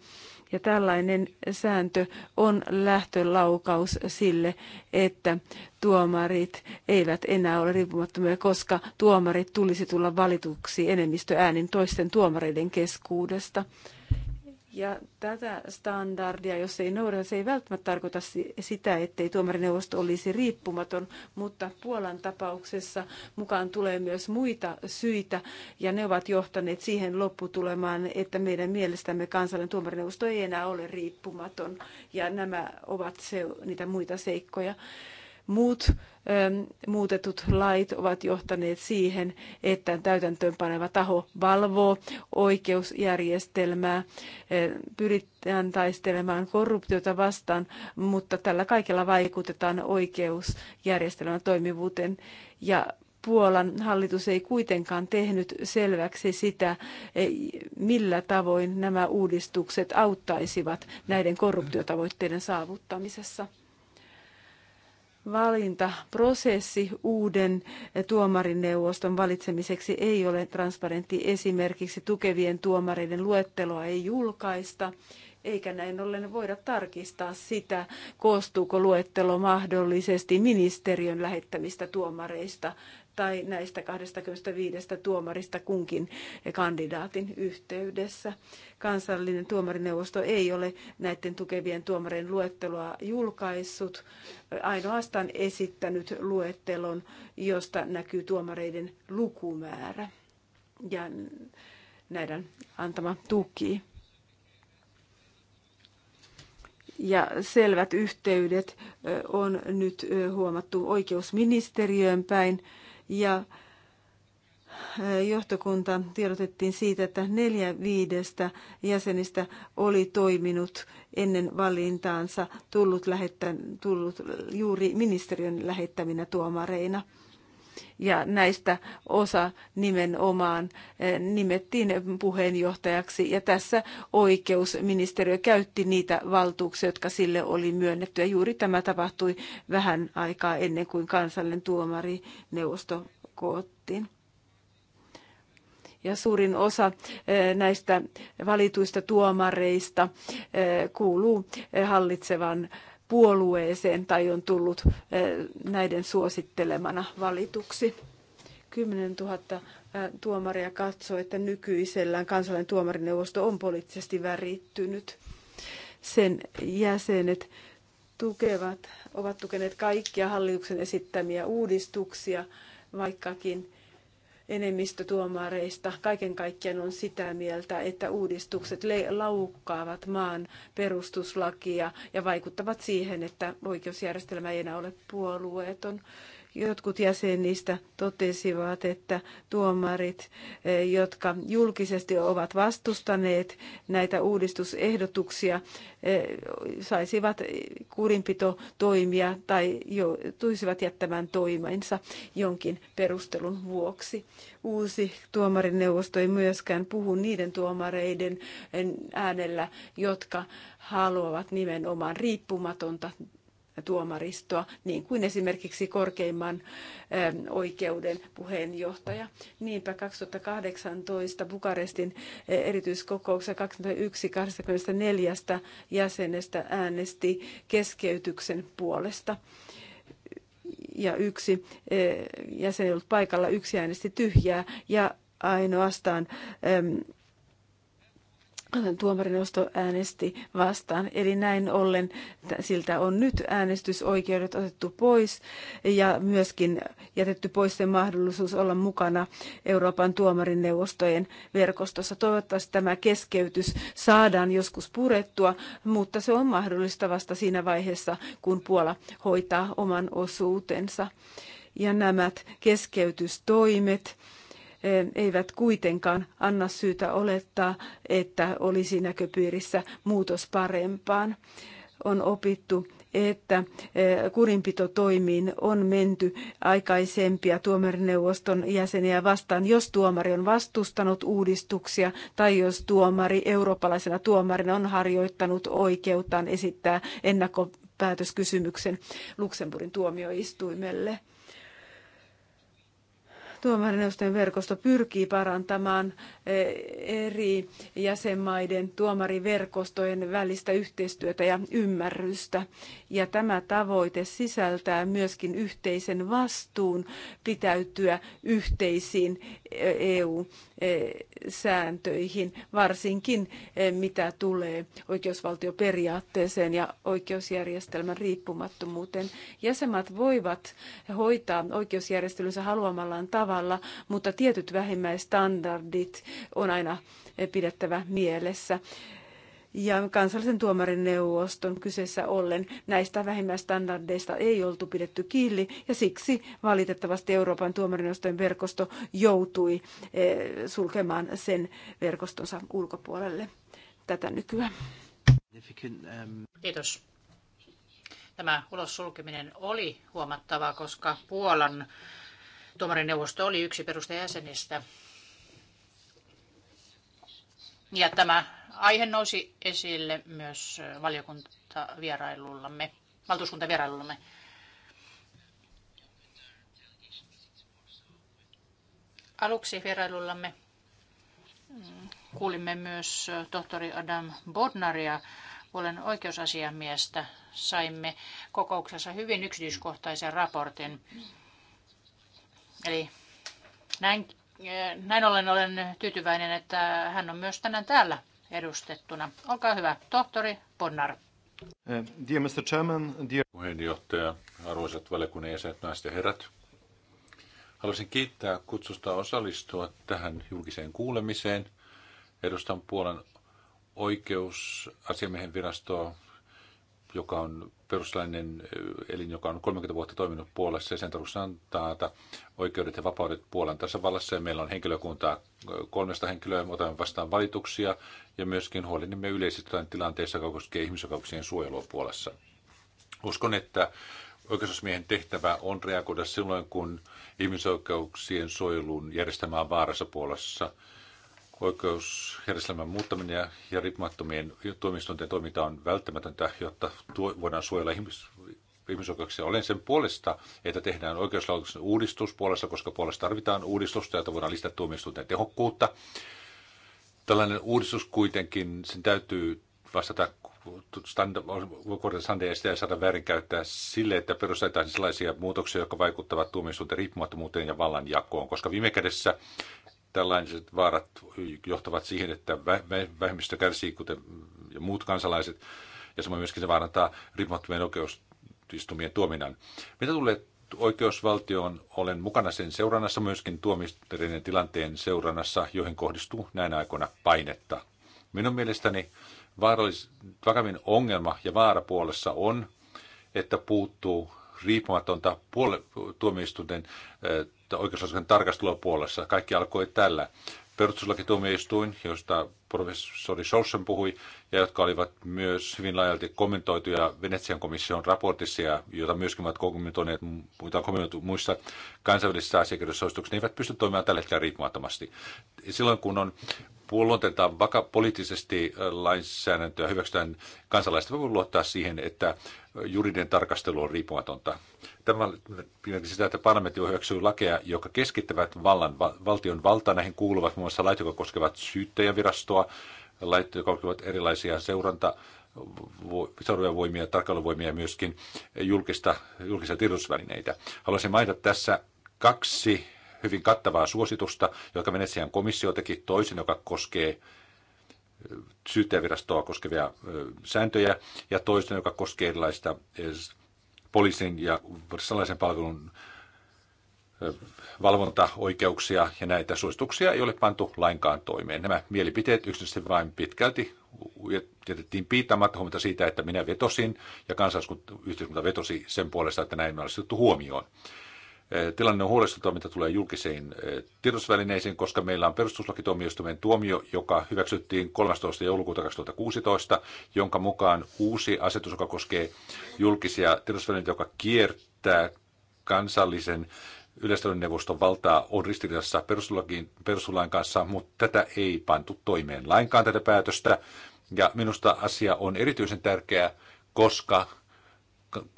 Ja tällainen sääntö on lähtölaukaus sille, että tuomarit eivät enää ole riippumattomia, koska tuomarit tulisi tulla valituksi enemmistöäänin toisten tuomareiden keskuudesta. Ja tätä standardia, jos ei noudata, se ei välttämättä tarkoita sitä, ettei tuomarineuvosto olisi riippumaton, mutta Puolan tapauksessa mukaan tulee myös muita syitä, ja ne ovat johtaneet siihen lopputulemaan, että meidän mielestämme kansallinen tuomarineuvosto ei enää ole riippumaton, ja nämä ovat se, niitä muita seikkoja muut ähm, muutetut lait ovat johtaneet siihen, että täytäntöönpaneva taho valvoo oikeusjärjestelmää, äh, pyritään taistelemaan korruptiota vastaan, mutta tällä kaikella vaikutetaan oikeusjärjestelmän toimivuuteen ja Puolan hallitus ei kuitenkaan tehnyt selväksi sitä, e, millä tavoin nämä uudistukset auttaisivat näiden korruptiotavoitteiden saavuttamisessa valintaprosessi uuden tuomarineuvoston valitsemiseksi ei ole transparentti. Esimerkiksi tukevien tuomareiden luetteloa ei julkaista, eikä näin ollen voida tarkistaa sitä, koostuuko luettelo mahdollisesti ministeriön lähettämistä tuomareista tai näistä 25 tuomarista kunkin kandidaatin yhteydessä. Kansallinen tuomarineuvosto ei ole näiden tukevien tuomarien luetteloa julkaissut, ainoastaan esittänyt luettelon, josta näkyy tuomareiden lukumäärä ja näiden antama tuki. Ja selvät yhteydet on nyt huomattu oikeusministeriöön päin ja eh, johtokunta tiedotettiin siitä, että neljä viidestä jäsenistä oli toiminut ennen valintaansa, tullut, lähettä, tullut juuri ministeriön lähettäminä tuomareina – ja näistä osa nimenomaan eh, nimettiin puheenjohtajaksi ja tässä oikeusministeriö käytti niitä valtuuksia, jotka sille oli myönnetty ja juuri tämä tapahtui vähän aikaa ennen kuin kansallinen tuomarineuvosto koottiin ja suurin osa eh, näistä valituista tuomareista eh, kuuluu hallitsevan puolueeseen tai on tullut eh, näiden suosittelemana valituksi. 10 000 eh, tuomaria katsoo, että nykyisellään kansallinen tuomarineuvosto on poliittisesti värittynyt. Sen jäsenet tukevat, ovat tukeneet kaikkia hallituksen esittämiä uudistuksia, vaikkakin enemmistö tuomareista kaiken kaikkiaan on sitä mieltä, että uudistukset laukkaavat maan perustuslakia ja vaikuttavat siihen, että oikeusjärjestelmä ei enää ole puolueeton. Jotkut jäsenistä totesivat, että tuomarit, eh, jotka julkisesti ovat vastustaneet näitä uudistusehdotuksia, eh, saisivat toimia tai joutuisivat jättämään toimensa jonkin perustelun vuoksi. Uusi tuomarineuvosto ei myöskään puhu niiden tuomareiden äänellä, jotka haluavat nimenomaan riippumatonta tuomaristoa, niin kuin esimerkiksi korkeimman ähm, oikeuden puheenjohtaja. Niinpä 2018 Bukarestin äh, erityiskokouksessa 21 24 jäsenestä äänesti keskeytyksen puolesta ja yksi äh, jäsen ei ollut paikalla, yksi äänesti tyhjää ja ainoastaan ähm, tuomarineuvosto äänesti vastaan. Eli näin ollen siltä on nyt äänestysoikeudet otettu pois ja myöskin jätetty pois se mahdollisuus olla mukana Euroopan tuomarineuvostojen verkostossa. Toivottavasti tämä keskeytys saadaan joskus purettua, mutta se on mahdollista vasta siinä vaiheessa, kun Puola hoitaa oman osuutensa. Ja nämä keskeytystoimet eivät kuitenkaan anna syytä olettaa, että olisi näköpiirissä muutos parempaan. On opittu että kurinpitotoimiin on menty aikaisempia tuomarineuvoston jäseniä vastaan, jos tuomari on vastustanut uudistuksia tai jos tuomari eurooppalaisena tuomarina on harjoittanut oikeuttaan esittää ennakkopäätöskysymyksen Luxemburgin tuomioistuimelle tuomarineuvostojen verkosto pyrkii parantamaan eri jäsenmaiden tuomariverkostojen välistä yhteistyötä ja ymmärrystä. Ja tämä tavoite sisältää myöskin yhteisen vastuun pitäytyä yhteisiin EU-sääntöihin, varsinkin mitä tulee oikeusvaltioperiaatteeseen ja oikeusjärjestelmän riippumattomuuteen. Jäsenmaat voivat hoitaa oikeusjärjestelynsä haluamallaan tavalla, mutta tietyt vähimmäistandardit on aina pidettävä mielessä. Ja kansallisen tuomarin neuvoston kyseessä ollen näistä vähimmäistandardeista ei oltu pidetty kiinni ja siksi valitettavasti Euroopan tuomarineuvostojen verkosto joutui eh, sulkemaan sen verkostonsa ulkopuolelle tätä nykyään. Um, Kiitos. Tämä ulos sulkeminen oli huomattavaa, koska Puolan tuomarineuvosto oli yksi perustajäsenistä ja tämä aihe nousi esille myös valiokuntavierailullamme, valtuuskuntavierailullamme. Aluksi vierailullamme mm, kuulimme myös tohtori Adam Bodnaria, puolen oikeusasiamiestä. Saimme kokouksessa hyvin yksityiskohtaisen raportin. Eli näin näin ollen olen tyytyväinen, että hän on myös tänään täällä edustettuna. Olkaa hyvä, tohtori Ponnar. Eh, dear Mr. Chairman, dear... Puheenjohtaja, arvoisat valiokunnan jäsenet, naiset ja herrat. Haluaisin kiittää kutsusta osallistua tähän julkiseen kuulemiseen. Edustan Puolan oikeusasiamiehen virastoa joka on peruslainen elin, joka on 30 vuotta toiminut Puolassa ja sen tarkoitus antaa oikeudet ja vapaudet Puolan tasavallassa. Ja meillä on henkilökuntaa kolmesta henkilöä, me otamme vastaan valituksia ja myöskin huolehdimme yleisistä tilanteissa, joka koskee ihmisoikeuksien suojelua Puolassa. Uskon, että oikeusmiehen tehtävä on reagoida silloin, kun ihmisoikeuksien suojelun järjestelmä on vaarassa Puolassa – Oikeusjärjestelmän muuttaminen ja, ja riippumattomien tuomioistuinten toiminta on välttämätöntä, jotta tuo, voidaan suojella ihmis, ihmisoikeuksia. Olen sen puolesta, että tehdään oikeuslaitoksen uudistus puolesta, koska puolesta tarvitaan uudistusta, jotta voidaan lisätä tuomioistuinten tehokkuutta. Tällainen uudistus kuitenkin, sen täytyy vastata kortin ja saada väärinkäyttää sille, että perustetaan sellaisia muutoksia, jotka vaikuttavat tuomioistuinten riippumattomuuteen ja vallanjakoon, koska viime kädessä tällaiset vaarat johtavat siihen, että vähemmistö kärsii, kuten ja muut kansalaiset, ja samoin myöskin se vaarantaa riippumattomien oikeusistumien tuominnan. Mitä tulee oikeusvaltioon, olen mukana sen seurannassa, myöskin tuomistereiden tilanteen seurannassa, joihin kohdistuu näinä aikoina painetta. Minun mielestäni vaarallis, vakavin ongelma ja vaara puolessa on, että puuttuu riippumatonta puole- tuomioistuinten oikeuslaitoksen tarkastelua puolessa. Kaikki alkoi tällä. Perustuslakituomioistuin, josta professori Solsen puhui, ja jotka olivat myös hyvin laajalti kommentoituja Venetsian komission raportissa, ja joita myöskin ovat kommentoineet, muita kommentoitu muissa kansainvälisissä asiakirjoissa ne eivät pysty toimimaan tällä hetkellä riippumattomasti. Silloin kun on puolontetaan vaka poliittisesti äh, lainsäädäntöä hyväksytään kansalaista, voi luottaa siihen, että juridinen tarkastelu on riippumatonta. Tämä pienentä sitä, että parlamentti hyväksyy lakeja, jotka keskittävät vallan, valtion valtaa. Näihin kuuluvat muun muassa lait, jotka koskevat syyttäjävirastoa, lait, jotka koskevat erilaisia seuranta, voimia, tarkkailuvoimia ja myöskin julkista, julkisia tiedotusvälineitä. Haluaisin mainita tässä kaksi hyvin kattavaa suositusta, jotka Venetsian komissio teki toisen, joka koskee syyttäjävirastoa koskevia sääntöjä, ja toista, joka koskee erilaista poliisin ja salaisen palvelun valvontaoikeuksia ja näitä suosituksia ei ole pantu lainkaan toimeen. Nämä mielipiteet yksityisesti vain pitkälti jätettiin piittamatta huomiota siitä, että minä vetosin ja kansalaisyhteiskunta vetosi sen puolesta, että näin me olisi huomioon. Eh, tilanne on huolestuttava, mitä tulee julkisiin eh, tiedotusvälineisiin, koska meillä on perustuslakituomioistuimen tuomio, joka hyväksyttiin 13. joulukuuta 2016, jonka mukaan uusi asetus, joka koskee julkisia tiedotusvälineitä, joka kiertää kansallisen neuvoston valtaa, on ristiriidassa perustuslain kanssa, mutta tätä ei pantu toimeen lainkaan tätä päätöstä. Ja minusta asia on erityisen tärkeä, koska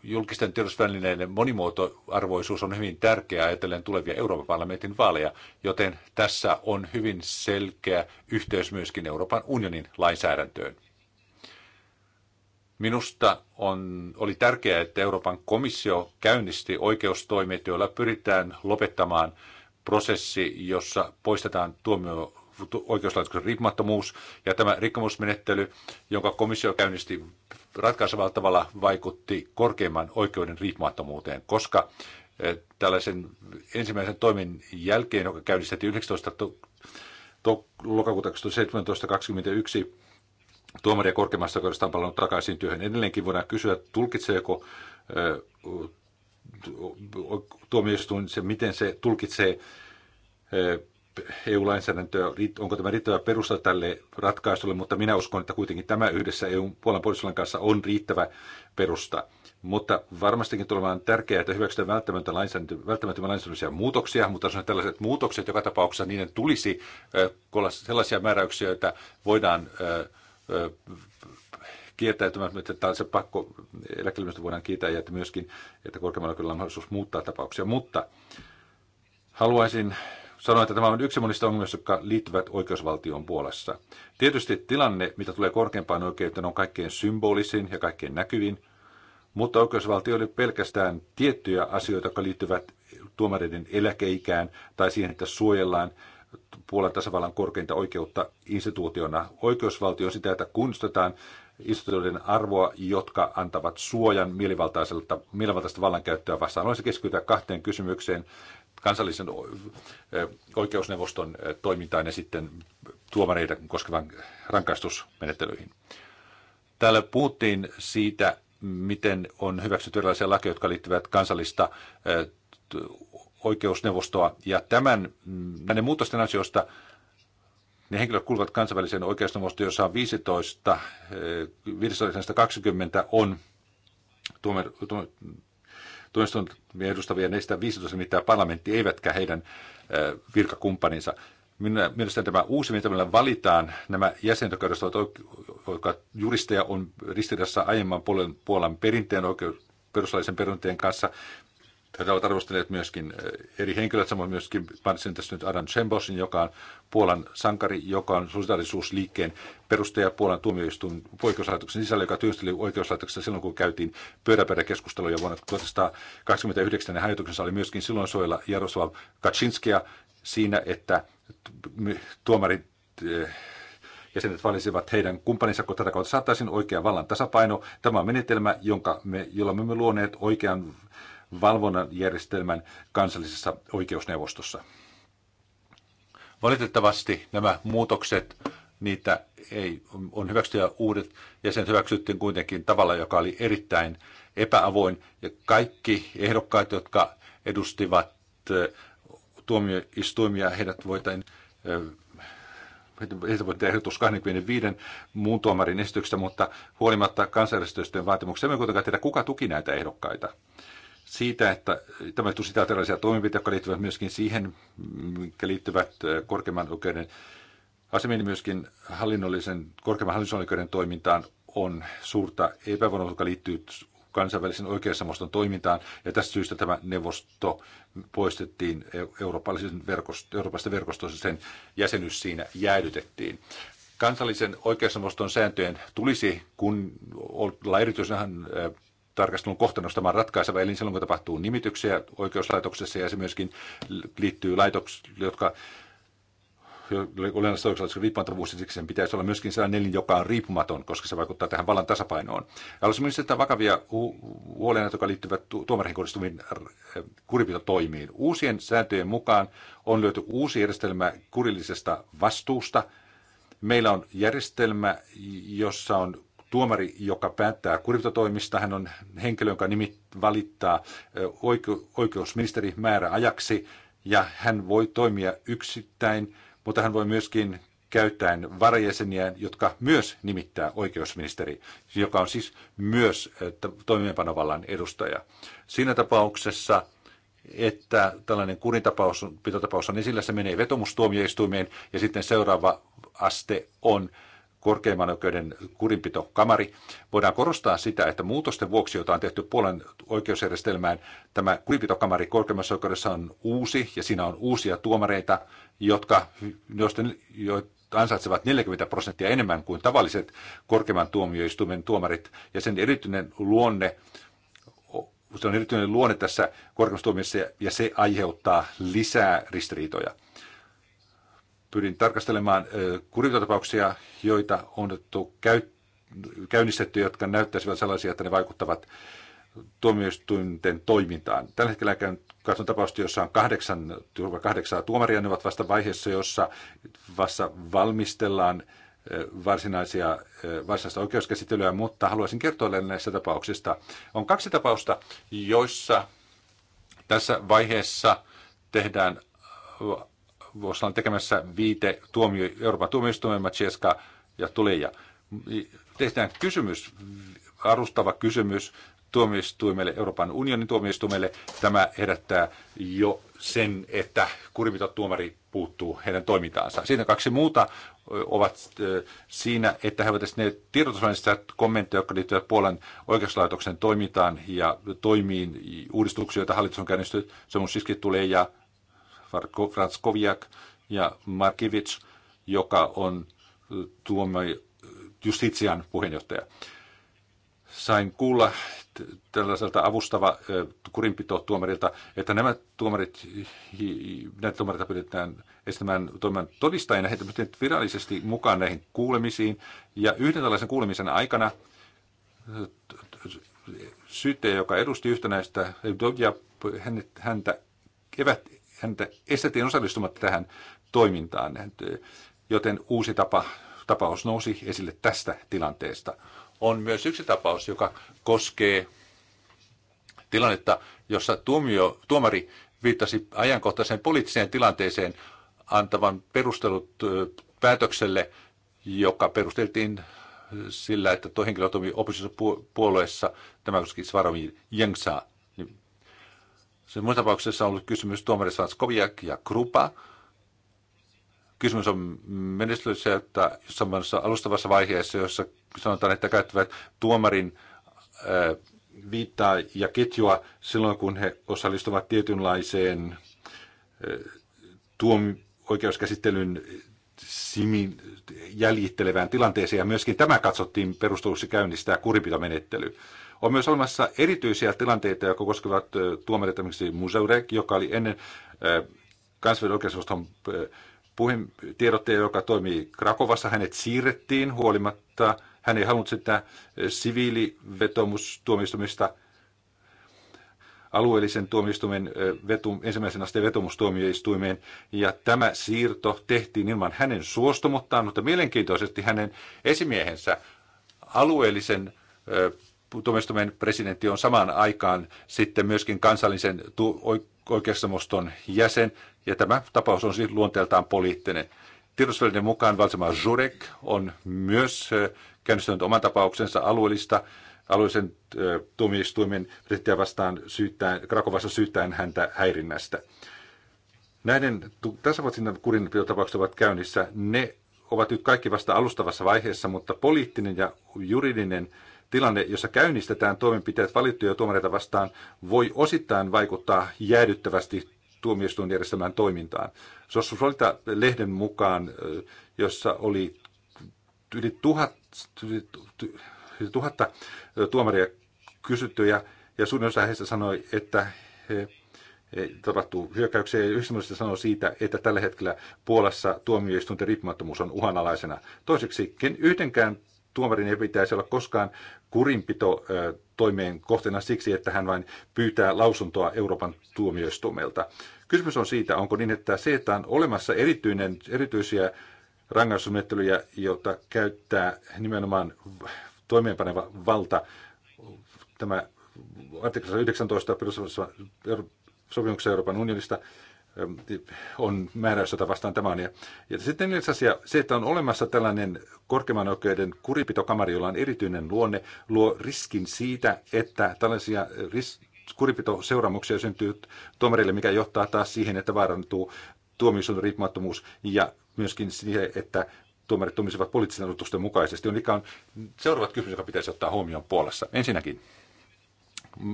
julkisten tiedotusvälineiden monimuotoarvoisuus on hyvin tärkeää ajatellen tulevia Euroopan parlamentin vaaleja, joten tässä on hyvin selkeä yhteys myöskin Euroopan unionin lainsäädäntöön. Minusta on, oli tärkeää, että Euroopan komissio käynnisti oikeustoimet, joilla pyritään lopettamaan prosessi, jossa poistetaan tuomio oikeuslaitoksen riippumattomuus ja tämä rikkomusmenettely, jonka komissio käynnisti ratkaisevalla tavalla, vaikutti korkeimman oikeuden riippumattomuuteen, koska eh, tällaisen ensimmäisen toimen jälkeen, joka käynnistettiin 19. To- lokakuuta 2021, 21, tuomaria korkeimmasta oikeudesta on palannut takaisin työhön. Edelleenkin voidaan kysyä, tulkitseeko eh, tuomioistuin se, miten se tulkitsee eh, EU-lainsäädäntöä, onko tämä riittävä perusta tälle ratkaisulle, mutta minä uskon, että kuitenkin tämä yhdessä EUn puolen puolisolan kanssa on riittävä perusta. Mutta varmastikin tulemaan tärkeää, että hyväksytään välttämättömän lainsäädäntö, lainsäädäntöisiä muutoksia, mutta on tällaiset muutokset, joka tapauksessa niiden tulisi olla sellaisia määräyksiä, joita voidaan kieltäytymättä, että se pakko eläkelymistä voidaan kiitää ja että myöskin, että korkeammalla kyllä on mahdollisuus muuttaa tapauksia. Mutta haluaisin sanoin, että tämä on yksi monista ongelmista, jotka liittyvät oikeusvaltioon puolessa. Tietysti tilanne, mitä tulee korkeimpaan oikeuteen, on kaikkein symbolisin ja kaikkein näkyvin, mutta oikeusvaltio oli pelkästään tiettyjä asioita, jotka liittyvät tuomareiden eläkeikään tai siihen, että suojellaan Puolan tasavallan korkeinta oikeutta instituutiona. Oikeusvaltio on sitä, että kunnistetaan instituutioiden arvoa, jotka antavat suojan mielivaltaiselta, mielivaltaista vallankäyttöä vastaan. Haluaisin keskittyä kahteen kysymykseen, kansallisen oikeusneuvoston toimintaan ja sitten tuomareita koskevan rankaistusmenettelyihin. Täällä puhuttiin siitä, miten on hyväksytty erilaisia lakeja, jotka liittyvät kansallista oikeusneuvostoa. Ja tämän, mm, näiden muutosten ansiosta ne henkilöt kuuluvat kansainväliseen oikeusneuvostoon, jossa on 15, 15 20 on tuomioistuimia edustavia näistä 15 mitä parlamentti, eivätkä heidän virkakumppaninsa. Minä, mielestäni tämä uusi, mitä meillä valitaan, nämä jäsenet, jotka edustavat oikea, juristeja, on ristiriidassa aiemman Puolan perinteen oikeus, perustuslaillisen perinteen kanssa. Tätä ovat arvostelleet myöskin eh, eri henkilöt, samoin myöskin mainitsin tässä nyt Adam Chembosin, joka on Puolan sankari, joka on solidarisuusliikkeen perustaja Puolan tuomioistuin oikeuslaitoksen sisällä, joka työskenteli oikeuslaitoksessa silloin, kun käytiin pyöräpäiväkeskusteluja vuonna 1989. Ja harjoituksessa oli myöskin silloin suojella Jaroslav Kaczynskia siinä, että tuomarit eh, jäsenet valisivat heidän kumppaninsa, kun tätä kautta saattaisiin oikea vallan tasapaino. Tämä on menetelmä, jonka me, jolla me olemme luoneet oikean valvonnan järjestelmän kansallisessa oikeusneuvostossa. Valitettavasti nämä muutokset, niitä ei, on hyväksytty ja uudet jäsenet hyväksyttiin kuitenkin tavalla, joka oli erittäin epäavoin. Ja kaikki ehdokkaat, jotka edustivat eh, tuomioistuimia, heidät voitain eh, heitä voi ehdotus 25 muun tuomarin esityksestä, mutta huolimatta kansanjärjestöjen vaatimuksia, me kuitenkaan tiedä, kuka tuki näitä ehdokkaita siitä, että tämä tuli sitä tällaisia toimenpiteitä, jotka liittyvät myöskin siihen, mikä liittyvät korkeimman oikeuden asemiin, myöskin hallinnollisen, korkeimman hallinnollisen toimintaan on suurta epävarmuutta, joka liittyy kansainvälisen oikeusamoston toimintaan, ja tästä syystä tämä neuvosto poistettiin e- eurooppalaisen verkosto, Euroopasta verkostossa, sen jäsenyys siinä jäädytettiin. Kansallisen oikeusamoston sääntöjen tulisi kun olla erityisen tarkastelun kohtana, jos tämä ratkaiseva, eli silloin kun tapahtuu nimityksiä oikeuslaitoksessa ja se myöskin liittyy laitoksiin, jotka olennaista oikeuslaitoksen riippumattomuus, siksi sen pitäisi olla myöskin sellainen elin, joka on riippumaton, koska se vaikuttaa tähän vallan tasapainoon. haluaisin myös sitä vakavia huolenaiheita, jotka liittyvät tuomarin kohdistuviin äh, kuripitotoimiin. Uusien sääntöjen mukaan on löyty uusi järjestelmä kurillisesta vastuusta. Meillä on järjestelmä, jossa on Tuomari, joka päättää kurinpitotoimista, hän on henkilö, jonka nimi valittaa oikeusministeri määräajaksi ja hän voi toimia yksittäin, mutta hän voi myöskin käyttäen varajäseniä, jotka myös nimittää oikeusministeri, joka on siis myös toimeenpanovallan edustaja. Siinä tapauksessa, että tällainen kurintapaus, pitotapaus on esillä, se menee vetomustuomioistuimeen ja sitten seuraava aste on korkeimman oikeuden kurinpitokamari. Voidaan korostaa sitä, että muutosten vuoksi, joita on tehty puolen oikeusjärjestelmään, tämä kurinpitokamari korkeimmassa oikeudessa on uusi ja siinä on uusia tuomareita, jotka, joista, ansaitsevat 40 prosenttia enemmän kuin tavalliset korkeimman tuomioistuimen tuomarit. Ja sen erityinen luonne, se on erityinen luonne tässä korkeimmassa tuomioissa ja se aiheuttaa lisää ristiriitoja pyrin tarkastelemaan kurinpitotapauksia, joita on otettu käy, käynnistetty, jotka näyttäisivät sellaisia, että ne vaikuttavat tuomioistuinten toimintaan. Tällä hetkellä käyn katson tapausta, jossa on kahdeksan, kahdeksaa tuomaria. Ne ovat vasta vaiheessa, jossa vasta valmistellaan varsinaisia, varsinaista oikeuskäsittelyä, mutta haluaisin kertoa näistä tapauksista. On kaksi tapausta, joissa tässä vaiheessa tehdään vuosina tekemässä viite tuomio, Euroopan tuomioistuimen Maciaska ja Tuleja. Tehdään kysymys, arustava kysymys tuomioistuimelle, Euroopan unionin tuomioistuimelle. Tämä herättää jo sen, että kurimiton tuomari puuttuu heidän toimintaansa. Siinä kaksi muuta ovat siinä, että he ovat esineet tiedotusvälineistä kommentteja, jotka liittyvät Puolan oikeuslaitoksen toimintaan ja toimiin uudistuksia, joita hallitus on käynnistynyt. on Siski tulee ja Franskoviak ja Markivic, joka on tuomio, Justitsian puheenjohtaja. Sain kuulla tällaiselta avustava tuomarilta, että nämä tuomarit, näitä tuomareita pyydetään estämään toimimaan todistajina. Heitä pyydetään virallisesti mukaan näihin kuulemisiin. Ja yhden tällaisen kuulemisen aikana syyttäjä, joka edusti yhtenäistä, ja häntä evät, häntä estettiin osallistumatta tähän toimintaan, joten uusi tapa, tapaus nousi esille tästä tilanteesta. On myös yksi tapaus, joka koskee tilannetta, jossa tuomio, tuomari viittasi ajankohtaiseen poliittiseen tilanteeseen antavan perustelut päätökselle, joka perusteltiin sillä, että tuo henkilö toimi oppositiopuolueessa, tämä koski Svaromi Jengsaa. Se muissa tapauksissa on ollut kysymys tuomari Svanskoviak ja Krupa. Kysymys on menestyksessä, että samassa alustavassa vaiheessa, jossa sanotaan, että käyttävät tuomarin äh, viittaa ja ketjua silloin, kun he osallistuvat tietynlaiseen äh, tuom- oikeuskäsittelyn simin, jäljittelevään tilanteeseen ja myöskin tämä katsottiin perusteluksi käynnistää kuripitomenettely. On myös olemassa erityisiä tilanteita, jotka koskevat tuomareita, esimerkiksi Museurek, joka oli ennen kansainvälisen oikeusosaston puheen tiedottaja, joka toimii Krakovassa. Hänet siirrettiin huolimatta, hän ei halunnut sitä siviilivetomustuomistumista alueellisen tuomioistuimen vetum, ensimmäisen asteen vetomustuomioistuimeen. Ja tämä siirto tehtiin ilman hänen suostumuttaan, mutta mielenkiintoisesti hänen esimiehensä alueellisen tuomioistuimen presidentti on samaan aikaan sitten myöskin kansallisen oikeusneuvoston jäsen, ja tämä tapaus on siis luonteeltaan poliittinen. Tiedotusvälineiden mukaan Valsema Jurek on myös käynnistänyt oman tapauksensa alueellista alueellisen tuomioistuimen presidenttejä vastaan syyttäen, Krakovassa syyttäen häntä häirinnästä. Näiden tasavallan kurinpitotapaukset ovat käynnissä. Ne ovat nyt kaikki vasta alustavassa vaiheessa, mutta poliittinen ja juridinen tilanne, jossa käynnistetään toimenpiteet valittuja tuomareita vastaan, voi osittain vaikuttaa jäädyttävästi tuomioistuinjärjestelmän toimintaan. Sossuolta lehden mukaan, jossa oli yli tuhat, tuhatta tuomaria kysytty ja, ja suurin osa heistä sanoi, että he, he tapahtuu hyökkäyksiä ja yksi sanoi siitä, että tällä hetkellä Puolassa tuomioistuinten riippumattomuus on uhanalaisena. Toiseksi, ken yhdenkään tuomarin ei pitäisi olla koskaan kurinpito toimeen kohteena siksi, että hän vain pyytää lausuntoa Euroopan tuomioistuimelta. Kysymys on siitä, onko niin, että se, että on olemassa erityinen, erityisiä rangaistusmenettelyjä, joita käyttää nimenomaan toimeenpaneva valta. Tämä artikla 19 sopimuksessa Euroopan unionista ähm, on määräys, jota vastaan tämä on. Ja, sitten neljäs asia, se, että on olemassa tällainen korkeimman oikeuden kuripitokamari, jolla on erityinen luonne, luo riskin siitä, että tällaisia äh, ris- kuripitoseuraamuksia syntyy tuomarille, mikä johtaa taas siihen, että vaarantuu tuomioistuimen riippumattomuus ja myöskin siihen, että tuomarit tuomisivat poliittisten odotusten mukaisesti, niin on ikään seuraavat kysymykset, jotka pitäisi ottaa huomioon Puolassa. Ensinnäkin,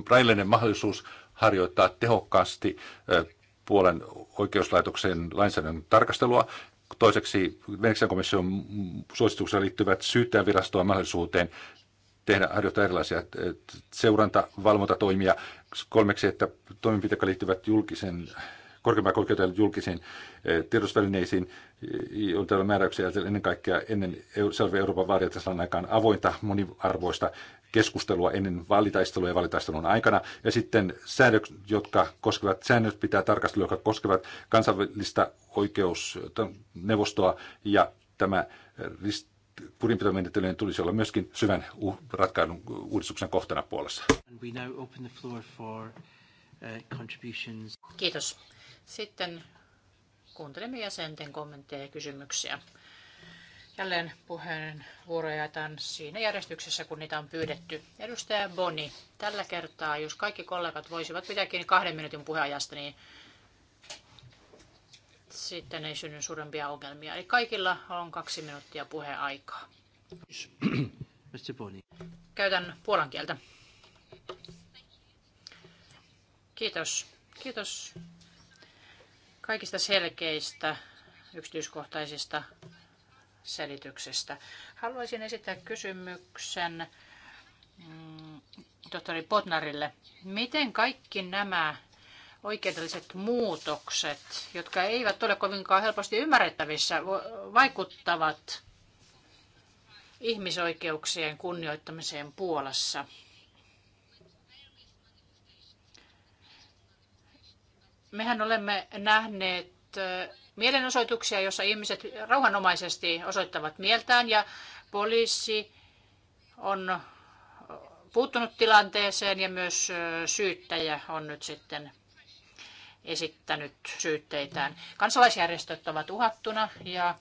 rajallinen mahdollisuus harjoittaa tehokkaasti Puolen oikeuslaitoksen lainsäädännön tarkastelua. Toiseksi Venäjän komission suosituksella liittyvät syyttäjänvirastoa mahdollisuuteen tehdä, harjoittaa erilaisia seuranta- valvontatoimia. Kolmeksi, että toimenpiteet, jotka liittyvät julkisen korkeimman oikeuteen julkisiin eh, tiedotusvälineisiin eh, on täällä määräyksiä ennen kaikkea ennen selvä Euroopan vaaria, aikaan avointa, moniarvoista keskustelua ennen vaalitaistelua ja vaalitaistelun aikana. Ja sitten säännöt, jotka koskevat, säännöt pitää tarkastella, jotka koskevat kansainvälistä oikeusneuvostoa ja tämä rist- kurinpitomenettelyjen tulisi olla myöskin syvän uh, ratkailun uudistuksen kohtana puolessa. Eh, Kiitos. Sitten kuuntelemme jäsenten kommentteja ja kysymyksiä. Jälleen puheenvuoroja jätän siinä järjestyksessä, kun niitä on pyydetty. Edustaja Boni, tällä kertaa, jos kaikki kollegat voisivat pitää kiinni kahden minuutin puheajasta, niin sitten ei synny suurempia ongelmia. Eli kaikilla on kaksi minuuttia puheaikaa. Käytän puolan kieltä. Kiitos. Kiitos kaikista selkeistä yksityiskohtaisista selityksestä. Haluaisin esittää kysymyksen mm, tohtori Potnarille. Miten kaikki nämä oikeudelliset muutokset, jotka eivät ole kovinkaan helposti ymmärrettävissä, vaikuttavat ihmisoikeuksien kunnioittamiseen Puolassa? Mehän olemme nähneet mielenosoituksia, joissa ihmiset rauhanomaisesti osoittavat mieltään ja poliisi on puuttunut tilanteeseen ja myös syyttäjä on nyt sitten esittänyt syytteitään. Kansalaisjärjestöt ovat uhattuna ja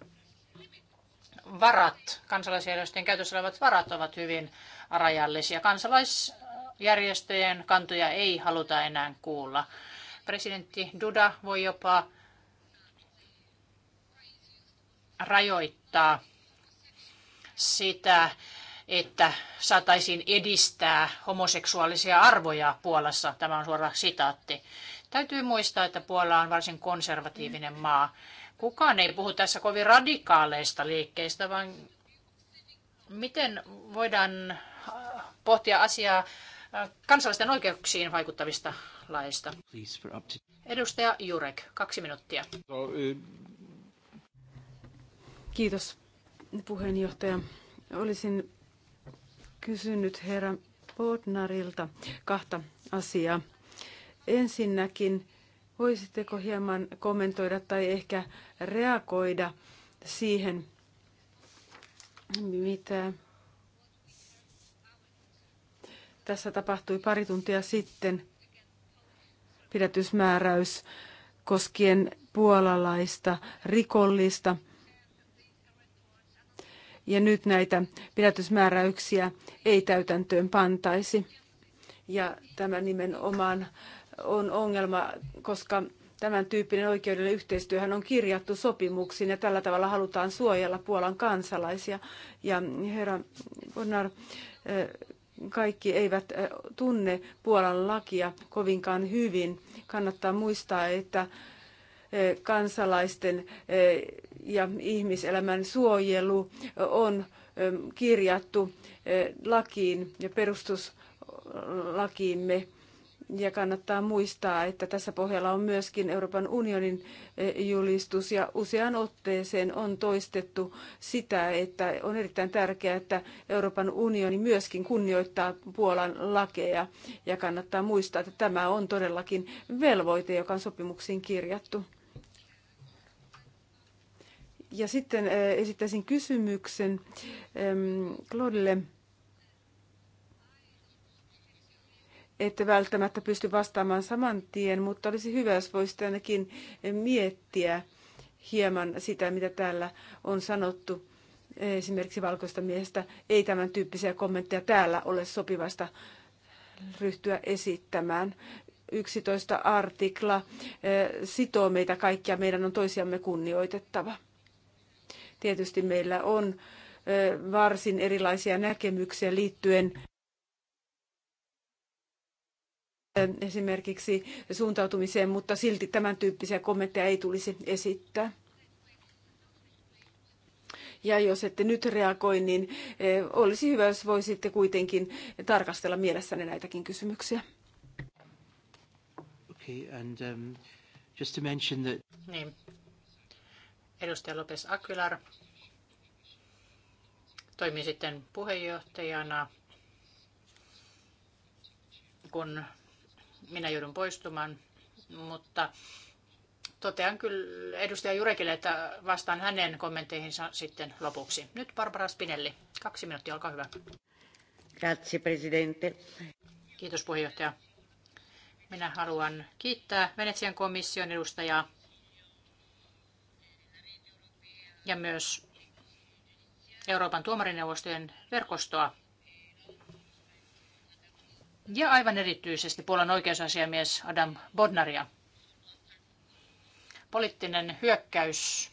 varat, kansalaisjärjestöjen käytössä olevat varat ovat hyvin rajallisia. Kansalaisjärjestöjen kantoja ei haluta enää kuulla. Presidentti Duda voi jopa rajoittaa sitä, että saataisiin edistää homoseksuaalisia arvoja Puolassa. Tämä on suora sitaatti. Täytyy muistaa, että Puola on varsin konservatiivinen maa. Kukaan ei puhu tässä kovin radikaaleista liikkeistä, vaan miten voidaan pohtia asiaa kansalaisten oikeuksiin vaikuttavista laista. Edustaja Jurek, kaksi minuuttia. Uh, Kiitos puheenjohtaja. Olisin kysynyt herra Bodnarilta kahta asiaa. Ensinnäkin, voisitteko hieman kommentoida tai ehkä reagoida siihen, mitä tässä tapahtui pari tuntia sitten pidätysmääräys koskien puolalaista rikollista. Ja nyt näitä pidätysmääräyksiä ei täytäntöön pantaisi. Ja tämä nimenomaan on ongelma, koska tämän tyyppinen oikeudellinen yhteistyöhän on kirjattu sopimuksiin ja tällä tavalla halutaan suojella Puolan kansalaisia. Ja herra Bonnar, eh, kaikki eivät eh, tunne Puolan lakia kovinkaan hyvin. Kannattaa muistaa, että eh, kansalaisten eh, ja ihmiselämän suojelu on kirjattu lakiin ja perustuslakiimme ja kannattaa muistaa, että tässä pohjalla on myöskin Euroopan unionin eh, julistus ja usean otteeseen on toistettu sitä, että on erittäin tärkeää, että Euroopan unioni myöskin kunnioittaa Puolan lakeja. Ja kannattaa muistaa, että tämä on todellakin velvoite, joka on sopimuksiin kirjattu. Ja sitten eh, esittäisin kysymyksen Claudelle. Ähm, ette välttämättä pysty vastaamaan saman tien, mutta olisi hyvä, jos voisitte ainakin miettiä hieman sitä, mitä täällä on sanottu esimerkiksi valkoista miehestä. Ei tämän tyyppisiä kommentteja täällä ole sopivasta ryhtyä esittämään. 11 artikla eh, sitoo meitä kaikkia, meidän on toisiamme kunnioitettava. Tietysti meillä on eh, varsin erilaisia näkemyksiä liittyen esimerkiksi suuntautumiseen, mutta silti tämän tyyppisiä kommentteja ei tulisi esittää. Ja jos ette nyt reagoi, niin olisi hyvä, jos voisitte kuitenkin tarkastella mielessäni näitäkin kysymyksiä. Okay, and, um, just to mention that... Niin. Edustaja Lopes Aquilar toimii sitten puheenjohtajana, kun minä joudun poistumaan, mutta totean kyllä edustaja Jurekille, että vastaan hänen kommentteihinsa sitten lopuksi. Nyt Barbara Spinelli, kaksi minuuttia, olkaa hyvä. Grazie, presidente. Kiitos puheenjohtaja. Minä haluan kiittää Venetsian komission edustajaa ja myös Euroopan tuomarineuvostojen verkostoa ja aivan erityisesti Puolan oikeusasiamies Adam Bodnaria. Poliittinen hyökkäys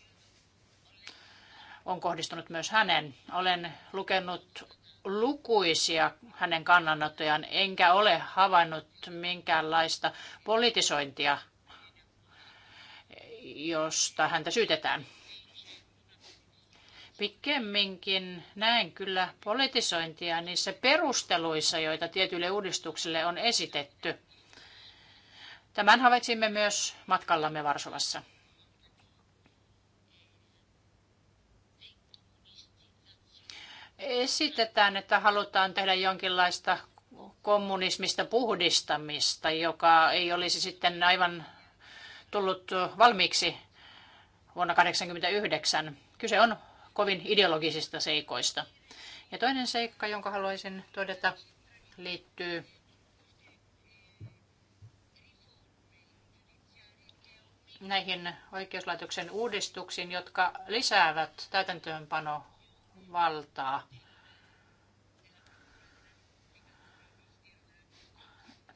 on kohdistunut myös hänen. Olen lukenut lukuisia hänen kannanottojaan, enkä ole havainnut minkäänlaista politisointia, josta häntä syytetään pikemminkin näen kyllä politisointia niissä perusteluissa, joita tietyille uudistuksille on esitetty. Tämän havaitsimme myös matkallamme Varsovassa. Esitetään, että halutaan tehdä jonkinlaista kommunismista puhdistamista, joka ei olisi sitten aivan tullut valmiiksi vuonna 1989. Kyse on kovin ideologisista seikoista. Ja toinen seikka, jonka haluaisin todeta, liittyy näihin oikeuslaitoksen uudistuksiin, jotka lisäävät täytäntöönpanovaltaa.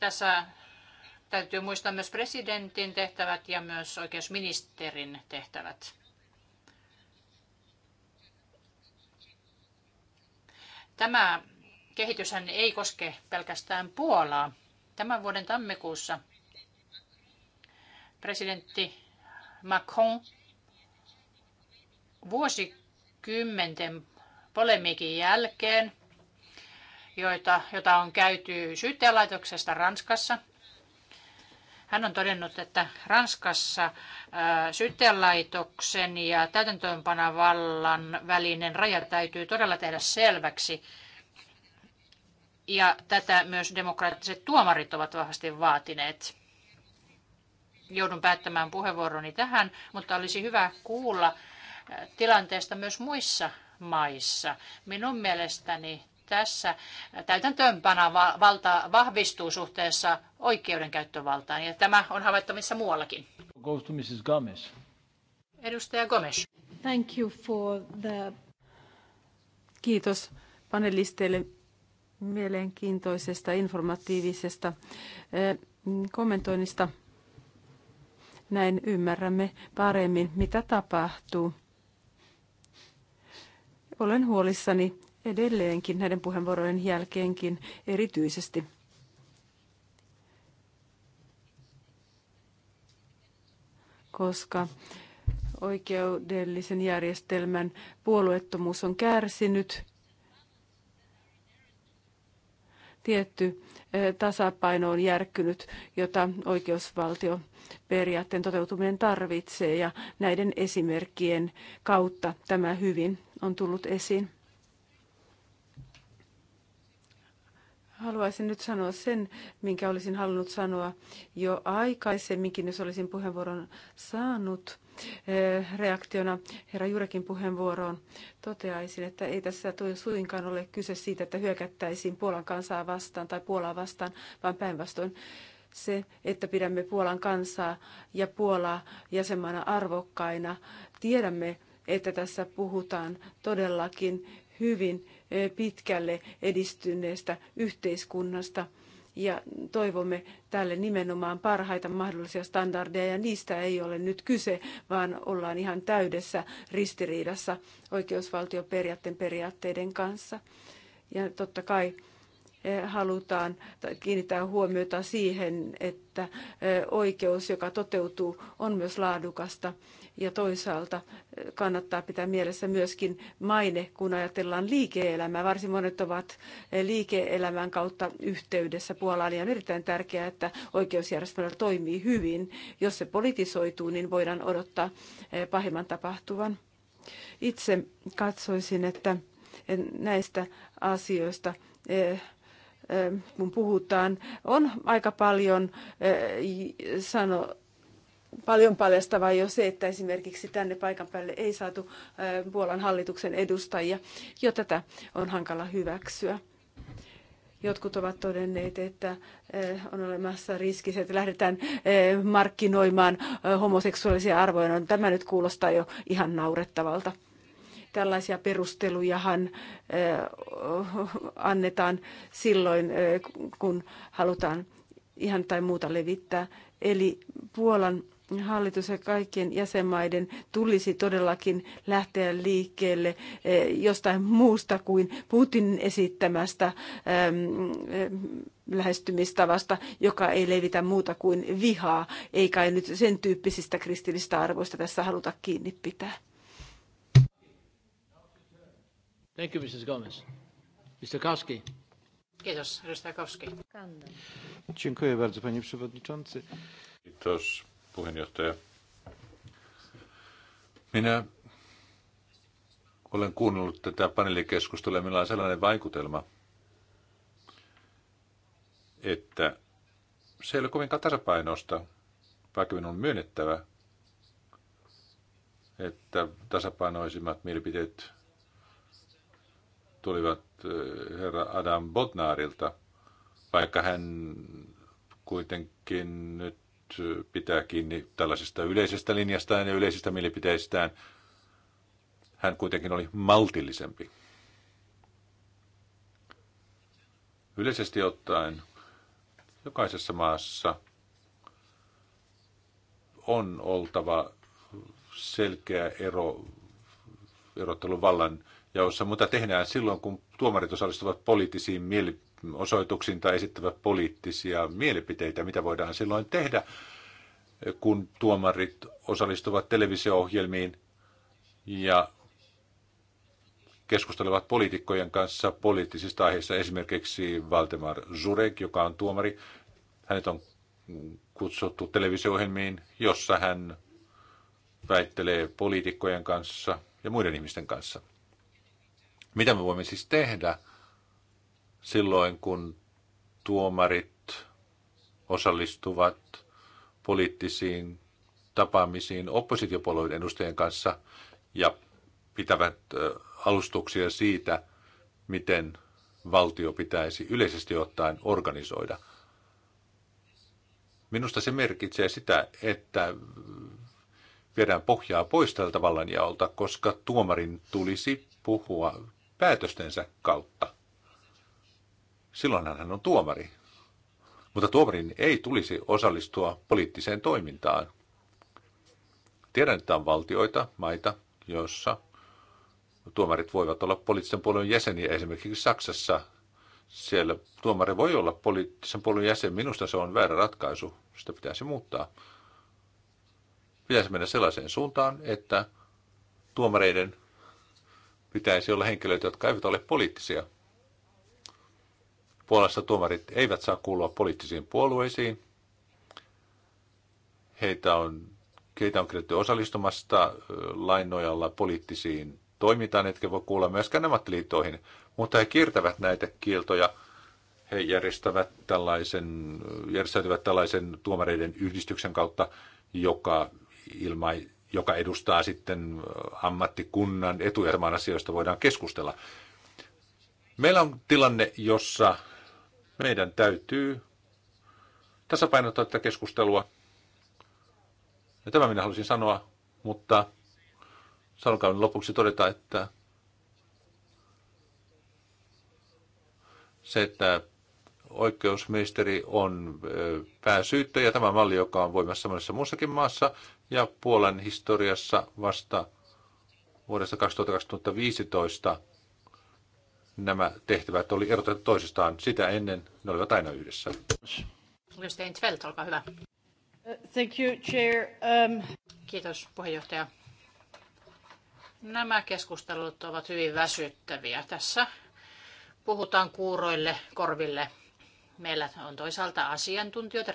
Tässä täytyy muistaa myös presidentin tehtävät ja myös oikeusministerin tehtävät. Tämä kehityshän ei koske pelkästään Puolaa. Tämän vuoden tammikuussa presidentti Macron vuosikymmenten polemiikin jälkeen, joita, jota on käyty syyttäjälaitoksesta Ranskassa, hän on todennut, että Ranskassa syyttäjälaitoksen ja täytäntöönpanavallan välinen raja täytyy todella tehdä selväksi. Ja tätä myös demokraattiset tuomarit ovat vahvasti vaatineet. Joudun päättämään puheenvuoroni tähän, mutta olisi hyvä kuulla tilanteesta myös muissa maissa. Minun mielestäni tässä täytäntöönpana valta vahvistuu suhteessa oikeudenkäyttövaltaan, ja tämä on havaittavissa muuallakin. Goes to Mrs. Gomez. Edustaja Gomes. Thank you for the... Kiitos panelisteille mielenkiintoisesta, informatiivisesta eh, kommentoinnista. Näin ymmärrämme paremmin, mitä tapahtuu. Olen huolissani edelleenkin näiden puheenvuorojen jälkeenkin erityisesti. Koska oikeudellisen järjestelmän puolueettomuus on kärsinyt. Tietty e, tasapaino on järkkynyt, jota oikeusvaltio periaatteen toteutuminen tarvitsee ja näiden esimerkkien kautta tämä hyvin on tullut esiin. Haluaisin nyt sanoa sen, minkä olisin halunnut sanoa jo aikaisemminkin, jos olisin puheenvuoron saanut eh, reaktiona herra Jurekin puheenvuoroon toteaisin, että ei tässä suinkaan ole kyse siitä, että hyökättäisiin Puolan kansaa vastaan tai Puolaa vastaan, vaan päinvastoin se, että pidämme Puolan kansaa ja Puolaa jäsenmaana arvokkaina. Tiedämme, että tässä puhutaan todellakin hyvin pitkälle edistyneestä yhteiskunnasta ja toivomme tälle nimenomaan parhaita mahdollisia standardeja ja niistä ei ole nyt kyse, vaan ollaan ihan täydessä ristiriidassa oikeusvaltioperiaatteen periaatteiden kanssa. Ja totta kai halutaan kiinnittää huomiota siihen, että oikeus, joka toteutuu, on myös laadukasta ja toisaalta eh, kannattaa pitää mielessä myöskin maine, kun ajatellaan liike-elämää. Varsin monet ovat eh, liike-elämän kautta yhteydessä Puolaan ja on erittäin tärkeää, että oikeusjärjestelmä toimii hyvin. Jos se politisoituu, niin voidaan odottaa eh, pahimman tapahtuvan. Itse katsoisin, että näistä asioista kun puhutaan, on aika paljon sano, paljon paljastavaa jo se, että esimerkiksi tänne paikan päälle ei saatu Puolan hallituksen edustajia. Jo tätä on hankala hyväksyä. Jotkut ovat todenneet, että on olemassa riski, että lähdetään markkinoimaan homoseksuaalisia arvoja. No, tämä nyt kuulostaa jo ihan naurettavalta. Tällaisia perustelujahan annetaan silloin, kun halutaan ihan tai muuta levittää. Eli Puolan hallitus ja kaikkien jäsenmaiden tulisi todellakin lähteä liikkeelle eh, jostain muusta kuin Putin esittämästä ehm, eh, lähestymistavasta, joka ei levitä muuta kuin vihaa, eikä nyt sen tyyppisistä kristillistä arvoista tässä haluta kiinni pitää. Thank you, Mrs. Gomez. Mr. Kowski. Kiitos, edustaja Kowski. Dziękuję bardzo, panie przewodniczący. Kiitos, puheenjohtaja. Minä olen kuunnellut tätä paneelikeskustelua ja minulla on sellainen vaikutelma, että se ei ole kovinkaan tasapainosta, vaikka minun on myönnettävä, että tasapainoisimmat mielipiteet tulivat eh, herra Adam Bodnarilta, vaikka hän kuitenkin nyt pitää kiinni tällaisesta yleisestä linjastaan ja yleisistä mielipiteistään. Hän kuitenkin oli maltillisempi. Yleisesti ottaen jokaisessa maassa on oltava selkeä ero, erottelun vallan jaossa, mutta tehdään silloin, kun tuomarit osallistuvat poliittisiin mielipiteisiin osoituksiin tai esittävät poliittisia mielipiteitä, mitä voidaan silloin tehdä, kun tuomarit osallistuvat televisio-ohjelmiin ja keskustelevat poliitikkojen kanssa poliittisista aiheista. Esimerkiksi Valtemar Zurek, joka on tuomari, hänet on kutsuttu televisio-ohjelmiin, jossa hän väittelee poliitikkojen kanssa ja muiden ihmisten kanssa. Mitä me voimme siis tehdä? silloin, kun tuomarit osallistuvat poliittisiin tapaamisiin oppositiopuolueiden edustajien kanssa ja pitävät alustuksia siitä, miten valtio pitäisi yleisesti ottaen organisoida. Minusta se merkitsee sitä, että viedään pohjaa pois tältä vallanjaolta, koska tuomarin tulisi puhua päätöstensä kautta silloin hän on tuomari. Mutta tuomarin ei tulisi osallistua poliittiseen toimintaan. Tiedän, että on valtioita, maita, joissa tuomarit voivat olla poliittisen puolueen jäseniä. Esimerkiksi Saksassa siellä tuomari voi olla poliittisen puolueen jäsen. Minusta se on väärä ratkaisu. Sitä pitäisi muuttaa. Pitäisi mennä sellaiseen suuntaan, että tuomareiden pitäisi olla henkilöitä, jotka eivät ole poliittisia. Puolassa tuomarit eivät saa kuulua poliittisiin puolueisiin. Heitä on, heitä on kirjoitettu osallistumasta lain nojalla poliittisiin toimintaan, etkä voi kuulla myöskään ammattiliittoihin, mutta he kiertävät näitä kieltoja. He järjestävät tällaisen, järjestäytyvät tällaisen tuomareiden yhdistyksen kautta, joka, ilma, joka edustaa sitten ammattikunnan etuja. Tämän asioista voidaan keskustella. Meillä on tilanne, jossa meidän täytyy tasapainottaa tätä keskustelua. Ja tämä minä halusin sanoa, mutta sanokaa lopuksi todeta, että se, että oikeusministeri on pääsyyttäjä, tämä malli, joka on voimassa monessa muussakin maassa, ja Puolan historiassa vasta vuodesta 2015 nämä tehtävät oli erotettu toisistaan. Sitä ennen ne olivat aina yhdessä. Justin Tvelt, olkaa hyvä. Thank you, Chair. Um... Kiitos, puheenjohtaja. Nämä keskustelut ovat hyvin väsyttäviä. Tässä puhutaan kuuroille korville. Meillä on toisaalta asiantuntijoita,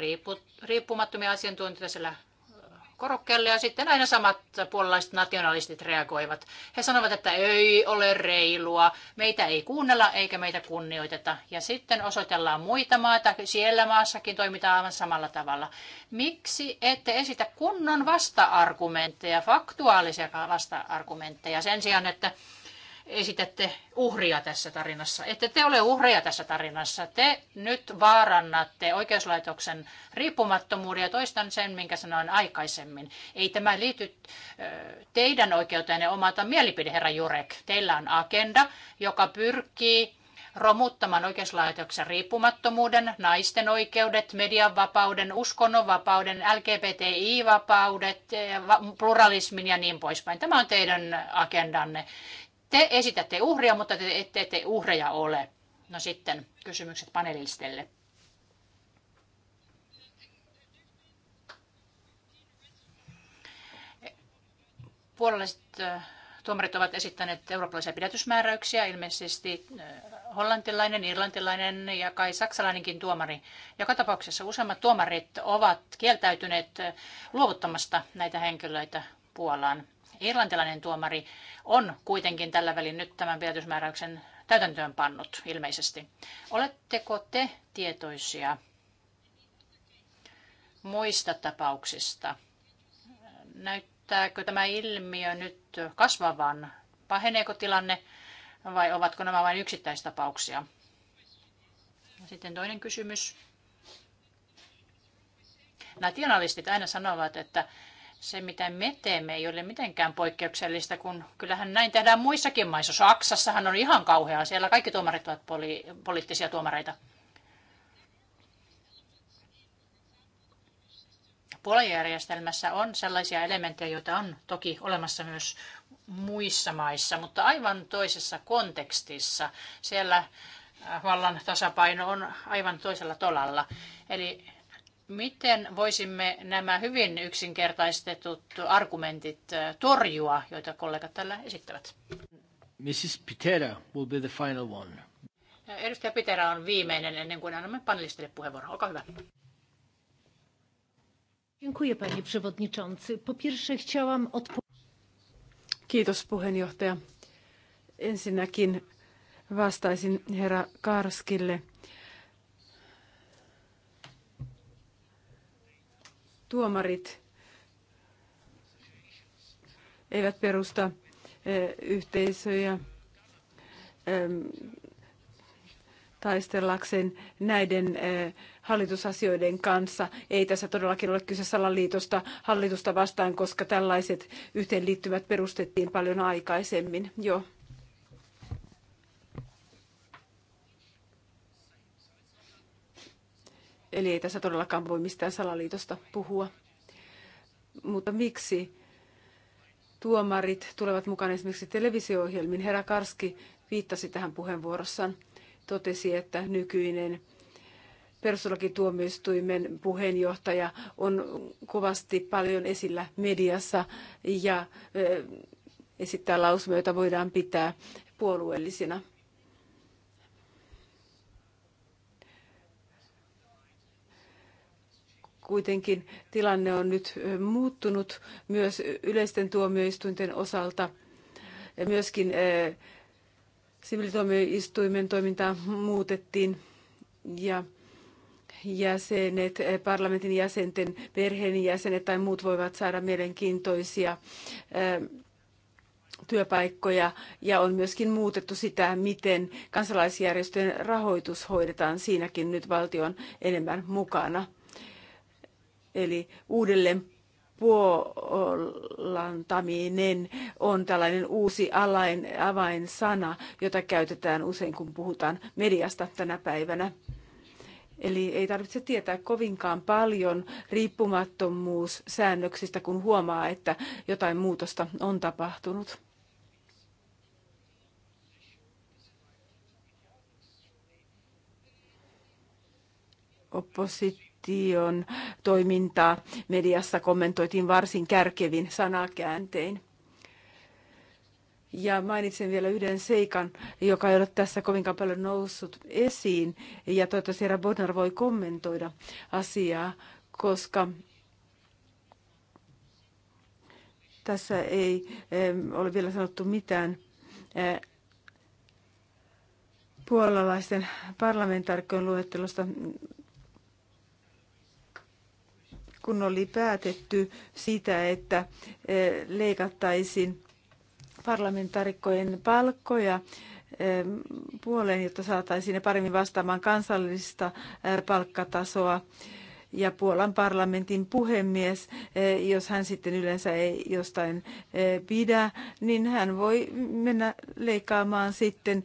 riippumattomia asiantuntijoita siellä korokkeelle ja sitten aina samat puolalaiset nationalistit reagoivat. He sanovat, että ei ole reilua, meitä ei kuunnella eikä meitä kunnioiteta. Ja sitten osoitellaan muita maita, siellä maassakin toimitaan aivan samalla tavalla. Miksi ette esitä kunnon vasta-argumentteja, faktuaalisia vasta-argumentteja sen sijaan, että esitätte uhria tässä tarinassa. Ette te ole uhreja tässä tarinassa. Te nyt vaarannatte oikeuslaitoksen riippumattomuuden ja toistan sen, minkä sanoin aikaisemmin. Ei tämä liity teidän oikeuteenne omata mielipide, herra Jurek. Teillä on agenda, joka pyrkii romuttamaan oikeuslaitoksen riippumattomuuden, naisten oikeudet, median vapauden, uskonnonvapauden, LGBTI-vapaudet, e, pluralismin ja niin poispäin. Tämä on teidän agendanne. Te esitätte uhria, mutta te ette ette uhreja ole. No sitten kysymykset panelistelle. Puolalaiset tuomarit ovat esittäneet eurooppalaisia pidätysmääräyksiä, ilmeisesti hollantilainen, irlantilainen ja kai saksalainenkin tuomari. Joka tapauksessa useimmat tuomarit ovat kieltäytyneet luovuttamasta näitä henkilöitä Puolaan. Irlantilainen tuomari on kuitenkin tällä välin nyt tämän pidätysmääräyksen täytäntöön pannut ilmeisesti. Oletteko te tietoisia muista tapauksista? Näyttääkö tämä ilmiö nyt kasvavan? Paheneeko tilanne vai ovatko nämä vain yksittäistapauksia? Sitten toinen kysymys. Nationalistit aina sanovat, että se, mitä me teemme, ei ole mitenkään poikkeuksellista, kun kyllähän näin tehdään muissakin maissa. Saksassahan on ihan kauheaa, siellä kaikki tuomarit ovat poli- poliittisia tuomareita. Puolajärjestelmässä on sellaisia elementtejä, joita on toki olemassa myös muissa maissa, mutta aivan toisessa kontekstissa. Siellä vallan tasapaino on aivan toisella tolalla. Eli Miten voisimme nämä hyvin yksinkertaistetut argumentit torjua, joita kollegat tällä esittävät? Mrs. Pitera will be the final one. Edustaja Pitera on viimeinen ennen kuin annamme panelistille puheenvuoron. Olkaa hyvä. Kiitos puheenjohtaja. Ensinnäkin vastaisin herra Karskille Tuomarit eivät perusta eh, yhteisöjä ehm, taistellakseen näiden eh, hallitusasioiden kanssa. Ei tässä todellakin ole kyse salaliitosta hallitusta vastaan, koska tällaiset yhteenliittymät perustettiin paljon aikaisemmin jo. Eli ei tässä todellakaan voi mistään salaliitosta puhua. Mutta miksi tuomarit tulevat mukaan esimerkiksi televisio-ohjelmiin? Herra Karski viittasi tähän puheenvuorossaan, totesi, että nykyinen perustuslakituomioistuimen puheenjohtaja on kovasti paljon esillä mediassa ja esittää lausumia, joita voidaan pitää puolueellisina. Kuitenkin tilanne on nyt muuttunut myös yleisten tuomioistuinten osalta. Myöskin sivilituomioistuimen toimintaa muutettiin ja jäsenet, parlamentin jäsenten perheen jäsenet tai muut voivat saada mielenkiintoisia työpaikkoja ja on myöskin muutettu sitä, miten kansalaisjärjestöjen rahoitus hoidetaan. Siinäkin nyt valtion enemmän mukana. Eli uudelleen puolantaminen on tällainen uusi alain, avainsana, jota käytetään usein, kun puhutaan mediasta tänä päivänä. Eli ei tarvitse tietää kovinkaan paljon riippumattomuussäännöksistä, kun huomaa, että jotain muutosta on tapahtunut. Oppositio opposition toimintaa mediassa kommentoitiin varsin kärkevin sanakääntein. Ja mainitsen vielä yhden seikan, joka ei ole tässä kovinkaan paljon noussut esiin, ja toivottavasti herra Bodnar voi kommentoida asiaa, koska tässä ei ole vielä sanottu mitään eh, puolalaisten parlamentaarikkojen luettelosta kun oli päätetty siitä, että eh, leikattaisiin parlamentaarikkojen palkkoja eh, puoleen, jotta saataisiin ne paremmin vastaamaan kansallista eh, palkkatasoa ja Puolan parlamentin puhemies, jos hän sitten yleensä ei jostain pidä, niin hän voi mennä leikkaamaan sitten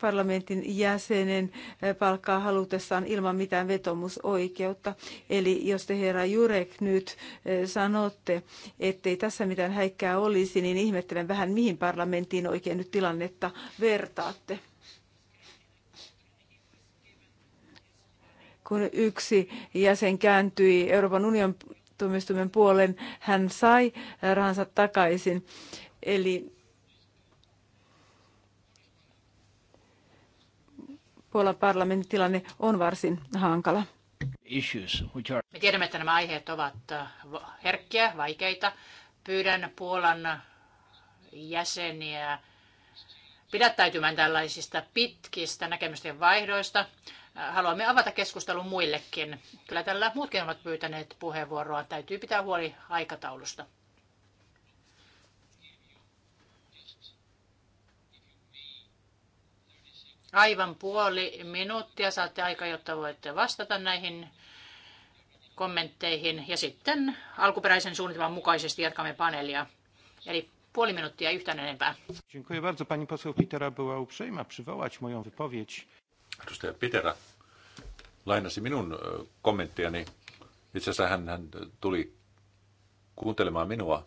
parlamentin jäsenen eh, palkkaa halutessaan ilman mitään vetomusoikeutta. Eli jos te herra Jurek nyt eh, sanotte, ettei tässä mitään häikkää olisi, niin ihmettelen vähän, mihin parlamenttiin oikein nyt tilannetta vertaatte. Kun yksi jäsen kääntyi Euroopan unionin tuomioistuimen puolen, hän sai rahansa takaisin. Eli Puolan parlamentin tilanne on varsin hankala. Me tiedämme, että nämä aiheet ovat äh, herkkiä, vaikeita. Pyydän Puolan jäseniä pidättäytymään tällaisista pitkistä näkemysten vaihdoista. Äh, haluamme avata keskustelun muillekin. Kyllä tällä muutkin ovat pyytäneet puheenvuoroa. Täytyy pitää huoli aikataulusta. Aivan puoli minuuttia saatte aika, jotta voitte vastata näihin kommentteihin. Ja sitten alkuperäisen suunnitelman mukaisesti jatkamme paneelia. Eli puoli minuuttia yhtään enempää. Dziękuję bardzo. Pani poseł Pitera była uprzejma przywołać moją wypowiedź. Edustaja Pitera lainasi minun e, kommenttiani. Itse asiassa hän, hän tuli kuuntelemaan minua.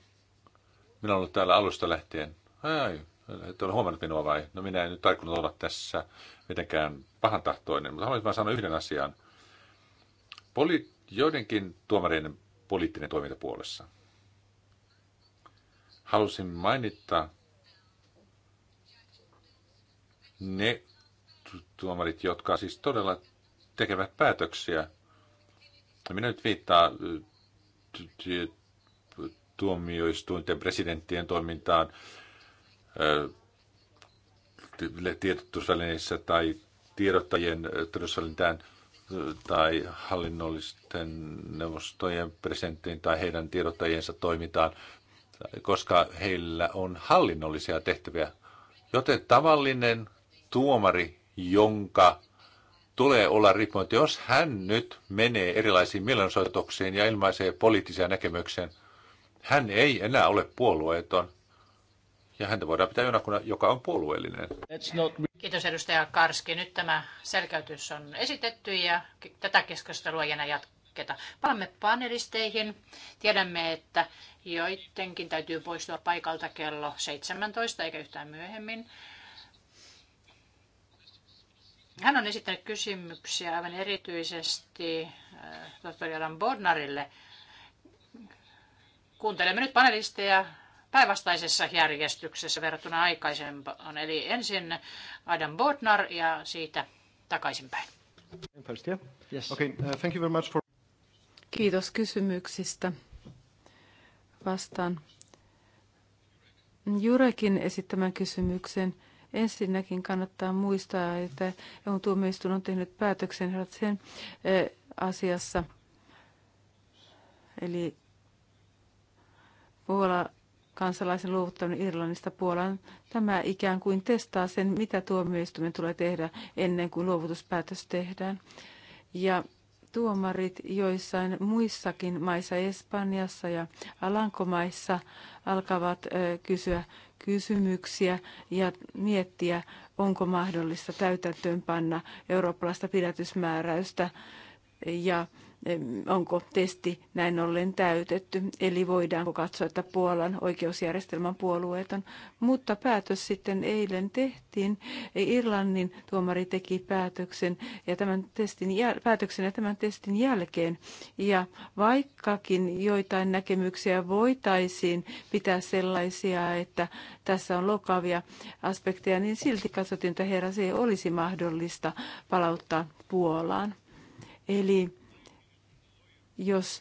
Minä olen ollut täällä alusta lähtien. Ai, ai et ole huomannut minua vai? No minä en nyt tarkoittanut olla tässä mitenkään pahantahtoinen, mutta haluaisin vain sanoa yhden asian. Poli- joidenkin tuomareiden poliittinen toiminta puolessa. Halusin mainita ne tuomarit, jotka siis todella tekevät päätöksiä. No minä nyt viittaan tuomioistuinten presidenttien toimintaan, tiedotusvälineissä tai tiedottajien tiedotusvälineen tai hallinnollisten neuvostojen presidenttiin tai heidän tiedottajiensa toimintaan, koska heillä on hallinnollisia tehtäviä. Joten tavallinen tuomari, jonka tulee olla riippumatta, jos hän nyt menee erilaisiin mielenosoituksiin ja ilmaisee poliittisia näkemyksiä, hän ei enää ole puolueeton ja häntä voidaan pitää jonakuna, joka on puolueellinen. Kiitos edustaja Karski. Nyt tämä selkäytys on esitetty ja tätä keskustelua ei enää jatketa. Palamme panelisteihin. Tiedämme, että joidenkin täytyy poistua paikalta kello 17 eikä yhtään myöhemmin. Hän on esittänyt kysymyksiä aivan erityisesti äh, tohtori Alan Bodnarille. Kuuntelemme nyt panelisteja päinvastaisessa järjestyksessä verrattuna aikaisempaan. Eli ensin Adam Bodnar ja siitä takaisinpäin. Uh, Kiitos kysymyksistä. Vastaan Jurekin esittämän kysymyksen. Ensinnäkin kannattaa muistaa, että on tuomioistuin on tehnyt päätöksen sen eh, asiassa. Eli Puola kansalaisen luovuttaminen Irlannista Puolaan. Tämä ikään kuin testaa sen, mitä tuomioistuimen tulee tehdä ennen kuin luovutuspäätös tehdään. Ja tuomarit joissain muissakin maissa, Espanjassa ja Alankomaissa, alkavat kysyä kysymyksiä ja miettiä, onko mahdollista täytäntöönpanna eurooppalaista pidätysmääräystä. Ja onko testi näin ollen täytetty. Eli voidaanko katsoa, että Puolan oikeusjärjestelmän puolueeton. Mutta päätös sitten eilen tehtiin. Irlannin tuomari teki päätöksen ja tämän testin, päätöksen ja tämän testin jälkeen. Ja vaikkakin joitain näkemyksiä voitaisiin pitää sellaisia, että tässä on lokavia aspekteja, niin silti katsottiin, että herra, se ei olisi mahdollista palauttaa Puolaan. Eli jos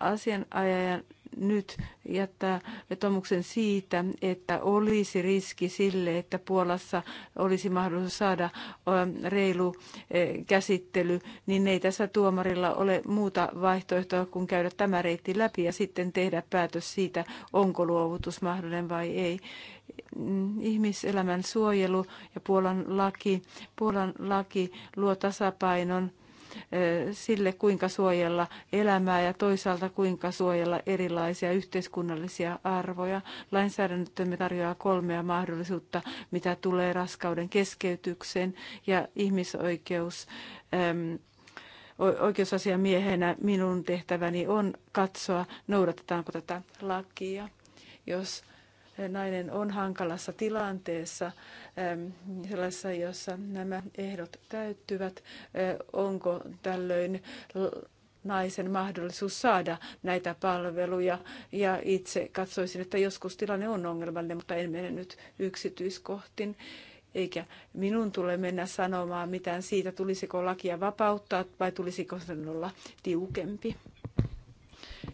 asianajajan nyt jättää vetomuksen siitä, että olisi riski sille, että Puolassa olisi mahdollisuus saada reilu käsittely, niin ei tässä tuomarilla ole muuta vaihtoehtoa kuin käydä tämä reitti läpi ja sitten tehdä päätös siitä, onko luovutus mahdollinen vai ei. Mm, ihmiselämän suojelu ja Puolan laki, Puolan laki luo tasapainon sille, kuinka suojella elämää ja toisaalta kuinka suojella erilaisia yhteiskunnallisia arvoja. Lainsäädäntömme tarjoaa kolmea mahdollisuutta, mitä tulee raskauden keskeytykseen ja ihmisoikeus oikeusasiamiehenä minun tehtäväni on katsoa, noudatetaanko tätä lakia. Jos nainen on hankalassa tilanteessa, ähm, sellaisessa, jossa nämä ehdot täyttyvät. Äh, onko tällöin naisen mahdollisuus saada näitä palveluja. Ja itse katsoisin, että joskus tilanne on ongelmallinen, mutta en mene nyt yksityiskohtiin. Eikä minun tule mennä sanomaan mitään siitä, tulisiko lakia vapauttaa vai tulisiko sen olla tiukempi.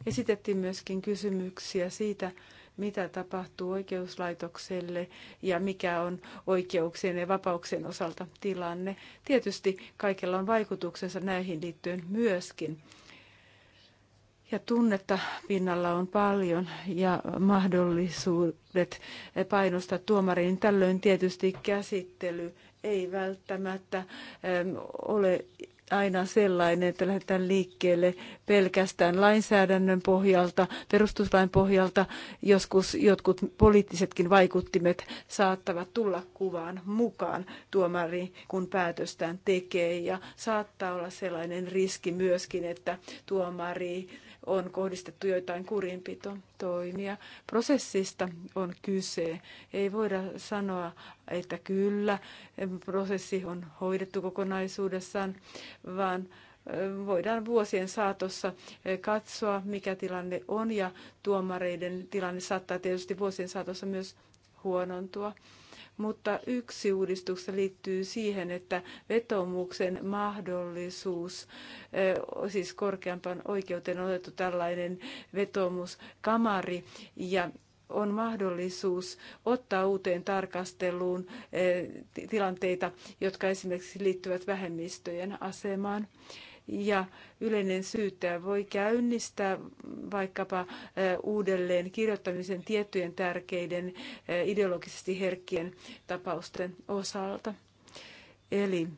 Esitettiin myöskin kysymyksiä siitä, mitä tapahtuu oikeuslaitokselle ja mikä on oikeuksien ja vapauksien osalta tilanne. Tietysti kaikella on vaikutuksensa näihin liittyen myöskin. Ja tunnetta pinnalla on paljon ja mahdollisuudet painostaa tuomariin. Tällöin tietysti käsittely ei välttämättä ole aina sellainen, että lähdetään liikkeelle pelkästään lainsäädännön pohjalta, perustuslain pohjalta. Joskus jotkut poliittisetkin vaikuttimet saattavat tulla kuvaan mukaan tuomari, kun päätöstään tekee. Ja saattaa olla sellainen riski myöskin, että tuomari on kohdistettu joitain kurinpitotoimia. Prosessista on kyse. Ei voida sanoa, että kyllä, prosessi on hoidettu kokonaisuudessaan, vaan voidaan vuosien saatossa katsoa, mikä tilanne on, ja tuomareiden tilanne saattaa tietysti vuosien saatossa myös huonontua. Mutta yksi uudistuksesta liittyy siihen, että vetomuksen mahdollisuus, siis korkeampaan oikeuteen otettu tällainen vetomuskamari ja on mahdollisuus ottaa uuteen tarkasteluun tilanteita, jotka esimerkiksi liittyvät vähemmistöjen asemaan ja yleinen syyttäjä voi käynnistää vaikkapa uudelleen kirjoittamisen tiettyjen tärkeiden ideologisesti herkkien tapausten osalta. Eli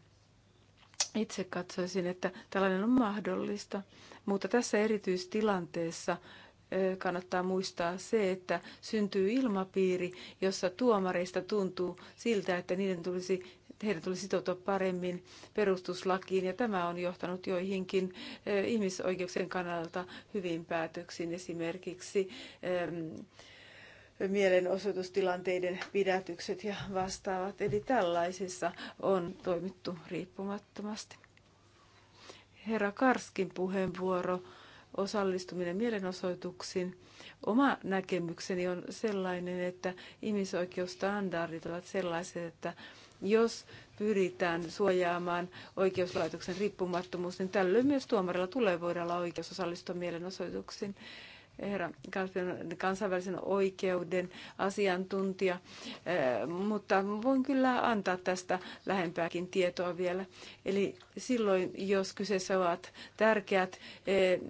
itse katsoisin, että tällainen on mahdollista, mutta tässä erityistilanteessa kannattaa muistaa se, että syntyy ilmapiiri, jossa tuomareista tuntuu siltä, että niiden tulisi heidän tulisi sitoutua paremmin perustuslakiin ja tämä on johtanut joihinkin eh, ihmisoikeuksien kannalta hyvin päätöksiin esimerkiksi mielenosoitustilanteiden pidätykset ja vastaavat. Eli tällaisissa on toimittu riippumattomasti. Herra Karskin puheenvuoro osallistuminen mielenosoituksiin. Oma näkemykseni on sellainen, että ihmisoikeustandardit ovat sellaiset, että jos pyritään suojaamaan oikeuslaitoksen riippumattomuus, niin tällöin myös tuomarilla tulee voida olla oikeus osallistua mielenosoituksiin. Herra kansainvälisen oikeuden asiantuntija, eh, mutta voin kyllä antaa tästä lähempääkin tietoa vielä. Eli silloin, jos kyseessä ovat tärkeät eh,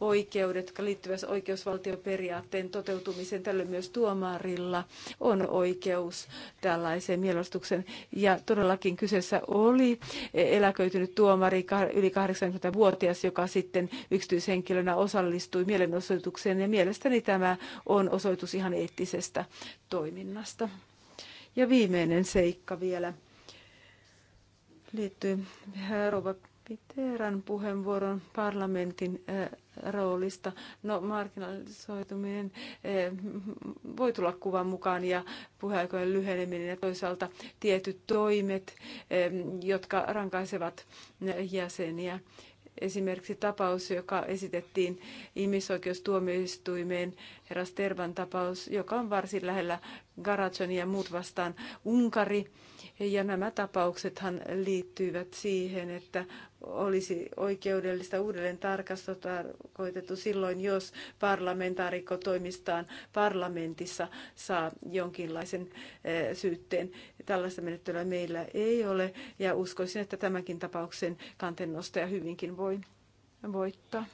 oikeudet, jotka liittyvät oikeusvaltioperiaatteen toteutumiseen. Tällöin myös tuomarilla on oikeus tällaiseen mielostukseen Ja todellakin kyseessä oli eläköitynyt tuomari, yli 80-vuotias, joka sitten yksityishenkilönä osallistui mielenosoitukseen. Ja mielestäni tämä on osoitus ihan eettisestä toiminnasta. Ja viimeinen seikka vielä liittyy rouva Piteran puheenvuoron parlamentin äh, roolista. No marginalisoituminen äh, voi tulla kuvan mukaan ja puheaikojen lyheneminen ja toisaalta tietyt toimet, äh, jotka rankaisevat jäseniä. Esimerkiksi tapaus, joka esitettiin ihmisoikeustuomioistuimeen, herra Stervan tapaus, joka on varsin lähellä Garatsonia ja muut vastaan. Unkari ja nämä tapauksethan liittyivät siihen, että olisi oikeudellista uudelleen tarkastusta koitettu silloin, jos parlamentaarikko toimistaan parlamentissa saa jonkinlaisen eh, syytteen. Tällaista menettelyä meillä ei ole ja uskoisin, että tämänkin tapauksen kantennostaja hyvinkin voi voittaa.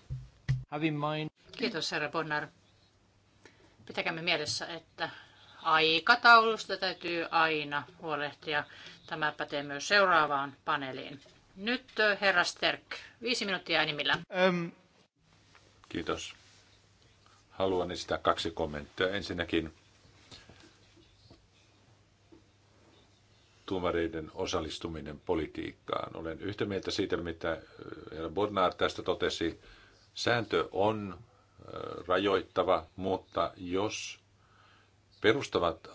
Kiitos herra Bonnar. Pitäkäämme mielessä, että aikataulusta täytyy aina huolehtia. Tämä pätee myös seuraavaan paneeliin. Nyt herra Sterk, viisi minuuttia enimmillä. Öm. Kiitos. Haluan esittää kaksi kommenttia. Ensinnäkin tuomareiden osallistuminen politiikkaan. Olen yhtä mieltä siitä, mitä herra Bodnar tästä totesi. Sääntö on rajoittava, mutta jos perustavat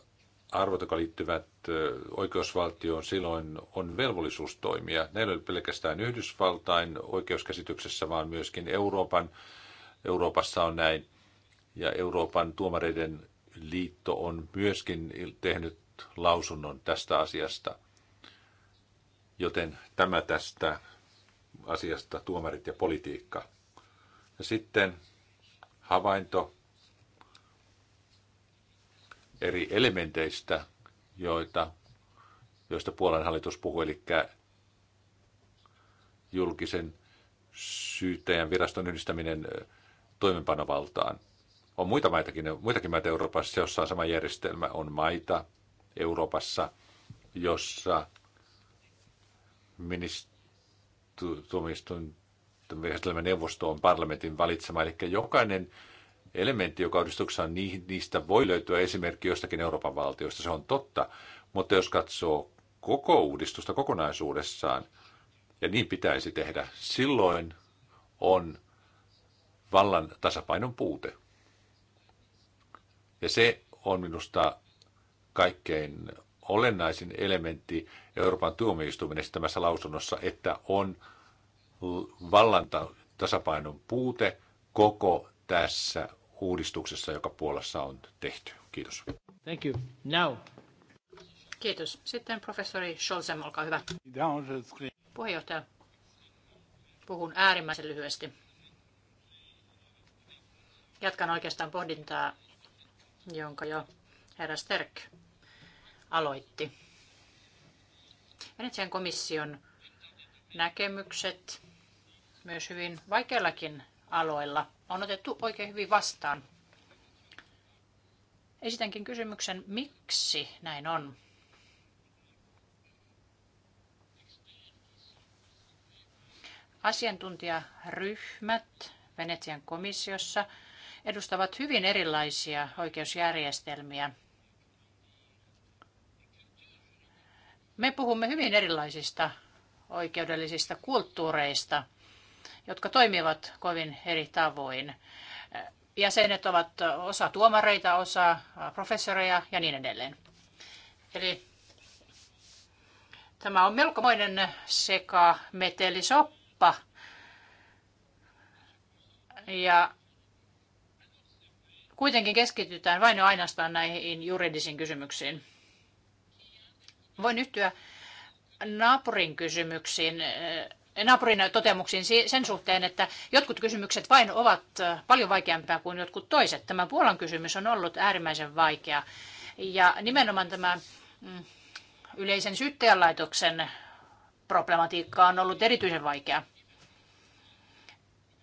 arvot, jotka liittyvät oikeusvaltioon, silloin on velvollisuus toimia. Ne ei ole pelkästään Yhdysvaltain oikeuskäsityksessä, vaan myöskin Euroopan. Euroopassa on näin. Ja Euroopan tuomareiden liitto on myöskin tehnyt lausunnon tästä asiasta. Joten tämä tästä asiasta tuomarit ja politiikka. Ja sitten havainto eri elementeistä, joita, joista Puolan hallitus puhui, eli julkisen syyttäjän viraston yhdistäminen toimenpanovaltaan. On muita maitakin, muitakin maita Euroopassa, jossa on sama järjestelmä. On maita Euroopassa, jossa ministeriömistumistelmän neuvosto on parlamentin valitsema. Eli jokainen elementti, joka uudistuksessa niistä voi löytyä esimerkki jostakin Euroopan valtiosta, se on totta. Mutta jos katsoo koko uudistusta kokonaisuudessaan, ja niin pitäisi tehdä, silloin on vallan tasapainon puute. Ja se on minusta kaikkein olennaisin elementti Euroopan tuomioistuimen esittämässä lausunnossa, että on vallan tasapainon puute koko tässä uudistuksessa, joka Puolassa on tehty. Kiitos. Thank you. Now. Kiitos. Sitten professori Scholzem, olkaa hyvä. Puheenjohtaja, puhun äärimmäisen lyhyesti. Jatkan oikeastaan pohdintaa, jonka jo herra Sterk aloitti. Venetsian komission näkemykset myös hyvin vaikeillakin aloilla on otettu oikein hyvin vastaan. Esitänkin kysymyksen, miksi näin on? Asiantuntijaryhmät Venetsian komissiossa edustavat hyvin erilaisia oikeusjärjestelmiä. Me puhumme hyvin erilaisista oikeudellisista kulttuureista – jotka toimivat kovin eri tavoin. Jäsenet ovat osa tuomareita, osa professoreja ja niin edelleen. Eli tämä on melkomoinen sekametelisoppa. Ja kuitenkin keskitytään vain ja ainoastaan näihin juridisiin kysymyksiin. Voin yhtyä naapurin kysymyksiin naapurin toteamuksiin sen suhteen, että jotkut kysymykset vain ovat paljon vaikeampia kuin jotkut toiset. Tämä Puolan kysymys on ollut äärimmäisen vaikea. Ja nimenomaan tämä mm, yleisen syyttäjänlaitoksen problematiikka on ollut erityisen vaikea.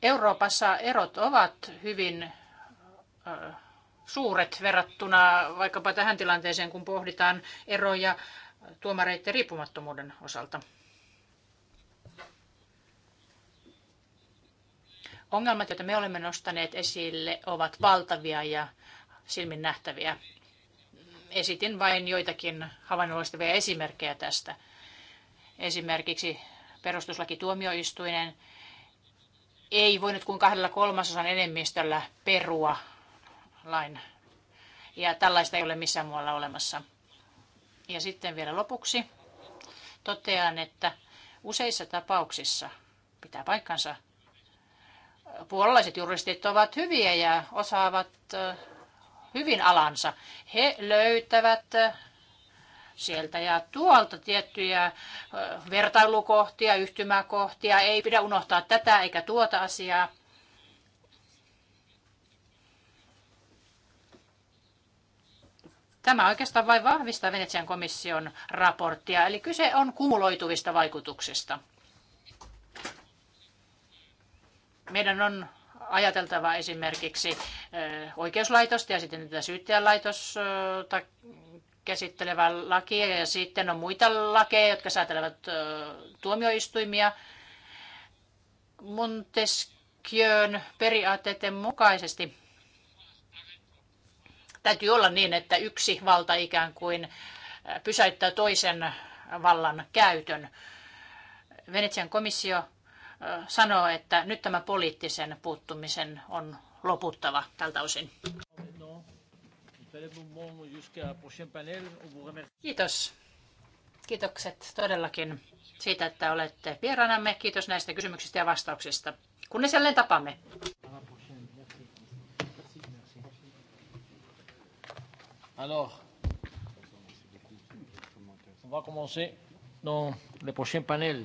Euroopassa erot ovat hyvin suuret verrattuna vaikkapa tähän tilanteeseen, kun pohditaan eroja tuomareiden riippumattomuuden osalta. ongelmat, joita me olemme nostaneet esille, ovat valtavia ja silmin nähtäviä. Esitin vain joitakin havainnollistavia esimerkkejä tästä. Esimerkiksi perustuslakituomioistuinen ei voinut kuin kahdella kolmasosan enemmistöllä perua lain. Ja tällaista ei ole missään muualla olemassa. Ja sitten vielä lopuksi totean, että useissa tapauksissa pitää paikkansa puolalaiset juristit ovat hyviä ja osaavat hyvin alansa. He löytävät sieltä ja tuolta tiettyjä vertailukohtia, yhtymäkohtia. Ei pidä unohtaa tätä eikä tuota asiaa. Tämä oikeastaan vain vahvistaa Venetsian komission raporttia, eli kyse on kumuloituvista vaikutuksista. Meidän on ajateltava esimerkiksi oikeuslaitosta ja sitten tätä syyttäjälaitosta käsittelevää lakia ja sitten on muita lakeja, jotka säätelevät tuomioistuimia. Montesquieu'n periaatteiden mukaisesti täytyy olla niin, että yksi valta ikään kuin pysäyttää toisen vallan käytön. Venetsian komissio sanoo, että nyt tämä poliittisen puuttumisen on loputtava tältä osin. Kiitos. Kiitokset todellakin siitä, että olette vieraanamme. Kiitos näistä kysymyksistä ja vastauksista. Kunnes jälleen tapaamme. Alors, on va commencer dans le prochain panel.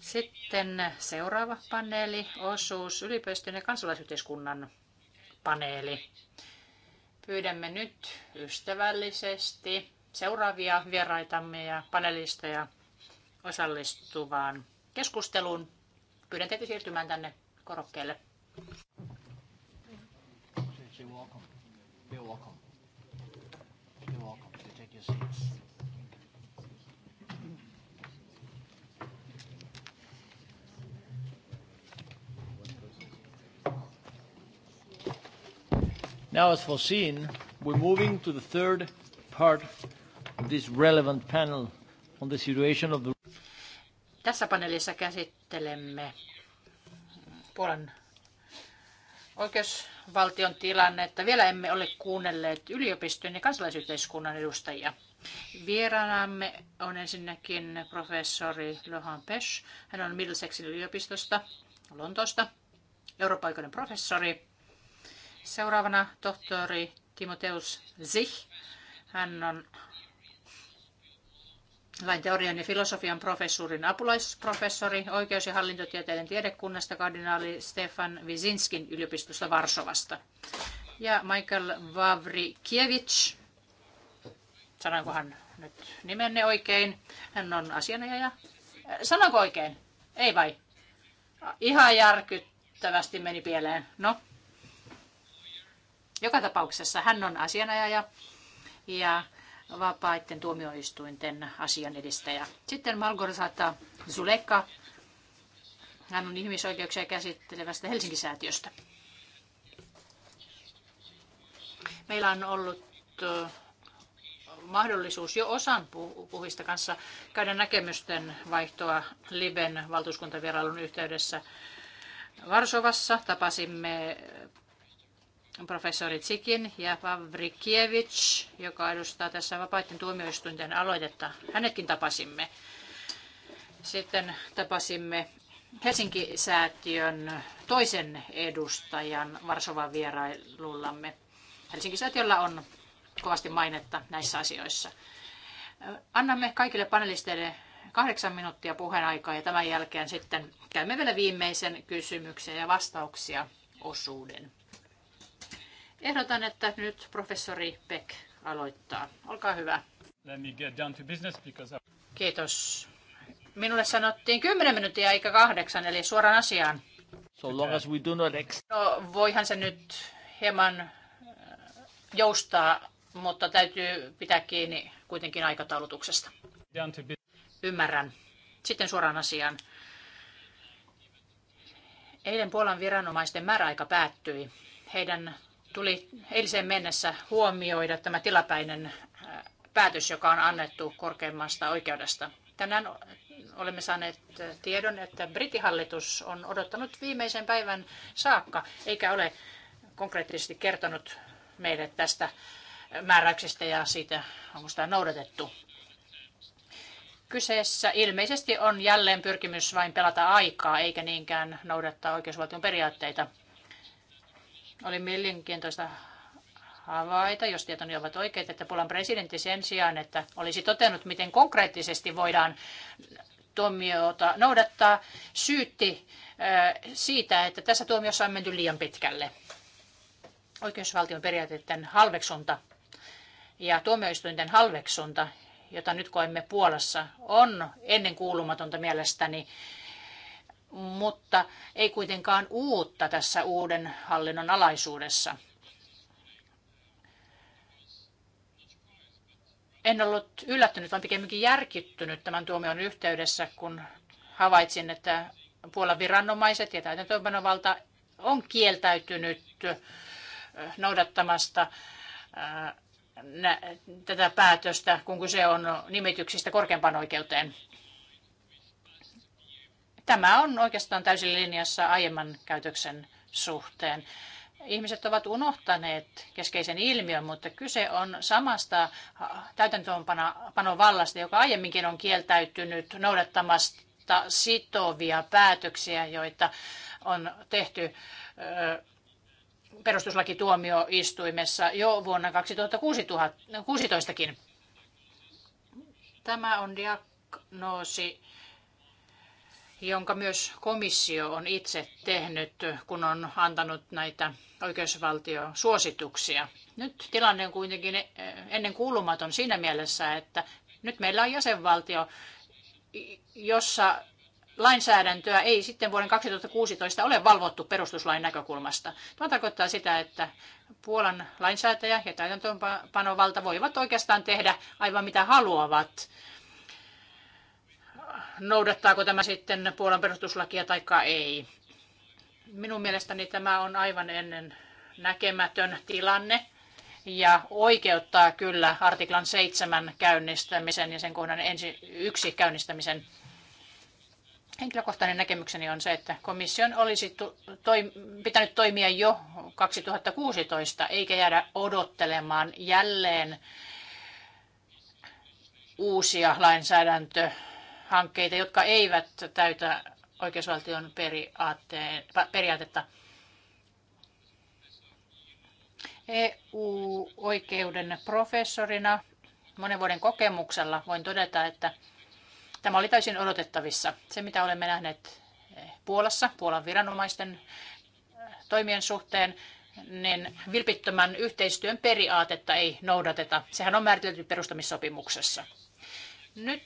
Sitten seuraava paneeli, osuus yliopistojen ja kansalaisyhteiskunnan paneeli. Pyydämme nyt ystävällisesti seuraavia vieraitamme ja panelisteja osallistuvaan keskusteluun. Pyydän teitä siirtymään tänne korokkeelle. You're welcome. You're welcome. You're welcome. take your seats. Now, as foreseen, we're moving to the third part of this relevant panel on the situation of the... Tässä paneelissa käsittelemme Puolan oikeusvaltion tilannetta. Vielä emme ole kuunnelleet yliopistojen ja kansalaisyhteiskunnan edustajia. Vieraanamme on ensinnäkin professori Lohan Pesh. Hän on Middlesexin yliopistosta Lontoosta, eurooppa professori Seuraavana tohtori Timoteus Zich. Hän on lain teorian ja filosofian professuurin apulaisprofessori oikeus- ja hallintotieteiden tiedekunnasta kardinaali Stefan Wisinskin yliopistosta Varsovasta. Ja Michael Vavrikiewicz, sanoinkohan nyt nimenne oikein, hän on asianajaja. Äh, sanoinko oikein? Ei vai? Ihan järkyttävästi meni pieleen. No, joka tapauksessa hän on asianajaja ja vapaiden tuomioistuinten asian edistäjä. Sitten Malgorzata Zuleka, hän on ihmisoikeuksia käsittelevästä Helsingin säätiöstä Meillä on ollut mahdollisuus jo osan puhujista kanssa käydä näkemysten vaihtoa Liben valtuuskuntavierailun yhteydessä Varsovassa. Tapasimme professori Tsikin ja Pavrikievich, joka edustaa tässä vapaiden tuomioistuinten aloitetta. Hänetkin tapasimme. Sitten tapasimme Helsinki-säätiön toisen edustajan Varsovan vierailullamme. Helsinki-säätiöllä on kovasti mainetta näissä asioissa. Annamme kaikille panelisteille kahdeksan minuuttia puheenaikaa ja tämän jälkeen sitten käymme vielä viimeisen kysymyksen ja vastauksia osuuden. Ehdotan, että nyt professori Beck aloittaa. Olkaa hyvä. Let me get down to business because I... Kiitos. Minulle sanottiin 10 minuuttia eikä kahdeksan, eli suoraan asiaan. So long as we do not ex- no, voihan se nyt hieman äh, joustaa, mutta täytyy pitää kiinni kuitenkin aikataulutuksesta. Ymmärrän. Sitten suoraan asiaan. Eilen Puolan viranomaisten määräaika päättyi. Heidän tuli eiliseen mennessä huomioida tämä tilapäinen äh, päätös, joka on annettu korkeimmasta oikeudesta. Tänään olemme saaneet äh, tiedon, että britihallitus on odottanut viimeisen päivän saakka, eikä ole konkreettisesti kertonut meille tästä äh, määräyksestä ja siitä, onko sitä noudatettu. Kyseessä ilmeisesti on jälleen pyrkimys vain pelata aikaa, eikä niinkään noudattaa oikeusvaltion periaatteita. Oli mielenkiintoista havaita, jos tietoni ovat oikeita, että Puolan presidentti sen sijaan, että olisi totenut, miten konkreettisesti voidaan tuomiota noudattaa, syytti äh, siitä, että tässä tuomiossa on menty liian pitkälle. Oikeusvaltion periaatteiden halveksunta ja tuomioistuinten halveksunta, jota nyt koemme Puolassa, on ennen kuulumatonta mielestäni mutta ei kuitenkaan uutta tässä uuden hallinnon alaisuudessa. En ollut yllättynyt, vaan pikemminkin järkyttynyt tämän tuomion yhteydessä, kun havaitsin, että Puolan viranomaiset ja täytäntöönpanovalta on kieltäytynyt äh, noudattamasta äh, tätä päätöstä, kun kyse on nimityksistä korkeimpaan oikeuteen. Tämä on oikeastaan täysin linjassa aiemman käytöksen suhteen. Ihmiset ovat unohtaneet keskeisen ilmiön, mutta kyse on samasta täytäntöönpanovallasta, joka aiemminkin on kieltäytynyt noudattamasta sitovia päätöksiä, joita on tehty perustuslakituomioistuimessa jo vuonna 2016 Tämä on diagnoosi jonka myös komissio on itse tehnyt, kun on antanut näitä oikeusvaltiosuosituksia. Nyt tilanne on kuitenkin ennen kuulumaton siinä mielessä, että nyt meillä on jäsenvaltio, jossa lainsäädäntöä ei sitten vuoden 2016 ole valvottu perustuslain näkökulmasta. Tämä tarkoittaa sitä, että Puolan lainsäätäjä ja täytäntöönpanovalta voivat oikeastaan tehdä aivan mitä haluavat noudattaako tämä sitten Puolan perustuslakia tai ei. Minun mielestäni tämä on aivan ennen näkemätön tilanne ja oikeuttaa kyllä artiklan 7 käynnistämisen ja sen kohdan ensi, yksi käynnistämisen. Henkilökohtainen näkemykseni on se, että komission olisi to, toi, pitänyt toimia jo 2016 eikä jäädä odottelemaan jälleen uusia lainsäädäntöä hankkeita, jotka eivät täytä oikeusvaltion periaatetta. EU-oikeuden professorina monen vuoden kokemuksella voin todeta, että tämä oli täysin odotettavissa. Se, mitä olemme nähneet eh, Puolassa, Puolan viranomaisten eh, toimien suhteen, niin vilpittömän yhteistyön periaatetta ei noudateta. Sehän on määritelty perustamissopimuksessa. Nyt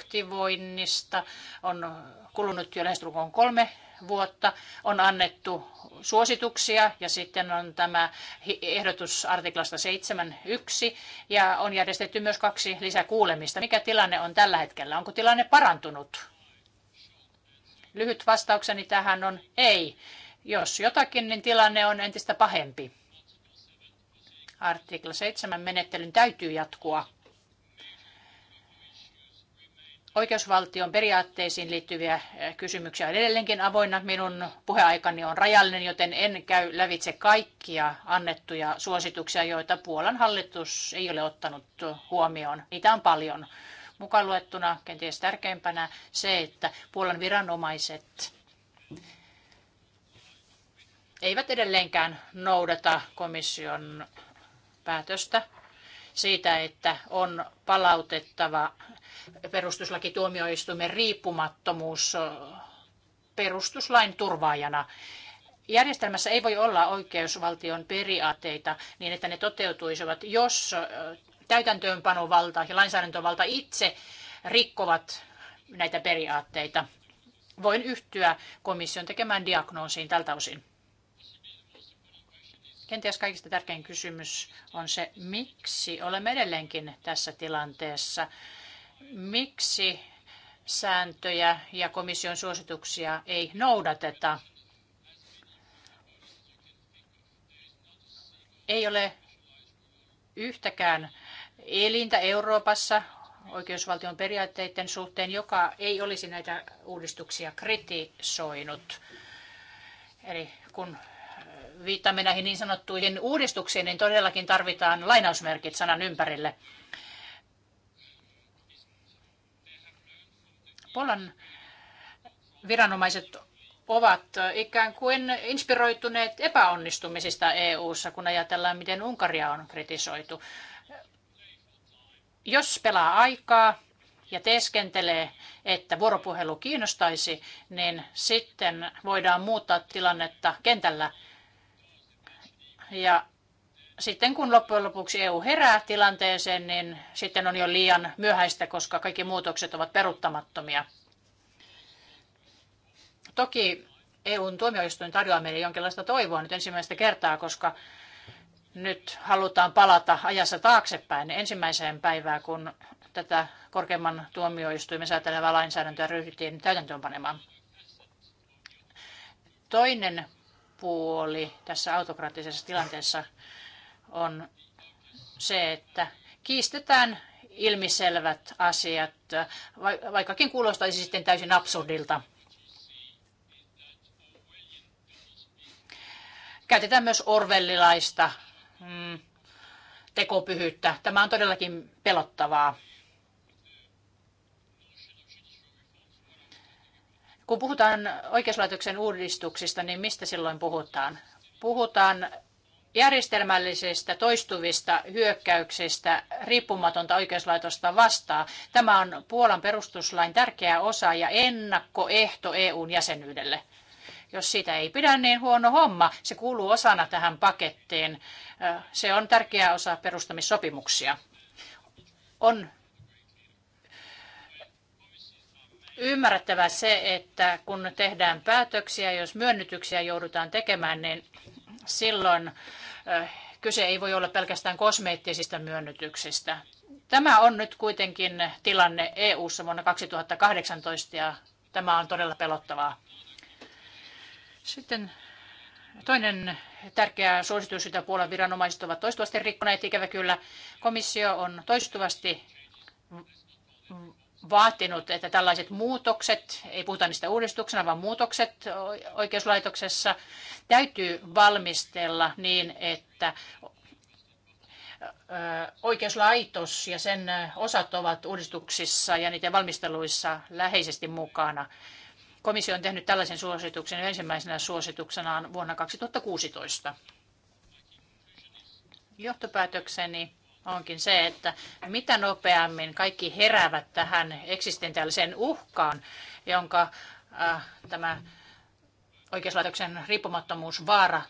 aktivoinnista on kulunut jo lähestulkoon kolme vuotta. On annettu suosituksia ja sitten on tämä ehdotus artiklasta 7.1 ja on järjestetty myös kaksi lisäkuulemista. Mikä tilanne on tällä hetkellä? Onko tilanne parantunut? Lyhyt vastaukseni tähän on ei. Jos jotakin, niin tilanne on entistä pahempi. Artikla 7 menettelyn täytyy jatkua Oikeusvaltion periaatteisiin liittyviä eh, kysymyksiä on edelleenkin avoinna. Minun puheaikani on rajallinen, joten en käy lävitse kaikkia annettuja suosituksia, joita Puolan hallitus ei ole ottanut huomioon. Niitä on paljon. Mukaan luettuna kenties tärkeimpänä se, että Puolan viranomaiset eivät edelleenkään noudata komission päätöstä siitä, että on palautettava perustuslakituomioistuimen riippumattomuus perustuslain turvaajana. Järjestelmässä ei voi olla oikeusvaltion periaatteita niin, että ne toteutuisivat, jos täytäntöönpanovalta ja lainsäädäntövalta itse rikkovat näitä periaatteita. Voin yhtyä komission tekemään diagnoosiin tältä osin. Kenties kaikista tärkein kysymys on se, miksi olemme edelleenkin tässä tilanteessa miksi sääntöjä ja komission suosituksia ei noudateta. Ei ole yhtäkään elintä Euroopassa oikeusvaltion periaatteiden suhteen, joka ei olisi näitä uudistuksia kritisoinut. Eli kun viittaamme näihin niin sanottuihin uudistuksiin, niin todellakin tarvitaan lainausmerkit sanan ympärille. Puolan viranomaiset ovat ikään kuin inspiroituneet epäonnistumisista EU:ssa, kun ajatellaan, miten Unkaria on kritisoitu. Jos pelaa aikaa ja teeskentelee, että vuoropuhelu kiinnostaisi, niin sitten voidaan muuttaa tilannetta kentällä ja sitten kun loppujen lopuksi EU herää tilanteeseen, niin sitten on jo liian myöhäistä, koska kaikki muutokset ovat peruttamattomia. Toki EUn tuomioistuin tarjoaa meille jonkinlaista toivoa nyt ensimmäistä kertaa, koska nyt halutaan palata ajassa taaksepäin ensimmäiseen päivään, kun tätä korkeimman tuomioistuimen säätelevää lainsäädäntöä ryhdyttiin täytäntöönpanemaan. Toinen puoli tässä autokraattisessa tilanteessa on se, että kiistetään ilmiselvät asiat, vaikkakin kuulostaisi sitten täysin absurdilta. Käytetään myös orvellilaista mm, tekopyhyyttä. Tämä on todellakin pelottavaa. Kun puhutaan oikeuslaitoksen uudistuksista, niin mistä silloin puhutaan? Puhutaan järjestelmällisistä toistuvista hyökkäyksistä riippumatonta oikeuslaitosta vastaan. Tämä on Puolan perustuslain tärkeä osa ja ennakkoehto EUn jäsenyydelle. Jos siitä ei pidä, niin huono homma. Se kuuluu osana tähän pakettiin. Se on tärkeä osa perustamissopimuksia. On ymmärrettävä se, että kun tehdään päätöksiä, jos myönnytyksiä joudutaan tekemään, niin silloin kyse ei voi olla pelkästään kosmeettisista myönnytyksistä. Tämä on nyt kuitenkin tilanne EU-ssa vuonna 2018 ja tämä on todella pelottavaa. Sitten toinen tärkeä suositus, jota Puolan viranomaiset ovat toistuvasti rikkoneet, ikävä kyllä. Komissio on toistuvasti vaatinut, että tällaiset muutokset, ei puhuta niistä uudistuksena, vaan muutokset oikeuslaitoksessa täytyy valmistella niin, että oikeuslaitos ja sen osat ovat uudistuksissa ja niiden valmisteluissa läheisesti mukana. Komissio on tehnyt tällaisen suosituksen ensimmäisenä suosituksenaan vuonna 2016. Johtopäätökseni onkin se, että mitä nopeammin kaikki heräävät tähän eksistentiaaliseen uhkaan, jonka äh, tämä oikeuslaitoksen riippumattomuusvaara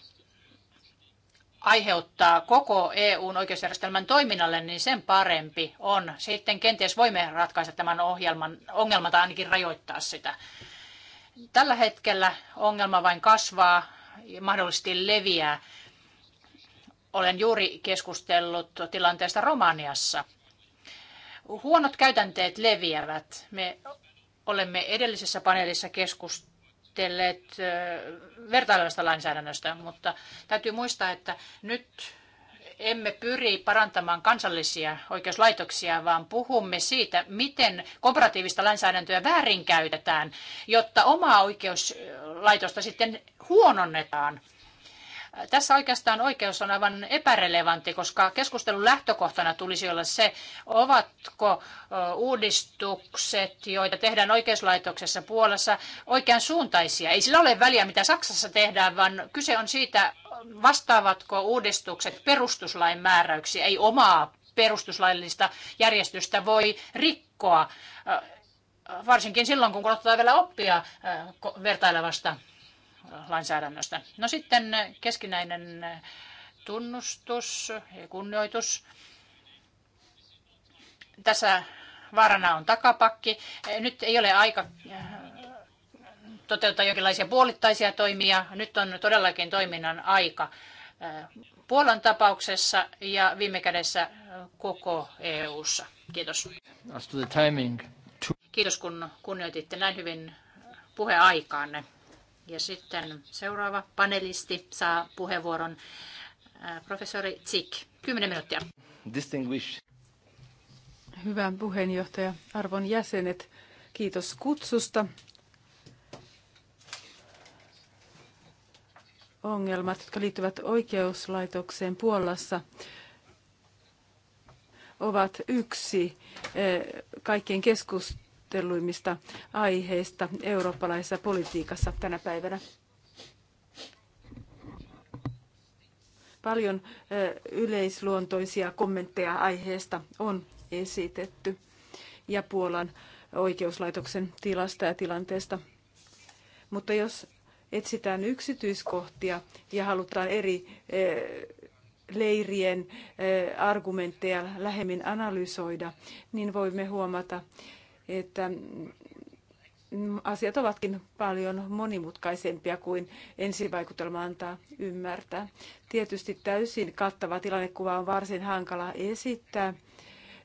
aiheuttaa koko EUn oikeusjärjestelmän toiminnalle, niin sen parempi on. Sitten kenties voimme ratkaista tämän ohjelman, ongelman tai ainakin rajoittaa sitä. Tällä hetkellä ongelma vain kasvaa ja mahdollisesti leviää. Olen juuri keskustellut tilanteesta Romaniassa. Huonot käytänteet leviävät. Me olemme edellisessä paneelissa keskustelleet vertailevasta lainsäädännöstä, mutta täytyy muistaa, että nyt emme pyri parantamaan kansallisia oikeuslaitoksia, vaan puhumme siitä, miten komparatiivista lainsäädäntöä väärinkäytetään, jotta omaa oikeuslaitosta sitten huononnetaan. Tässä oikeastaan oikeus on aivan epärelevantti, koska keskustelun lähtökohtana tulisi olla se, ovatko uudistukset, joita tehdään oikeuslaitoksessa Puolassa, oikean suuntaisia. Ei sillä ole väliä, mitä Saksassa tehdään, vaan kyse on siitä, vastaavatko uudistukset perustuslain määräyksiä, ei omaa perustuslaillista järjestystä voi rikkoa, varsinkin silloin, kun ottaa vielä oppia vertailevasta lainsäädännöstä. No sitten keskinäinen tunnustus ja kunnioitus. Tässä vaarana on takapakki. Nyt ei ole aika äh, toteuttaa jonkinlaisia puolittaisia toimia. Nyt on todellakin toiminnan aika äh, Puolan tapauksessa ja viime kädessä äh, koko EU:ssa. Kiitos. Kiitos kun kunnioititte näin hyvin puheaikaanne. Ja sitten seuraava panelisti saa puheenvuoron äh, professori Zick. 10 minuuttia. Hyvän Hyvä puheenjohtaja, arvon jäsenet, kiitos kutsusta. Ongelmat, jotka liittyvät oikeuslaitokseen Puolassa, ovat yksi eh, kaikkien keskusteluun puhutteluimmista aiheista eurooppalaisessa politiikassa tänä päivänä. Paljon yleisluontoisia kommentteja aiheesta on esitetty ja Puolan oikeuslaitoksen tilasta ja tilanteesta. Mutta jos etsitään yksityiskohtia ja halutaan eri leirien argumentteja lähemmin analysoida, niin voimme huomata, että asiat ovatkin paljon monimutkaisempia kuin ensivaikutelma antaa ymmärtää. Tietysti täysin kattava tilannekuva on varsin hankala esittää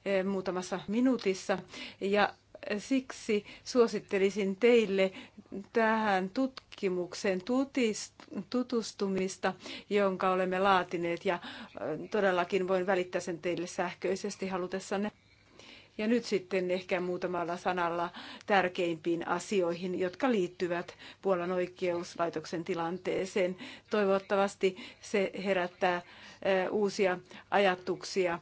eh, muutamassa minuutissa ja siksi suosittelisin teille tähän tutkimukseen tutustumista, jonka olemme laatineet ja eh, todellakin voin välittää sen teille sähköisesti halutessanne. Ja nyt sitten ehkä muutamalla sanalla tärkeimpiin asioihin, jotka liittyvät Puolan oikeuslaitoksen tilanteeseen. Toivottavasti se herättää uusia ajatuksia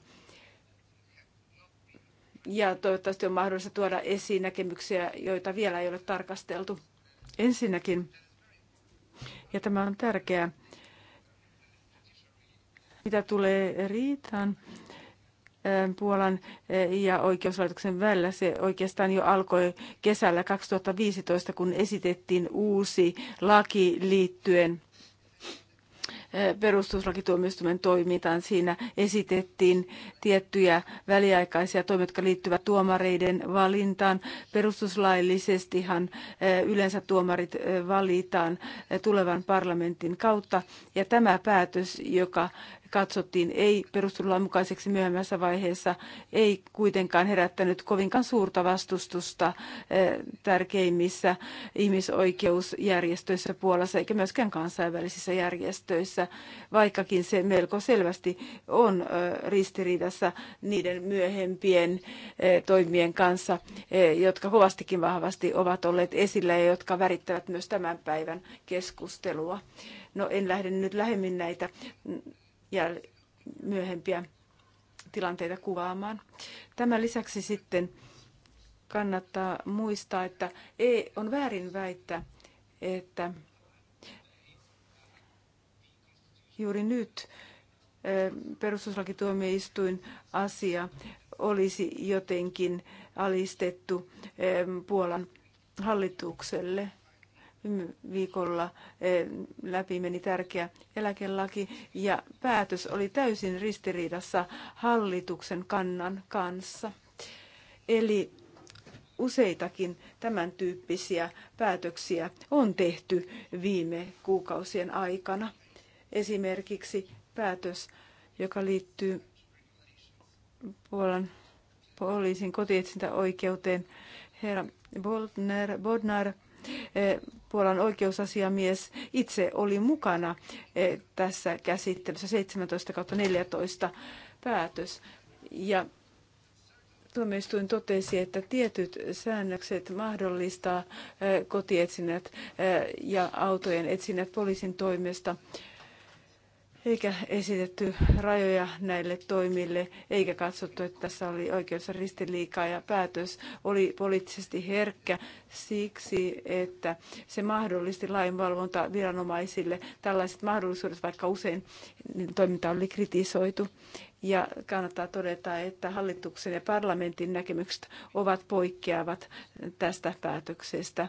ja toivottavasti on mahdollista tuoda esiin näkemyksiä, joita vielä ei ole tarkasteltu. Ensinnäkin, ja tämä on tärkeää, mitä tulee riitaan, Puolan ja oikeuslaitoksen välillä. Se oikeastaan jo alkoi kesällä 2015, kun esitettiin uusi laki liittyen perustuslakituomioistuimen toimintaan. Siinä esitettiin tiettyjä väliaikaisia toimia, jotka liittyvät tuomareiden valintaan. Perustuslaillisestihan yleensä tuomarit valitaan tulevan parlamentin kautta. Ja tämä päätös, joka katsottiin ei perustuslain mukaiseksi myöhemmässä vaiheessa, ei kuitenkaan herättänyt kovinkaan suurta vastustusta eh, tärkeimmissä ihmisoikeusjärjestöissä Puolassa eikä myöskään kansainvälisissä järjestöissä, vaikkakin se melko selvästi on eh, ristiriidassa niiden myöhempien eh, toimien kanssa, jotka kovastikin vahvasti ovat olleet esillä ja jotka värittävät myös tämän päivän keskustelua. No en lähde nyt lähemmin näitä mm, jäl- myöhempiä tilanteita kuvaamaan. Tämän lisäksi sitten kannattaa muistaa, että ei, on väärin väittää, että juuri nyt perustuslakituomioistuin asia olisi jotenkin alistettu Puolan hallitukselle viikolla eh, läpi meni tärkeä eläkelaki ja päätös oli täysin ristiriidassa hallituksen kannan kanssa. Eli useitakin tämän tyyppisiä päätöksiä on tehty viime kuukausien aikana. Esimerkiksi päätös, joka liittyy Puolan poliisin kotietsintäoikeuteen. Herra Bodnar, Bodnar eh, Puolan oikeusasiamies itse oli mukana eh, tässä käsittelyssä 17-14 päätös. Ja tuomioistuin totesi, että tietyt säännökset mahdollistaa eh, kotietsinnät eh, ja autojen etsinnät poliisin toimesta – eikä esitetty rajoja näille toimille, eikä katsottu, että tässä oli oikeus ristiliikaa ja päätös oli poliittisesti herkkä siksi, että se mahdollisti lainvalvonta viranomaisille tällaiset mahdollisuudet, vaikka usein niin toiminta oli kritisoitu. Ja kannattaa todeta, että hallituksen ja parlamentin näkemykset ovat poikkeavat tästä päätöksestä.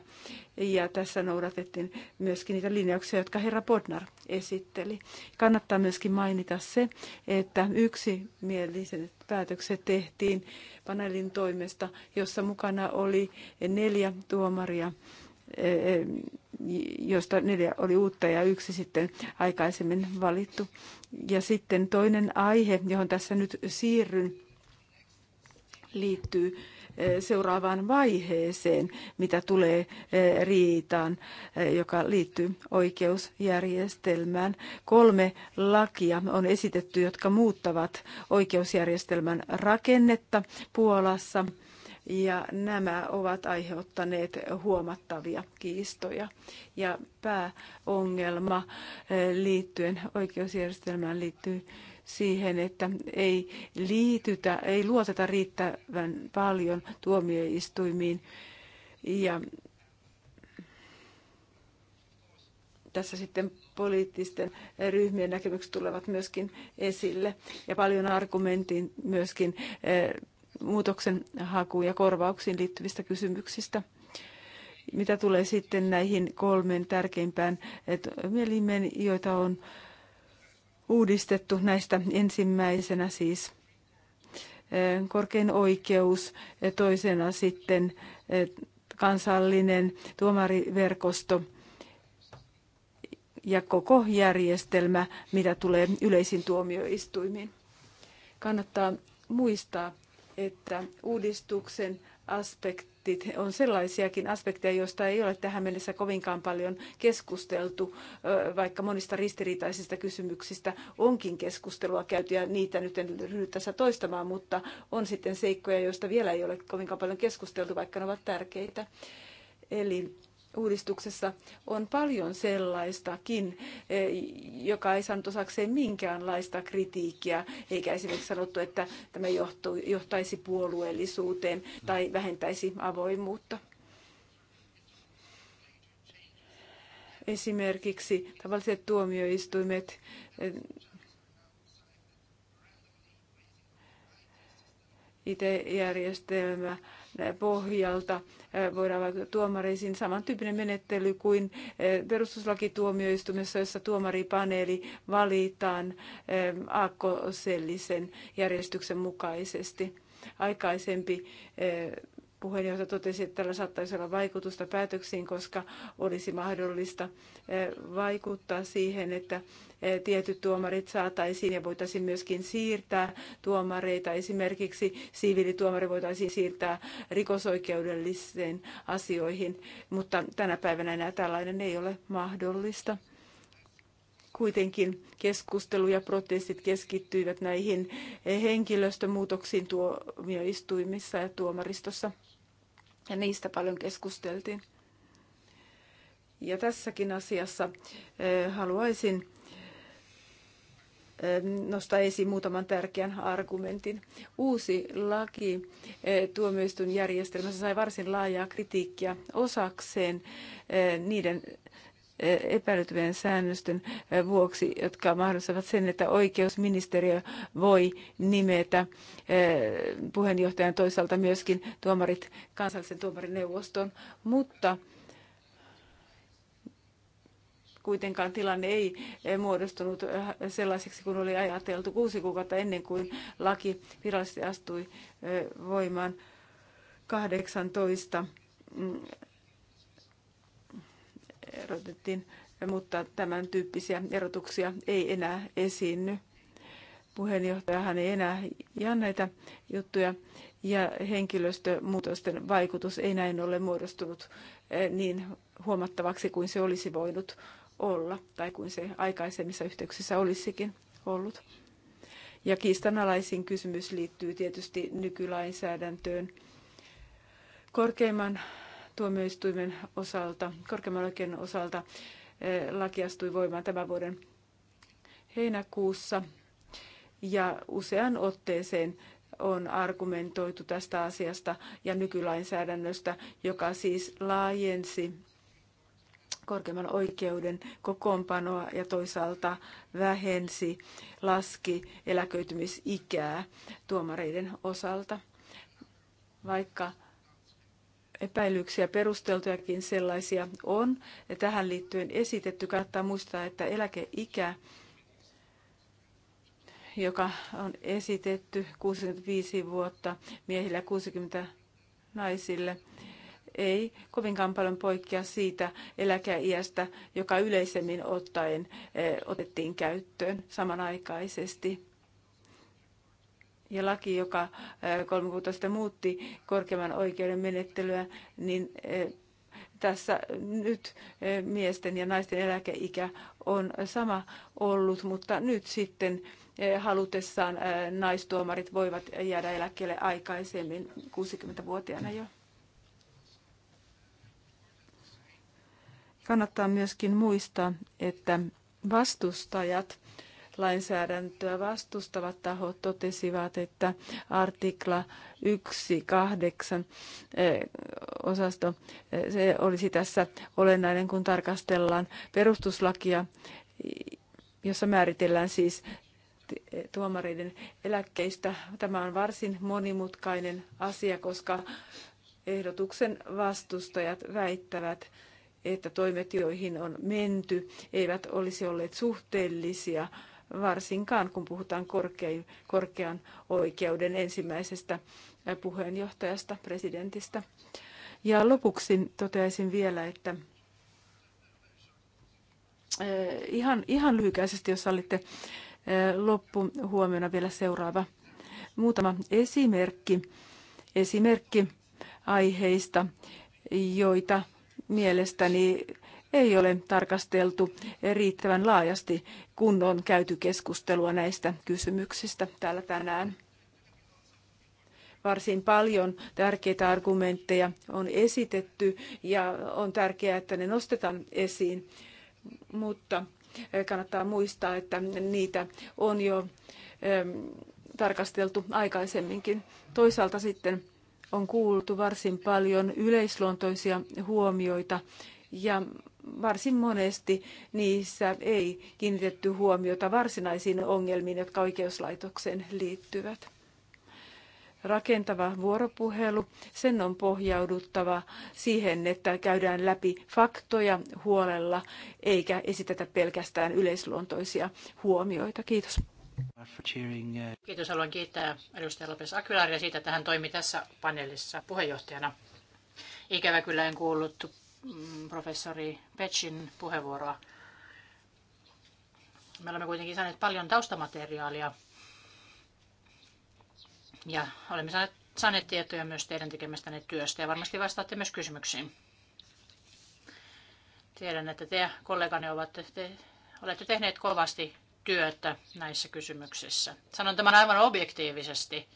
Ja tässä noudatettiin myöskin niitä linjauksia, jotka herra Bodnar esitteli. Kannattaa myöskin mainita se, että yksimieliset päätökset tehtiin paneelin toimesta, jossa mukana oli neljä tuomaria josta neljä oli uutta ja yksi sitten aikaisemmin valittu. Ja sitten toinen aihe, johon tässä nyt siirryn, liittyy seuraavaan vaiheeseen, mitä tulee riitaan, joka liittyy oikeusjärjestelmään. Kolme lakia on esitetty, jotka muuttavat oikeusjärjestelmän rakennetta Puolassa – ja nämä ovat aiheuttaneet huomattavia kiistoja. Ja pääongelma eh, liittyen oikeusjärjestelmään liittyy siihen, että ei liitytä, ei luoteta riittävän paljon tuomioistuimiin ja tässä sitten poliittisten ryhmien näkemykset tulevat myöskin esille. Ja paljon argumentin myöskin eh, muutoksen hakuun ja korvauksiin liittyvistä kysymyksistä. Mitä tulee sitten näihin kolmeen tärkeimpään mielimeen, joita on uudistettu näistä ensimmäisenä siis e, korkein oikeus, e, toisena sitten e, kansallinen tuomariverkosto ja koko järjestelmä, mitä tulee yleisiin tuomioistuimiin. Kannattaa muistaa, että uudistuksen aspektit on sellaisiakin aspekteja, joista ei ole tähän mennessä kovinkaan paljon keskusteltu, vaikka monista ristiriitaisista kysymyksistä onkin keskustelua käyty ja niitä nyt en ryhdy tässä toistamaan, mutta on sitten seikkoja, joista vielä ei ole kovinkaan paljon keskusteltu, vaikka ne ovat tärkeitä. Eli uudistuksessa on paljon sellaistakin, e, joka ei saanut osakseen minkäänlaista kritiikkiä, eikä esimerkiksi sanottu, että tämä johtaisi puolueellisuuteen tai vähentäisi avoimuutta. Esimerkiksi tavalliset tuomioistuimet e, IT-järjestelmä pohjalta voidaan vaikka tuomareisiin. Samantyyppinen menettely kuin perustuslakituomioistuimessa, jossa tuomaripaneeli valitaan aakkosellisen järjestyksen mukaisesti. Aikaisempi puheenjohtaja totesi, että tällä saattaisi olla vaikutusta päätöksiin, koska olisi mahdollista eh, vaikuttaa siihen, että eh, tietyt tuomarit saataisiin ja voitaisiin myöskin siirtää tuomareita. Esimerkiksi siviilituomari voitaisiin siirtää rikosoikeudellisiin asioihin, mutta tänä päivänä enää tällainen ei ole mahdollista kuitenkin keskustelu ja protestit keskittyivät näihin eh, henkilöstömuutoksiin tuomioistuimissa ja tuomaristossa ja niistä paljon keskusteltiin. Ja tässäkin asiassa eh, haluaisin eh, nostaa esiin muutaman tärkeän argumentin. Uusi laki eh, tuomioistuinjärjestelmässä sai varsin laajaa kritiikkiä osakseen niiden E, epäilyttävien säännösten e, vuoksi, jotka mahdollistavat sen, että oikeusministeriö voi nimetä e, puheenjohtajan toisaalta myöskin tuomarit kansallisen tuomarineuvoston, mutta kuitenkaan tilanne ei muodostunut sellaiseksi kuin oli ajateltu kuusi kuukautta ennen kuin laki virallisesti astui voimaan 18 erotettiin, mutta tämän tyyppisiä erotuksia ei enää esiinny. Puheenjohtajahan ei enää ja näitä juttuja ja henkilöstömuutosten vaikutus ei näin ole muodostunut eh, niin huomattavaksi kuin se olisi voinut olla tai kuin se aikaisemmissa yhteyksissä olisikin ollut. Ja kiistanalaisin kysymys liittyy tietysti nykylainsäädäntöön. Korkeimman tuomioistuimen osalta, korkeimman oikeuden osalta eh, laki astui voimaan tämän vuoden heinäkuussa ja usean otteeseen on argumentoitu tästä asiasta ja nykylainsäädännöstä, joka siis laajensi korkeimman oikeuden kokoonpanoa ja toisaalta vähensi, laski eläköitymisikää tuomareiden osalta. Vaikka epäilyksiä, perusteltujakin sellaisia on tähän liittyen esitetty. Kannattaa muistaa, että eläkeikä, joka on esitetty 65 vuotta miehillä 60 naisille, ei kovinkaan paljon poikkea siitä eläkeiästä, joka yleisemmin ottaen eh, otettiin käyttöön samanaikaisesti ja laki, joka äh, kolme sitten muutti korkeimman oikeuden menettelyä, niin äh, tässä nyt äh, miesten ja naisten eläkeikä on sama ollut, mutta nyt sitten halutessaan naistuomarit voivat jäädä eläkkeelle aikaisemmin 60-vuotiaana jo. Kannattaa myöskin muistaa, että vastustajat lainsäädäntöä vastustavat tahot totesivat, että artikla 1.8 eh, osasto eh, se olisi tässä olennainen, kun tarkastellaan perustuslakia, jossa määritellään siis tuomareiden eläkkeistä. Tämä on varsin monimutkainen asia, koska ehdotuksen vastustajat väittävät, että toimet, joihin on menty, eivät olisi olleet suhteellisia varsinkaan kun puhutaan korkein, korkean oikeuden ensimmäisestä puheenjohtajasta, presidentistä. Ja lopuksi toteaisin vielä, että ihan, ihan lyhykäisesti, jos sallitte loppuhuomiona vielä seuraava muutama esimerkki, esimerkki aiheista, joita mielestäni ei ole tarkasteltu riittävän laajasti, kun on käyty keskustelua näistä kysymyksistä täällä tänään. Varsin paljon tärkeitä argumentteja on esitetty ja on tärkeää, että ne nostetaan esiin, mutta eh, kannattaa muistaa, että niitä on jo tarkasteltu aikaisemminkin. Toisaalta sitten on kuultu varsin paljon yleisluontoisia huomioita ja varsin monesti niissä ei kiinnitetty huomiota varsinaisiin ongelmiin, jotka oikeuslaitokseen liittyvät. Rakentava vuoropuhelu, sen on pohjauduttava siihen, että käydään läpi faktoja huolella eikä esitetä pelkästään yleisluontoisia huomioita. Kiitos. Kiitos. Haluan kiittää edustaja Lopes Akylaria siitä, että hän toimi tässä paneelissa puheenjohtajana. Ikävä kyllä en kuullut Mm, professori Petsin puheenvuoroa. Me olemme kuitenkin saaneet paljon taustamateriaalia ja olemme saaneet, saaneet tietoja myös teidän tekemästänne työstä ja varmasti vastaatte myös kysymyksiin. Tiedän, että te kollegani ovat, te, olette tehneet kovasti työtä näissä kysymyksissä. Sanon tämän aivan objektiivisesti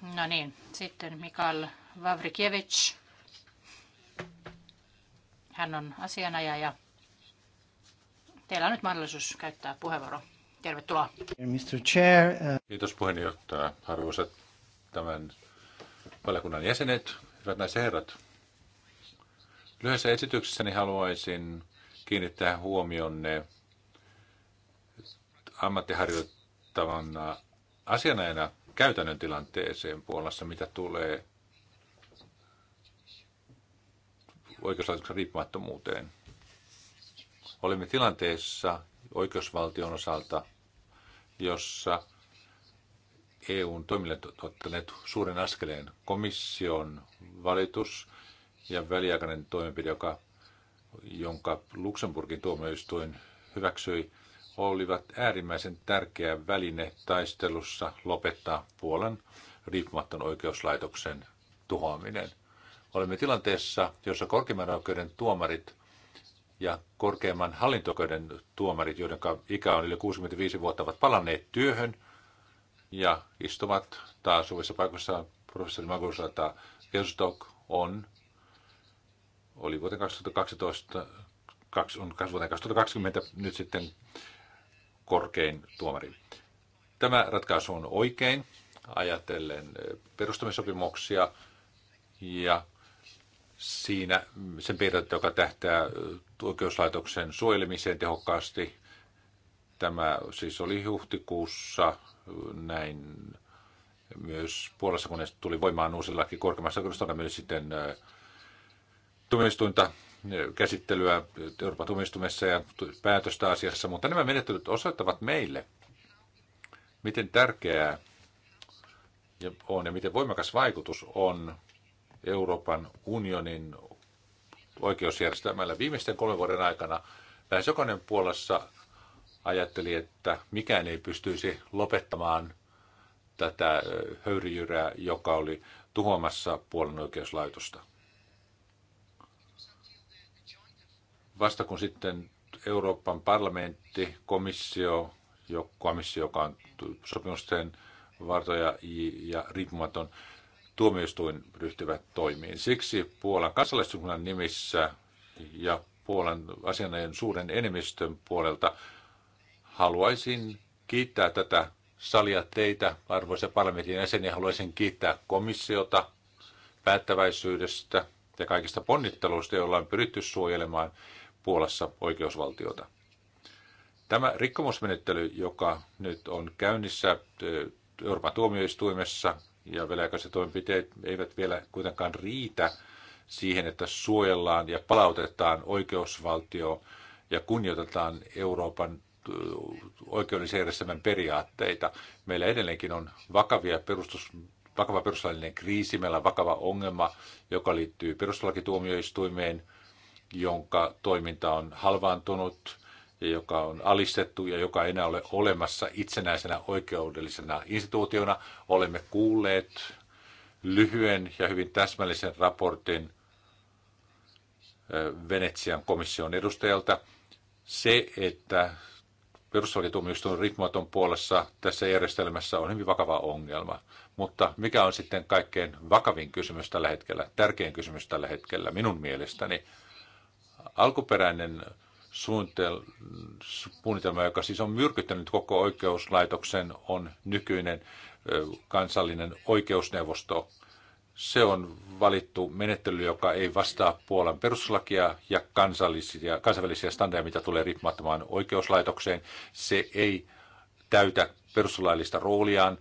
No niin, sitten Mikael Vavrikievic, Hän on asianajaja. Teillä on nyt mahdollisuus käyttää puheenvuoro. Tervetuloa. Mr. Chair, uh... Kiitos puheenjohtaja. Arvoisat tämän valiokunnan jäsenet, hyvät naiset herrat. Lyhyessä esityksessäni haluaisin kiinnittää huomionne ammattiharjoittavana asianajana käytännön tilanteeseen Puolassa, mitä tulee oikeuslaitoksen riippumattomuuteen. Olimme tilanteessa oikeusvaltion osalta, jossa EUn toimille ottaneet suuren askeleen komission valitus ja väliaikainen toimenpide, joka, jonka Luxemburgin tuomioistuin hyväksyi, olivat äärimmäisen tärkeä väline taistelussa lopettaa Puolan riippumaton oikeuslaitoksen tuhoaminen. Olemme tilanteessa, jossa korkeimman oikeuden tuomarit ja korkeimman hallinto tuomarit, joiden ikä on yli 65 vuotta, ovat palanneet työhön ja istuvat taas uudessa paikassa. Professori Magusata Gelsdok on, oli vuoteen 2012 on vuoteen 2020 nyt sitten korkein tuomari. Tämä ratkaisu on oikein ajatellen eh, perustamissopimuksia ja siinä sen piirteet, joka tähtää eh, oikeuslaitoksen suojelemiseen tehokkaasti. Tämä siis oli huhtikuussa eh, näin myös Puolassa, kun tuli voimaan uusi laki korkeimmassa oikeudessa, myös sitten tuomioistuinta käsittelyä Euroopan tuomioistuimessa ja päätöstä asiassa, mutta nämä menettelyt osoittavat meille, miten tärkeää on ja miten voimakas vaikutus on Euroopan unionin oikeusjärjestelmällä. Viimeisten kolmen vuoden aikana lähes jokainen Puolassa ajatteli, että mikään ei pystyisi lopettamaan tätä höyryjyrää, joka oli tuhoamassa puolen oikeuslaitosta. vasta kun sitten Euroopan parlamentti, komissio, jo, komissio joka on sopimusten vartoja ja riippumaton tuomioistuin ryhtyvät toimiin. Siksi Puolan kansalaistunnan nimissä ja Puolan asianajan suuren enemmistön puolelta haluaisin kiittää tätä salia teitä, arvoisa parlamentin jäseniä. Haluaisin kiittää komissiota päättäväisyydestä ja kaikista ponnitteluista, joilla on pyritty suojelemaan Puolassa oikeusvaltiota. Tämä rikkomusmenettely, joka nyt on käynnissä Euroopan tuomioistuimessa ja väliaikaiset toimenpiteet eivät vielä kuitenkaan riitä siihen, että suojellaan ja palautetaan oikeusvaltio ja kunnioitetaan Euroopan oikeudellisen järjestelmän periaatteita. Meillä edelleenkin on vakavia perustus, vakava perustuslaillinen kriisi, meillä on vakava ongelma, joka liittyy perustuslakituomioistuimeen – jonka toiminta on halvaantunut ja joka on alistettu ja joka ei enää ole olemassa itsenäisenä oikeudellisena instituutiona. Olemme kuulleet lyhyen ja hyvin täsmällisen raportin Venetsian komission edustajalta. Se, että perustuslakituomioistuin rikmoton puolessa tässä järjestelmässä on hyvin vakava ongelma. Mutta mikä on sitten kaikkein vakavin kysymys tällä hetkellä, tärkein kysymys tällä hetkellä minun mielestäni, alkuperäinen suunnitelma, joka siis on myrkyttänyt koko oikeuslaitoksen, on nykyinen kansallinen oikeusneuvosto. Se on valittu menettely, joka ei vastaa Puolan perustuslakia ja kansallisia, kansainvälisiä standardeja, mitä tulee riippumattomaan oikeuslaitokseen. Se ei täytä perustuslaillista rooliaan.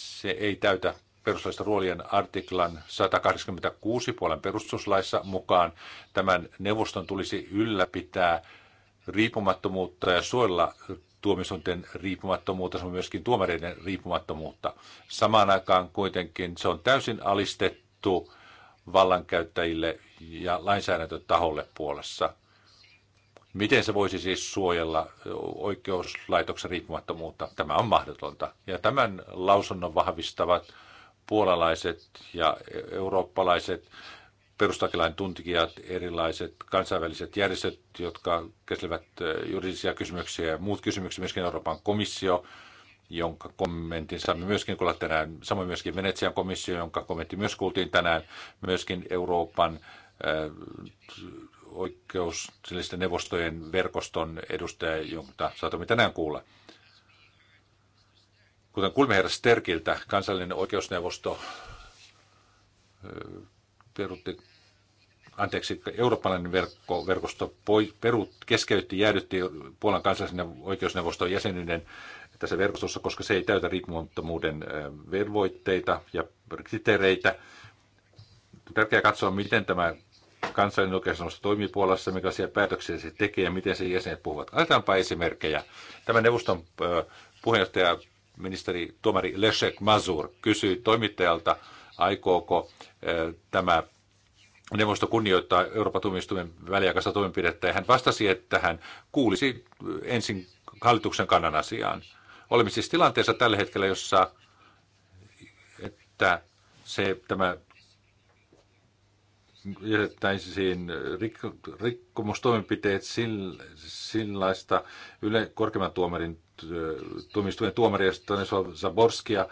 Se ei täytä perustuslaista ruolien artiklan 186 puolen perustuslaissa mukaan tämän neuvoston tulisi ylläpitää riippumattomuutta ja suojella tuomioistuinten riippumattomuutta, se on myöskin tuomareiden riippumattomuutta. Samaan aikaan kuitenkin se on täysin alistettu vallankäyttäjille ja lainsäädäntötaholle puolessa. Miten se voisi siis suojella oikeuslaitoksen riippumattomuutta? Tämä on mahdotonta. Ja tämän lausunnon vahvistavat puolalaiset ja eurooppalaiset perustakilain tuntijat, erilaiset kansainväliset järjestöt, jotka käsittelevät juridisia kysymyksiä ja muut kysymykset, myöskin Euroopan komissio, jonka kommentin saimme myöskin kuulla tänään, samoin myöskin Venetsian komissio, jonka kommentti myös kuultiin tänään, myöskin Euroopan oikeus neuvostojen verkoston edustaja, jonka saatamme tänään kuulla. Kuten kuulimme herra Sterkiltä, kansallinen oikeusneuvosto perutti, anteeksi, eurooppalainen verkko, verkosto perut, keskeytti, jäädytti Puolan kansallisen oikeusneuvoston jäsenyyden tässä verkostossa, koska se ei täytä riippumattomuuden velvoitteita ja kriteereitä. Tärkeää katsoa, miten tämä kansallinen oikeusneuvosto toimii Puolassa, millaisia päätöksiä se tekee ja miten se jäsenet puhuvat. Otetaanpa esimerkkejä. Tämä neuvoston puheenjohtaja Ministeri tuomari Leszek Mazur kysyi toimittajalta, aikooko eh, tämä neuvosto kunnioittaa Euroopan tuomioistuimen väliaikaista toimenpidettä, ja hän vastasi, että hän kuulisi eh, ensin hallituksen kannan asiaan. Olemme siis tilanteessa tällä hetkellä, jossa että se, tämä jätettäisiin rikko, rikkomustoimenpiteet sillä, sillaista yle, korkeimman tuomarin tuomioistuimen tuomaria Zaborskia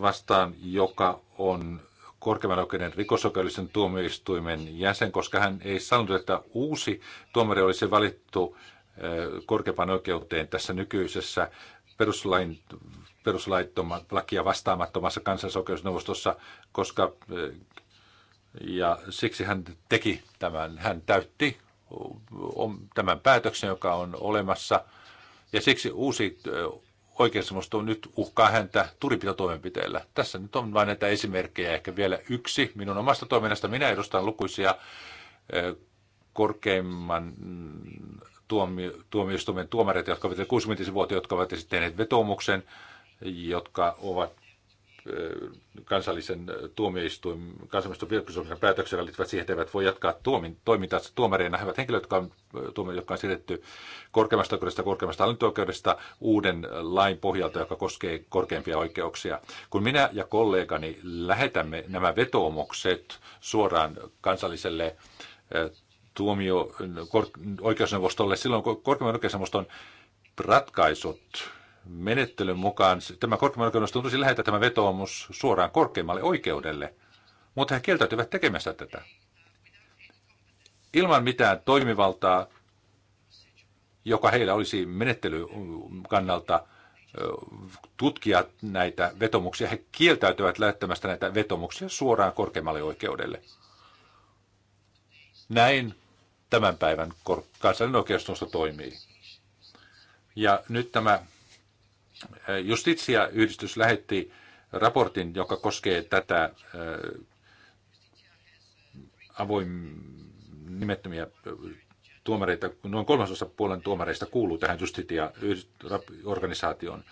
vastaan, joka on korkeimman oikeuden rikosoikeudellisen tuomioistuimen jäsen, koska hän ei sanonut, että uusi tuomari olisi valittu eh, korkeimman oikeuteen tässä nykyisessä peruslain, peruslaittoman lakia vastaamattomassa kansallisoikeusneuvostossa, koska eh, ja siksi hän teki tämän, hän täytti tämän päätöksen, joka on olemassa. Ja siksi uusi oikeusmusto nyt uhkaa häntä turipitotoimenpiteellä. Tässä nyt on vain näitä esimerkkejä, ehkä vielä yksi minun omasta toiminnasta. Minä edustan lukuisia korkeimman tuomio, tuomioistuimen tuomareita, jotka ovat 60-vuotiaita, jotka ovat esittäneet vetoomuksen, jotka ovat Eh, kansallisen eh, tuomioistuin, kansallisen virkkusopimusopimuksen päätöksellä liittyvät siihen, että eivät voi jatkaa tuomin, toimintaansa tuomareina. He ovat henkilöt, jotka on, eh, tuomio, jotka on siirretty korkeammasta oikeudesta korkeammasta hallinto-oikeudesta uuden lain pohjalta, joka koskee korkeimpia oikeuksia. Kun minä ja kollegani lähetämme nämä vetoomukset suoraan kansalliselle tuomio, oikeusneuvostolle, silloin korkeimman oikeusneuvoston ratkaisut menettelyn mukaan tämä korkeimman oikeuden tuntuisi lähettää tämä vetoomus suoraan korkeimmalle oikeudelle, mutta he kieltäytyvät tekemästä tätä. Ilman mitään toimivaltaa, joka heillä olisi menettelyn kannalta tutkia näitä vetomuksia, he kieltäytyvät lähettämästä näitä vetomuksia suoraan korkeimmalle oikeudelle. Näin tämän päivän kansallinen oikeustunto toimii. Ja nyt tämä Justitia-yhdistys lähetti raportin, joka koskee tätä äh, avoin nimettömiä äh, tuomareita. Noin kolmasosa puolen tuomareista kuuluu tähän Justitia-organisaatioon.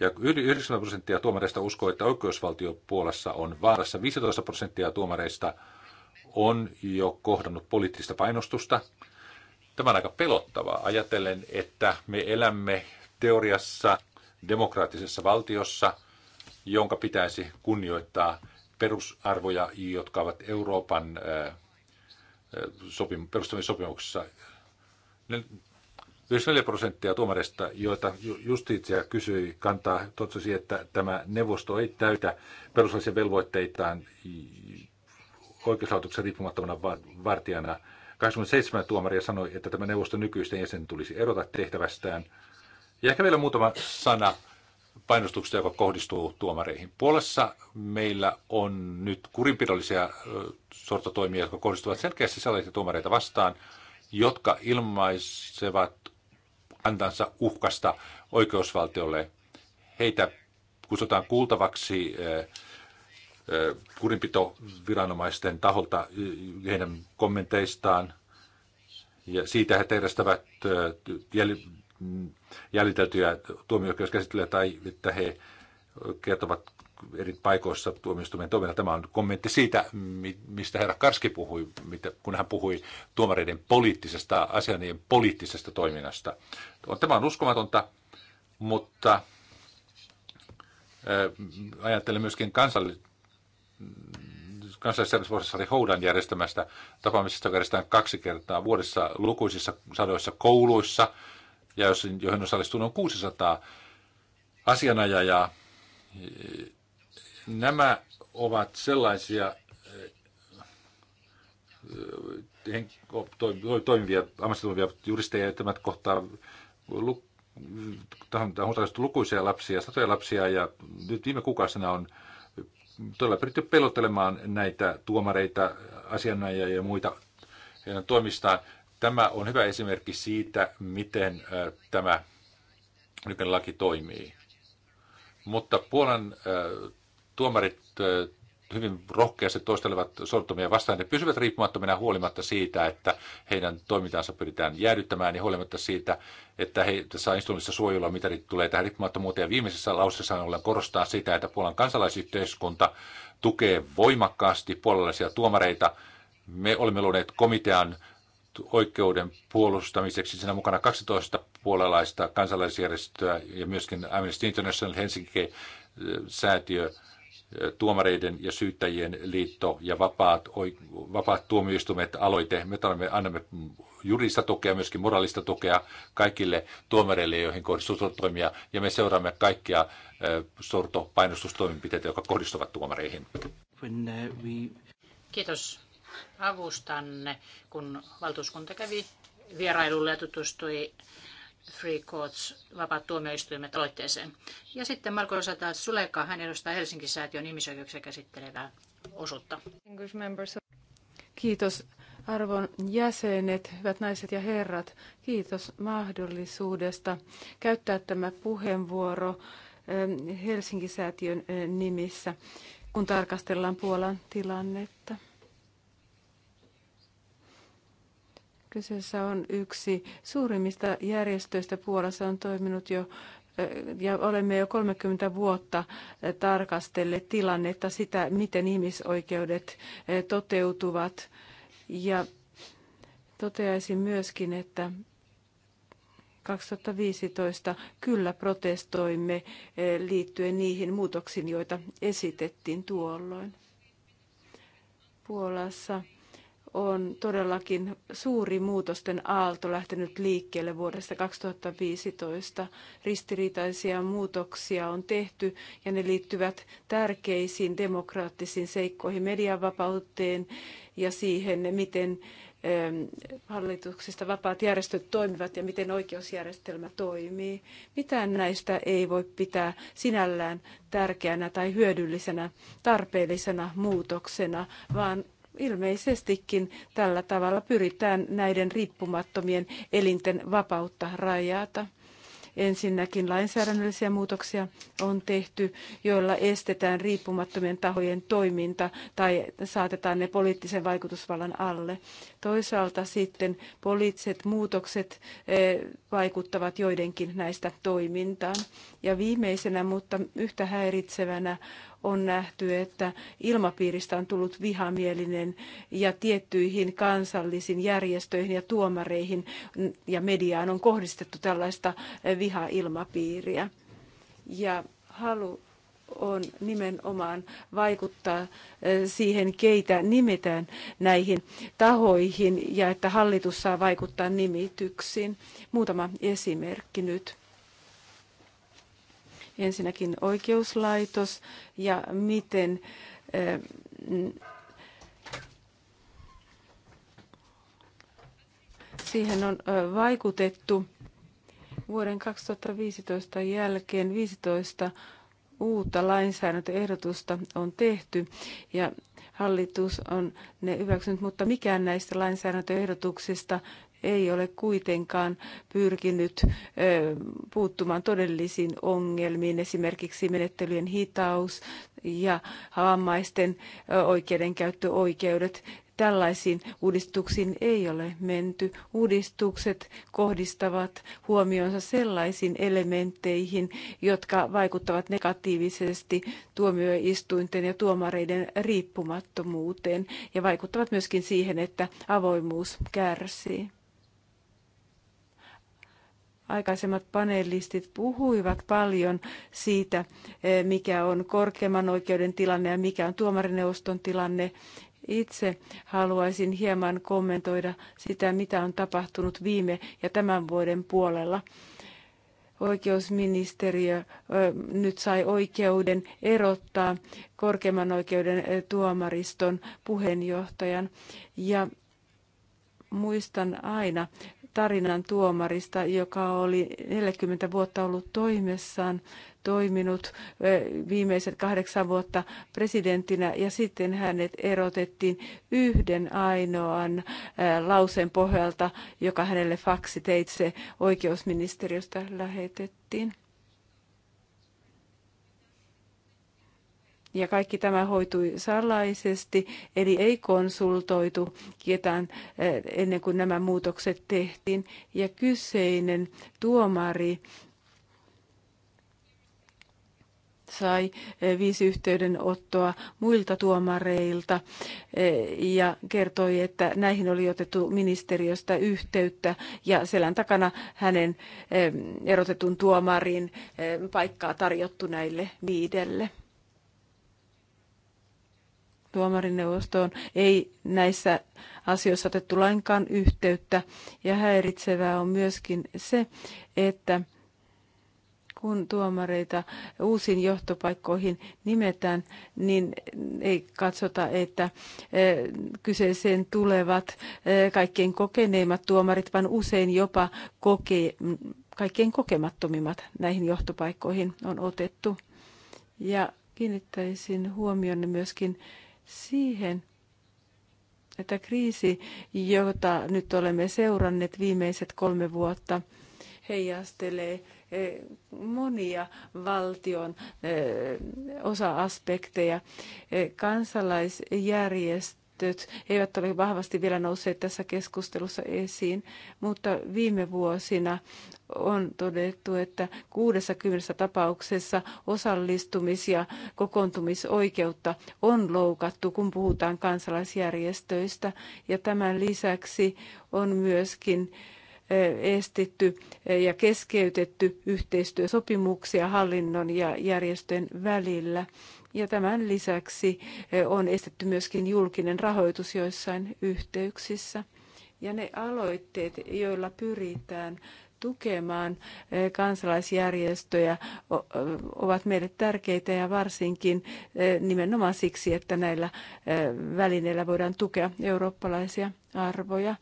Ja 90 prosenttia tuomareista uskoo, että oikeusvaltio Puolassa on vaarassa. 15 prosenttia tuomareista on jo kohdannut poliittista painostusta. Tämä on aika pelottavaa ajatellen, että me elämme teoriassa demokraattisessa valtiossa, jonka pitäisi kunnioittaa perusarvoja, jotka ovat Euroopan äh, äh, sopim- perustamissopimuksessa. 94 prosenttia tuomareista, joita justiitsia kysyi, kantaa totesi, että tämä neuvosto ei täytä perustuslaisia velvoitteitaan oikeuslaitoksen riippumattomana vartijana. 27 tuomaria sanoi, että tämä neuvosto nykyisten jäsen tulisi erota tehtävästään – ja ehkä vielä muutama sana painostuksesta, joka kohdistuu tuomareihin. Puolessa meillä on nyt kurinpidollisia sortotoimia, jotka kohdistuvat selkeästi sellaisia tuomareita vastaan, jotka ilmaisevat antansa uhkasta oikeusvaltiolle. Heitä kutsutaan kuultavaksi kurinpitoviranomaisten taholta heidän kommenteistaan ja siitä he terästävät jäljiteltyjä tuomioikeuskäsittelyjä tai että he kertovat eri paikoissa tuomioistuimen toiminta. Tämä on kommentti siitä, mistä herra Karski puhui, kun hän puhui tuomareiden poliittisesta, asianien poliittisesta toiminnasta. Tämä on uskomatonta, mutta ajattelen myöskin kansallista kansallisessa Houdan järjestämästä tapaamisesta, joka järjestetään kaksi kertaa vuodessa lukuisissa sadoissa kouluissa – ja jos, johon osallistuu noin 600 asianajajaa. Nämä ovat sellaisia eh, eh, toimivia, ammattitoimivia juristeja, joita kohtaa tähän on lukuisia lapsia, satoja lapsia, ja nyt viime kuukausina on todella pyritty pelottelemaan näitä tuomareita, asianajajia ja muita heidän toimistaan. Tämä on hyvä esimerkki siitä, miten tämä nykyinen laki toimii. Mutta Puolan tuomarit hyvin rohkeasti toistelevat sortumia vastaan. Ne pysyvät riippumattomina huolimatta siitä, että heidän toimintaansa pyritään jäädyttämään ja huolimatta siitä, että he saa instituutissa suojella, mitä tulee tähän riippumattomuuteen. Ja viimeisessä lauseessa ollen korostaa sitä, että Puolan kansalaisyhteiskunta tukee voimakkaasti puolalaisia tuomareita. Me olemme luoneet komitean oikeuden puolustamiseksi. Siinä on mukana 12 puolalaista kansalaisjärjestöä ja myöskin Amnesty International Helsinki-säätiö, eh, eh, tuomareiden ja syyttäjien liitto ja vapaat, vapaat tuomioistumet aloite. Me tarvimme annamme juridista tukea, myöskin moraalista tukea kaikille tuomareille, joihin kohdistuu sortotoimia, ja me seuraamme kaikkia eh, sortopainostustoimenpiteitä, jotka kohdistuvat tuomareihin. Kiitos avustanne, kun valtuuskunta kävi vierailulle, ja tutustui Free Courts, vapaat tuomioistuimet aloitteeseen. Ja sitten Marko Sata Suleka, hän edustaa Helsingin säätiön ihmisoikeuksia käsittelevää osuutta. Kiitos arvon jäsenet, hyvät naiset ja herrat. Kiitos mahdollisuudesta käyttää tämä puheenvuoro ähm, Helsingin säätiön äh, nimissä, kun tarkastellaan Puolan tilannetta. Kyseessä on yksi suurimmista järjestöistä Puolassa, on toiminut jo eh, ja olemme jo 30 vuotta eh, tarkastelleet tilannetta, sitä miten ihmisoikeudet eh, toteutuvat. Ja toteaisin myöskin, että 2015 kyllä protestoimme liittyen niihin muutoksiin, joita esitettiin tuolloin. Puolassa on todellakin suuri muutosten aalto lähtenyt liikkeelle vuodesta 2015. Ristiriitaisia muutoksia on tehty ja ne liittyvät tärkeisiin demokraattisiin seikkoihin, medianvapauteen ja siihen, miten ähm, hallituksista vapaat järjestöt toimivat ja miten oikeusjärjestelmä toimii. Mitään näistä ei voi pitää sinällään tärkeänä tai hyödyllisenä, tarpeellisena muutoksena, vaan ilmeisestikin tällä tavalla pyritään näiden riippumattomien elinten vapautta rajata. Ensinnäkin lainsäädännöllisiä muutoksia on tehty, joilla estetään riippumattomien tahojen toiminta tai saatetaan ne poliittisen vaikutusvallan alle. Toisaalta sitten poliittiset muutokset eh, vaikuttavat joidenkin näistä toimintaan. Ja viimeisenä, mutta yhtä häiritsevänä on nähty, että ilmapiiristä on tullut vihamielinen ja tiettyihin kansallisiin järjestöihin ja tuomareihin mm, ja mediaan on kohdistettu tällaista eh, vihailmapiiriä. Ja halu on nimenomaan vaikuttaa eh, siihen, keitä nimetään näihin tahoihin ja että hallitus saa vaikuttaa nimityksiin. Muutama esimerkki nyt ensinnäkin oikeuslaitos ja miten eh, siihen on eh, vaikutettu vuoden 2015 jälkeen 15 uutta lainsäädäntöehdotusta on tehty ja hallitus on ne hyväksynyt, mutta mikään näistä lainsäädäntöehdotuksista ei ole kuitenkaan pyrkinyt puuttumaan todellisiin ongelmiin, esimerkiksi menettelyjen hitaus ja vammaisten oikeudenkäyttöoikeudet tällaisiin uudistuksiin ei ole menty. Uudistukset kohdistavat huomionsa sellaisiin elementteihin, jotka vaikuttavat negatiivisesti tuomioistuinten ja tuomareiden riippumattomuuteen ja vaikuttavat myöskin siihen, että avoimuus kärsii aikaisemmat panelistit puhuivat paljon siitä, eh, mikä on korkeimman oikeuden tilanne ja mikä on tuomarineuvoston tilanne. Itse haluaisin hieman kommentoida sitä, mitä on tapahtunut viime ja tämän vuoden puolella oikeusministeriö nyt sai oikeuden erottaa korkeimman oikeuden tuomariston puheenjohtajan. Ja muistan aina, tarinan tuomarista, joka oli 40 vuotta ollut toimessaan, toiminut eh, viimeiset kahdeksan vuotta presidenttinä ja sitten hänet erotettiin yhden ainoan eh, lauseen pohjalta, joka hänelle faksiteitse oikeusministeriöstä lähetettiin. Ja kaikki tämä hoitui salaisesti, eli ei konsultoitu ketään eh, ennen kuin nämä muutokset tehtiin. Ja kyseinen tuomari sai eh, viisi yhteydenottoa muilta tuomareilta eh, ja kertoi, että näihin oli otettu ministeriöstä yhteyttä ja selän takana hänen erotetun tuomarin paikkaa tarjottu näille viidelle tuomarineuvostoon ei näissä asioissa otettu lainkaan yhteyttä. Ja häiritsevää on myöskin se, että kun tuomareita uusiin johtopaikkoihin nimetään, niin ei katsota, että e, kyseeseen tulevat e, kaikkein kokeneimmat tuomarit, vaan usein jopa koke, kaikkein kokemattomimmat näihin johtopaikkoihin on otettu. Ja kiinnittäisin huomionne myöskin siihen, että kriisi, jota nyt olemme seuranneet viimeiset kolme vuotta, heijastelee eh, monia valtion eh, osa-aspekteja. Eh, Kansalaisjärjestö tytöt eivät ole vahvasti vielä nousseet tässä keskustelussa esiin, mutta viime vuosina on todettu, että 60 tapauksessa osallistumis- ja kokoontumisoikeutta on loukattu, kun puhutaan kansalaisjärjestöistä. Ja tämän lisäksi on myöskin e, estetty ja keskeytetty yhteistyösopimuksia hallinnon ja järjestöjen välillä. Ja tämän lisäksi eh, on estetty myöskin julkinen rahoitus joissain yhteyksissä. Ja ne aloitteet, joilla pyritään tukemaan eh, kansalaisjärjestöjä eh, ovat meille tärkeitä ja varsinkin nimenomaan siksi, että näillä välineillä voidaan tukea eurooppalaisia arvoja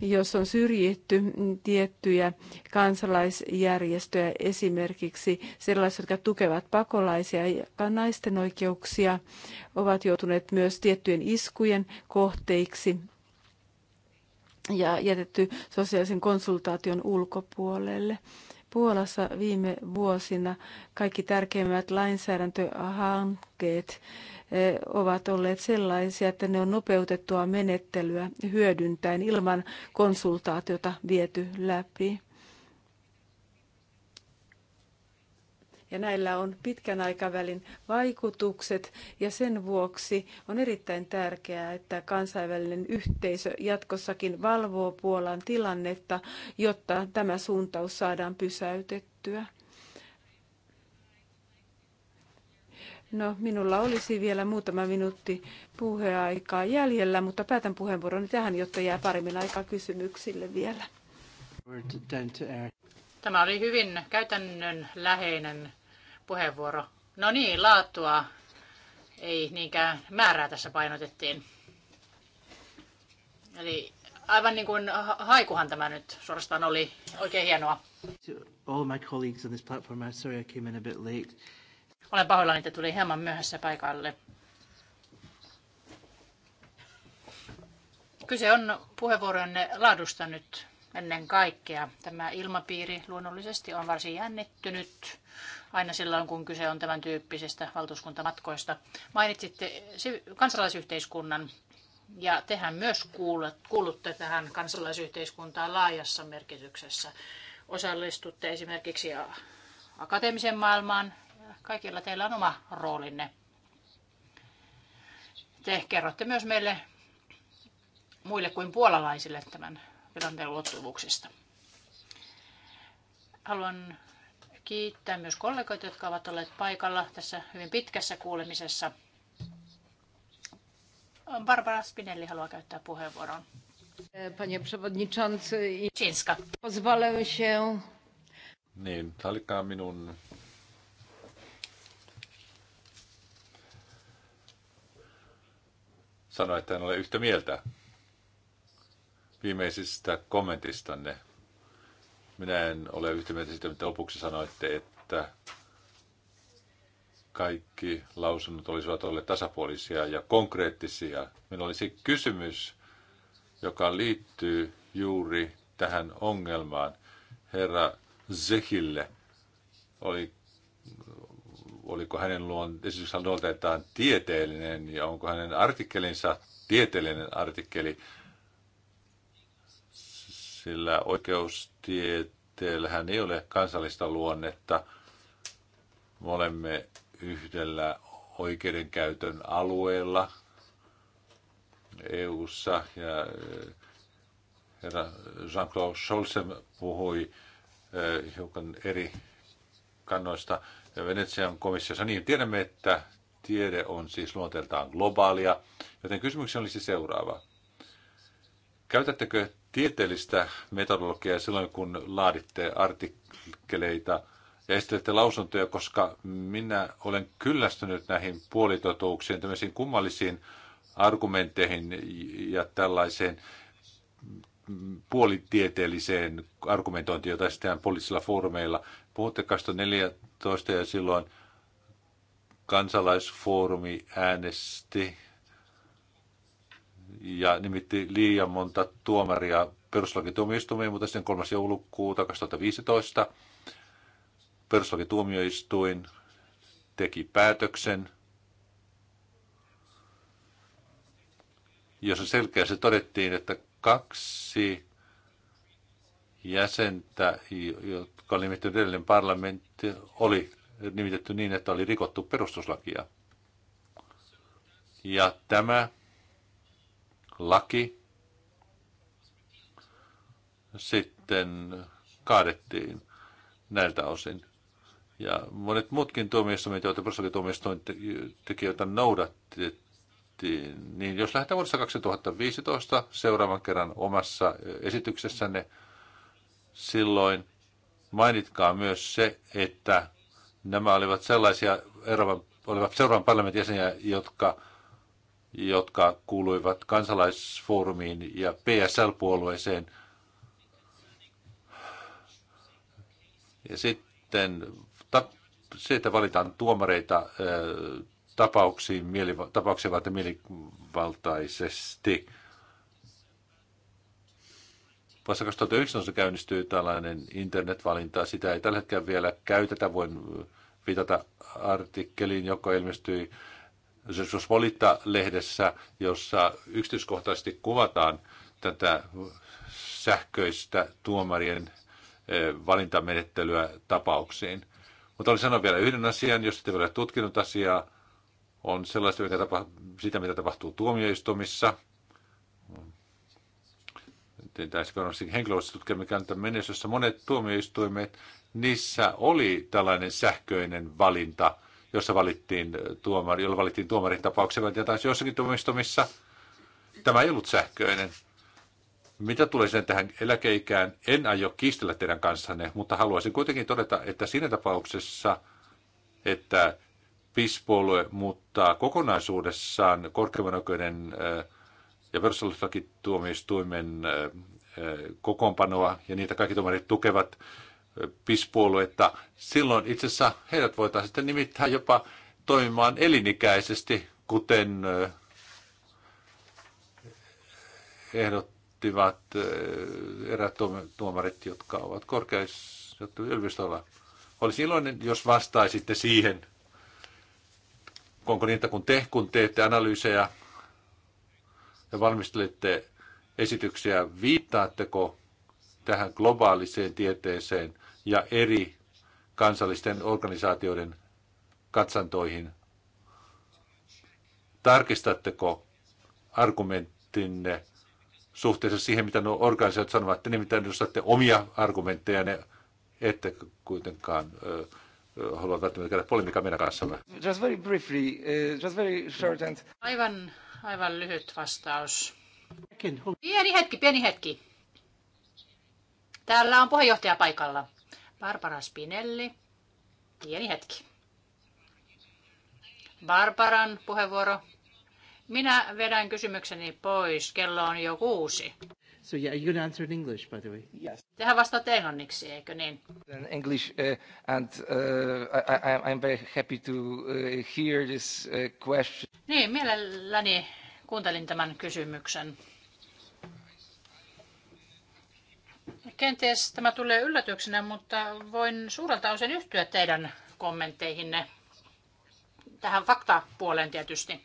jos on syrjitty tiettyjä kansalaisjärjestöjä, esimerkiksi sellaisia, jotka tukevat pakolaisia ja naisten oikeuksia, ovat joutuneet myös tiettyjen iskujen kohteiksi ja jätetty sosiaalisen konsultaation ulkopuolelle. Puolassa viime vuosina kaikki tärkeimmät lainsäädäntöhankkeet ovat olleet sellaisia, että ne on nopeutettua menettelyä hyödyntäen ilman konsultaatiota viety läpi. ja näillä on pitkän aikavälin vaikutukset ja sen vuoksi on erittäin tärkeää, että kansainvälinen yhteisö jatkossakin valvoo Puolan tilannetta, jotta tämä suuntaus saadaan pysäytettyä. No, minulla olisi vielä muutama minuutti puheaikaa jäljellä, mutta päätän puheenvuoron tähän, jotta jää paremmin aikaa kysymyksille vielä. Tämä oli hyvin käytännön läheinen puheenvuoro. No niin, laatua ei niinkään määrää tässä painotettiin. Eli aivan niin kuin haikuhan tämä nyt suorastaan oli. Oikein hienoa. To all my colleagues on this platform, I'm sorry I came in a bit late. Olen pahoillani, että tuli hieman myöhässä paikalle. Kyse on puheenvuoronne laadusta nyt ennen kaikkea. Tämä ilmapiiri luonnollisesti on varsin jännittynyt aina silloin, kun kyse on tämän tyyppisestä valtuuskuntamatkoista. Mainitsitte kansalaisyhteiskunnan ja tehän myös kuulutte tähän kansalaisyhteiskuntaan laajassa merkityksessä. Osallistutte esimerkiksi akateemisen maailmaan kaikilla teillä on oma roolinne. Te kerrotte myös meille muille kuin puolalaisille tämän tilanteen ulottuvuuksista. Haluan kiittää myös kollegoita, jotka ovat olleet paikalla tässä hyvin pitkässä kuulemisessa. Barbara Spinelli haluaa käyttää puheenvuoron. Panie przewodniczący, pozwolę się... Niin, sallikaa minun sanoa, että en ole yhtä mieltä viimeisistä kommentistanne. Minä en ole yhtä mieltä siitä, mitä lopuksi sanoitte, että kaikki lausunnot olisivat olleet tasapuolisia ja konkreettisia. Minulla olisi kysymys, joka liittyy juuri tähän ongelmaan. Herra Zehille oli oliko hänen luon, esimerkiksi hän luonteeltaan tieteellinen ja onko hänen artikkelinsa tieteellinen artikkeli, sillä oikeustieteellähän ei ole kansallista luonnetta. Me olemme yhdellä oikeudenkäytön alueella EU-ssa ja eh, herra Jean-Claude Scholz puhui eh, hiukan eri kannoista. Venetsian komissiossa. Niin, tiedämme, että tiede on siis luonteeltaan globaalia, joten kysymykseni olisi seuraava. Käytättekö tieteellistä metodologiaa silloin, kun laaditte artikkeleita ja esittelette lausuntoja, koska minä olen kyllästynyt näihin puolitotuuksiin, tämmöisiin kummallisiin argumentteihin ja tällaiseen, puolitieteelliseen argumentointiin, jota sitten poliittisilla foorumeilla. Puhutte 2014 ja silloin kansalaisfoorumi äänesti ja nimitti liian monta tuomaria perustuslakituomioistuimiin, mutta sitten 3. joulukuuta 2015 perustuslakituomioistuin teki päätöksen, jossa selkeästi todettiin, että kaksi jäsentä, jotka oli nimitetty edellinen parlamentti, oli nimitetty niin, että oli rikottu perustuslakia. Ja tämä laki sitten kaadettiin näiltä osin. Ja monet muutkin tuomioistuimet, joita perustuslakituomioistuin tekijöitä noudatti, puhuttiin, niin jos lähdetään vuodesta 2015 seuraavan kerran omassa esityksessänne, silloin mainitkaa myös se, että nämä olivat sellaisia Euroopan, olivat seuraavan parlamentin jäseniä, jotka, jotka kuuluivat kansalaisfoorumiin ja PSL-puolueeseen. Ja sitten siitä valitaan tuomareita tapauksiin, mieliva- tapauksia varten mielivaltaisesti. Vuonna 2019 käynnistyy tällainen internetvalinta. Sitä ei tällä hetkellä vielä käytetä. Voin viitata artikkeliin, joka ilmestyi Jesus lehdessä jossa yksityiskohtaisesti kuvataan tätä sähköistä tuomarien e, valintamenettelyä tapauksiin. Mutta olin sanonut vielä yhden asian, jos ette vielä tutkinut asiaa on sellaista, mitä tapa, sitä, mitä tapahtuu tuomioistumissa. Esimerkiksi henkilökohtaisesti tutkijan, mikä on menestyssä, monet tuomioistuimet, niissä oli tällainen sähköinen valinta, jossa valittiin tuomari, jolla valittiin tuomarin tapauksia, ja taas jossakin tuomioistumissa tämä ei ollut sähköinen. Mitä tulee sinne tähän eläkeikään, en aio kiistellä teidän kanssanne, mutta haluaisin kuitenkin todeta, että siinä tapauksessa, että PIS-puolue muuttaa kokonaisuudessaan korkeimman oikeuden äh, ja perustuslakituomioistuimen äh, äh, kokoonpanoa ja niitä kaikki tuomarit tukevat pis että silloin itse asiassa heidät voitaisiin sitten nimittää jopa toimimaan elinikäisesti, kuten ehdottivat erät tuomarit, jotka ovat korkeissa yliopistolla. Olisi iloinen, jos vastaisitte siihen onko niin, että kun te, kun teette analyysejä ja valmistelette esityksiä, viittaatteko tähän globaaliseen tieteeseen ja eri kansallisten organisaatioiden katsantoihin? Tarkistatteko argumenttinne suhteessa siihen, mitä nuo organisaatiot sanovat, että nimittäin jos omia argumentteja, ne ette kuitenkaan ö, halua välttämättä käydä polemiikkaa meidän kanssamme. Just very briefly, uh, just very short and... Aivan, aivan lyhyt vastaus. Pieni hetki, pieni hetki. Täällä on puheenjohtaja paikalla. Barbara Spinelli. Pieni hetki. Barbaran puheenvuoro. Minä vedän kysymykseni pois. Kello on jo kuusi. So yeah, going to answer in English, by the way. Yes. Tehän vastaatte englanniksi, eikö niin? English, uh, and uh, I, I'm very happy to uh, hear this uh, question. Niin, mielelläni kuuntelin tämän kysymyksen. Kenties tämä tulee yllätyksenä, mutta voin suurelta osin yhtyä teidän kommentteihinne tähän faktapuoleen tietysti.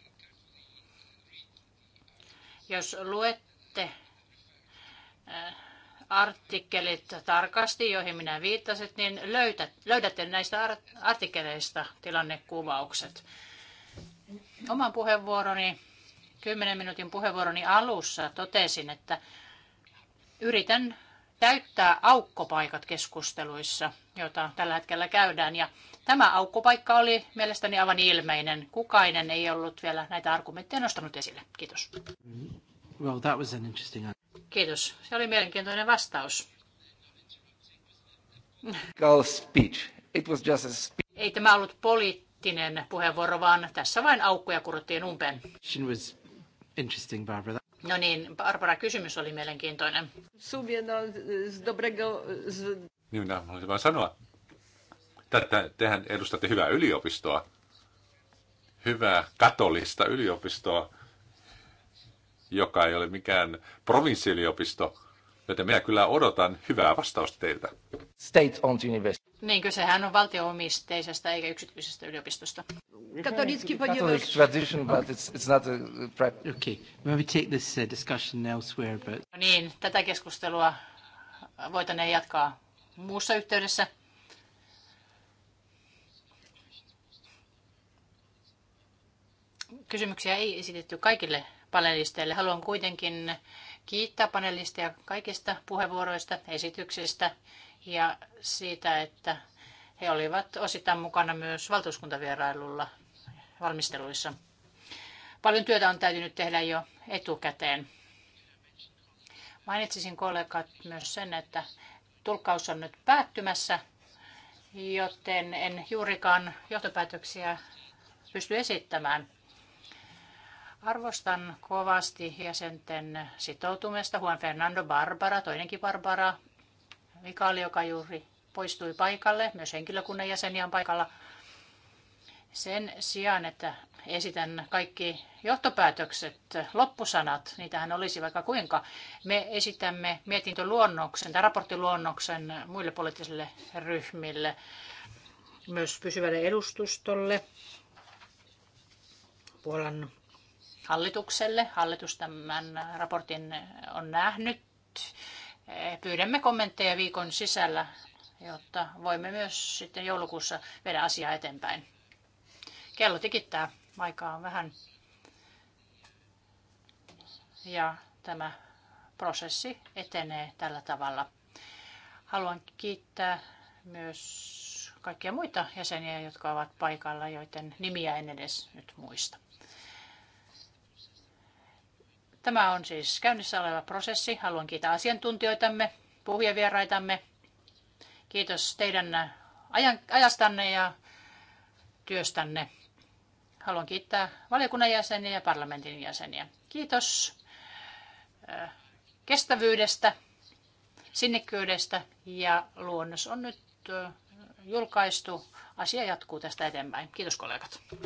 Jos luette Äh, artikkelit tarkasti, joihin minä viittasit, niin löydätte näistä artikkeleista tilannekuvaukset. Oman puheenvuoroni, 10 minuutin puheenvuoroni alussa totesin, että yritän täyttää aukkopaikat keskusteluissa, joita tällä hetkellä käydään. Ja tämä aukkopaikka oli mielestäni aivan ilmeinen. Kukainen ei ollut vielä näitä argumentteja nostanut esille. Kiitos. Well, that was an interesting... Kiitos. Se oli mielenkiintoinen vastaus. Speech. It was just a speech. Ei tämä ollut poliittinen puheenvuoro, vaan tässä vain aukkoja kuruttiin umpeen. She was interesting, Barbara. No niin, Barbara, kysymys oli mielenkiintoinen. no, z dobrego... Z... Niin mä haluaisin vain sanoa, että tehän edustatte hyvää yliopistoa. Hyvää katolista yliopistoa joka ei ole mikään provinssiyliopisto, joten minä kyllä odotan hyvää vastausta teiltä. State owned university. Niinkö sehän on valtioomisteisesta eikä yksityisestä yliopistosta? Catholic tradition, but it's, it's not a private. Okay, well, we take this uh, discussion elsewhere, but... No niin, tätä keskustelua voitaneen jatkaa muussa yhteydessä. Kysymyksiä ei esitetty kaikille panelisteille. Haluan kuitenkin kiittää panelisteja kaikista puheenvuoroista, esityksistä ja siitä, että he olivat osittain mukana myös valtuuskuntavierailulla valmisteluissa. Paljon työtä on täytynyt tehdä jo etukäteen. Mainitsisin kollegat myös sen, että tulkkaus on nyt päättymässä, joten en juurikaan johtopäätöksiä pysty esittämään. Arvostan kovasti jäsenten sitoutumista. Juan Fernando Barbara, toinenkin Barbara, Mikael, joka juuri poistui paikalle, myös henkilökunnan jäseniä on paikalla. Sen sijaan, että esitän kaikki johtopäätökset, loppusanat, niitähän olisi vaikka kuinka, me esitämme mietintöluonnoksen tai raporttiluonnoksen muille poliittisille ryhmille, myös pysyvälle edustustolle, Puolan hallitukselle. Hallitus tämän raportin on nähnyt. Pyydämme kommentteja viikon sisällä, jotta voimme myös sitten joulukuussa viedä asiaa eteenpäin. Kello tikittää, aikaa on vähän. Ja tämä prosessi etenee tällä tavalla. Haluan kiittää myös kaikkia muita jäseniä, jotka ovat paikalla, joiden nimiä en edes nyt muista. Tämä on siis käynnissä oleva prosessi. Haluan kiittää asiantuntijoitamme, puhujavieraitamme. Kiitos teidän ajan, ajastanne ja työstänne. Haluan kiittää valiokunnan jäseniä ja parlamentin jäseniä. Kiitos äh, kestävyydestä, sinnikkyydestä ja luonnos on nyt äh, julkaistu. Asia jatkuu tästä eteenpäin. Kiitos kollegat.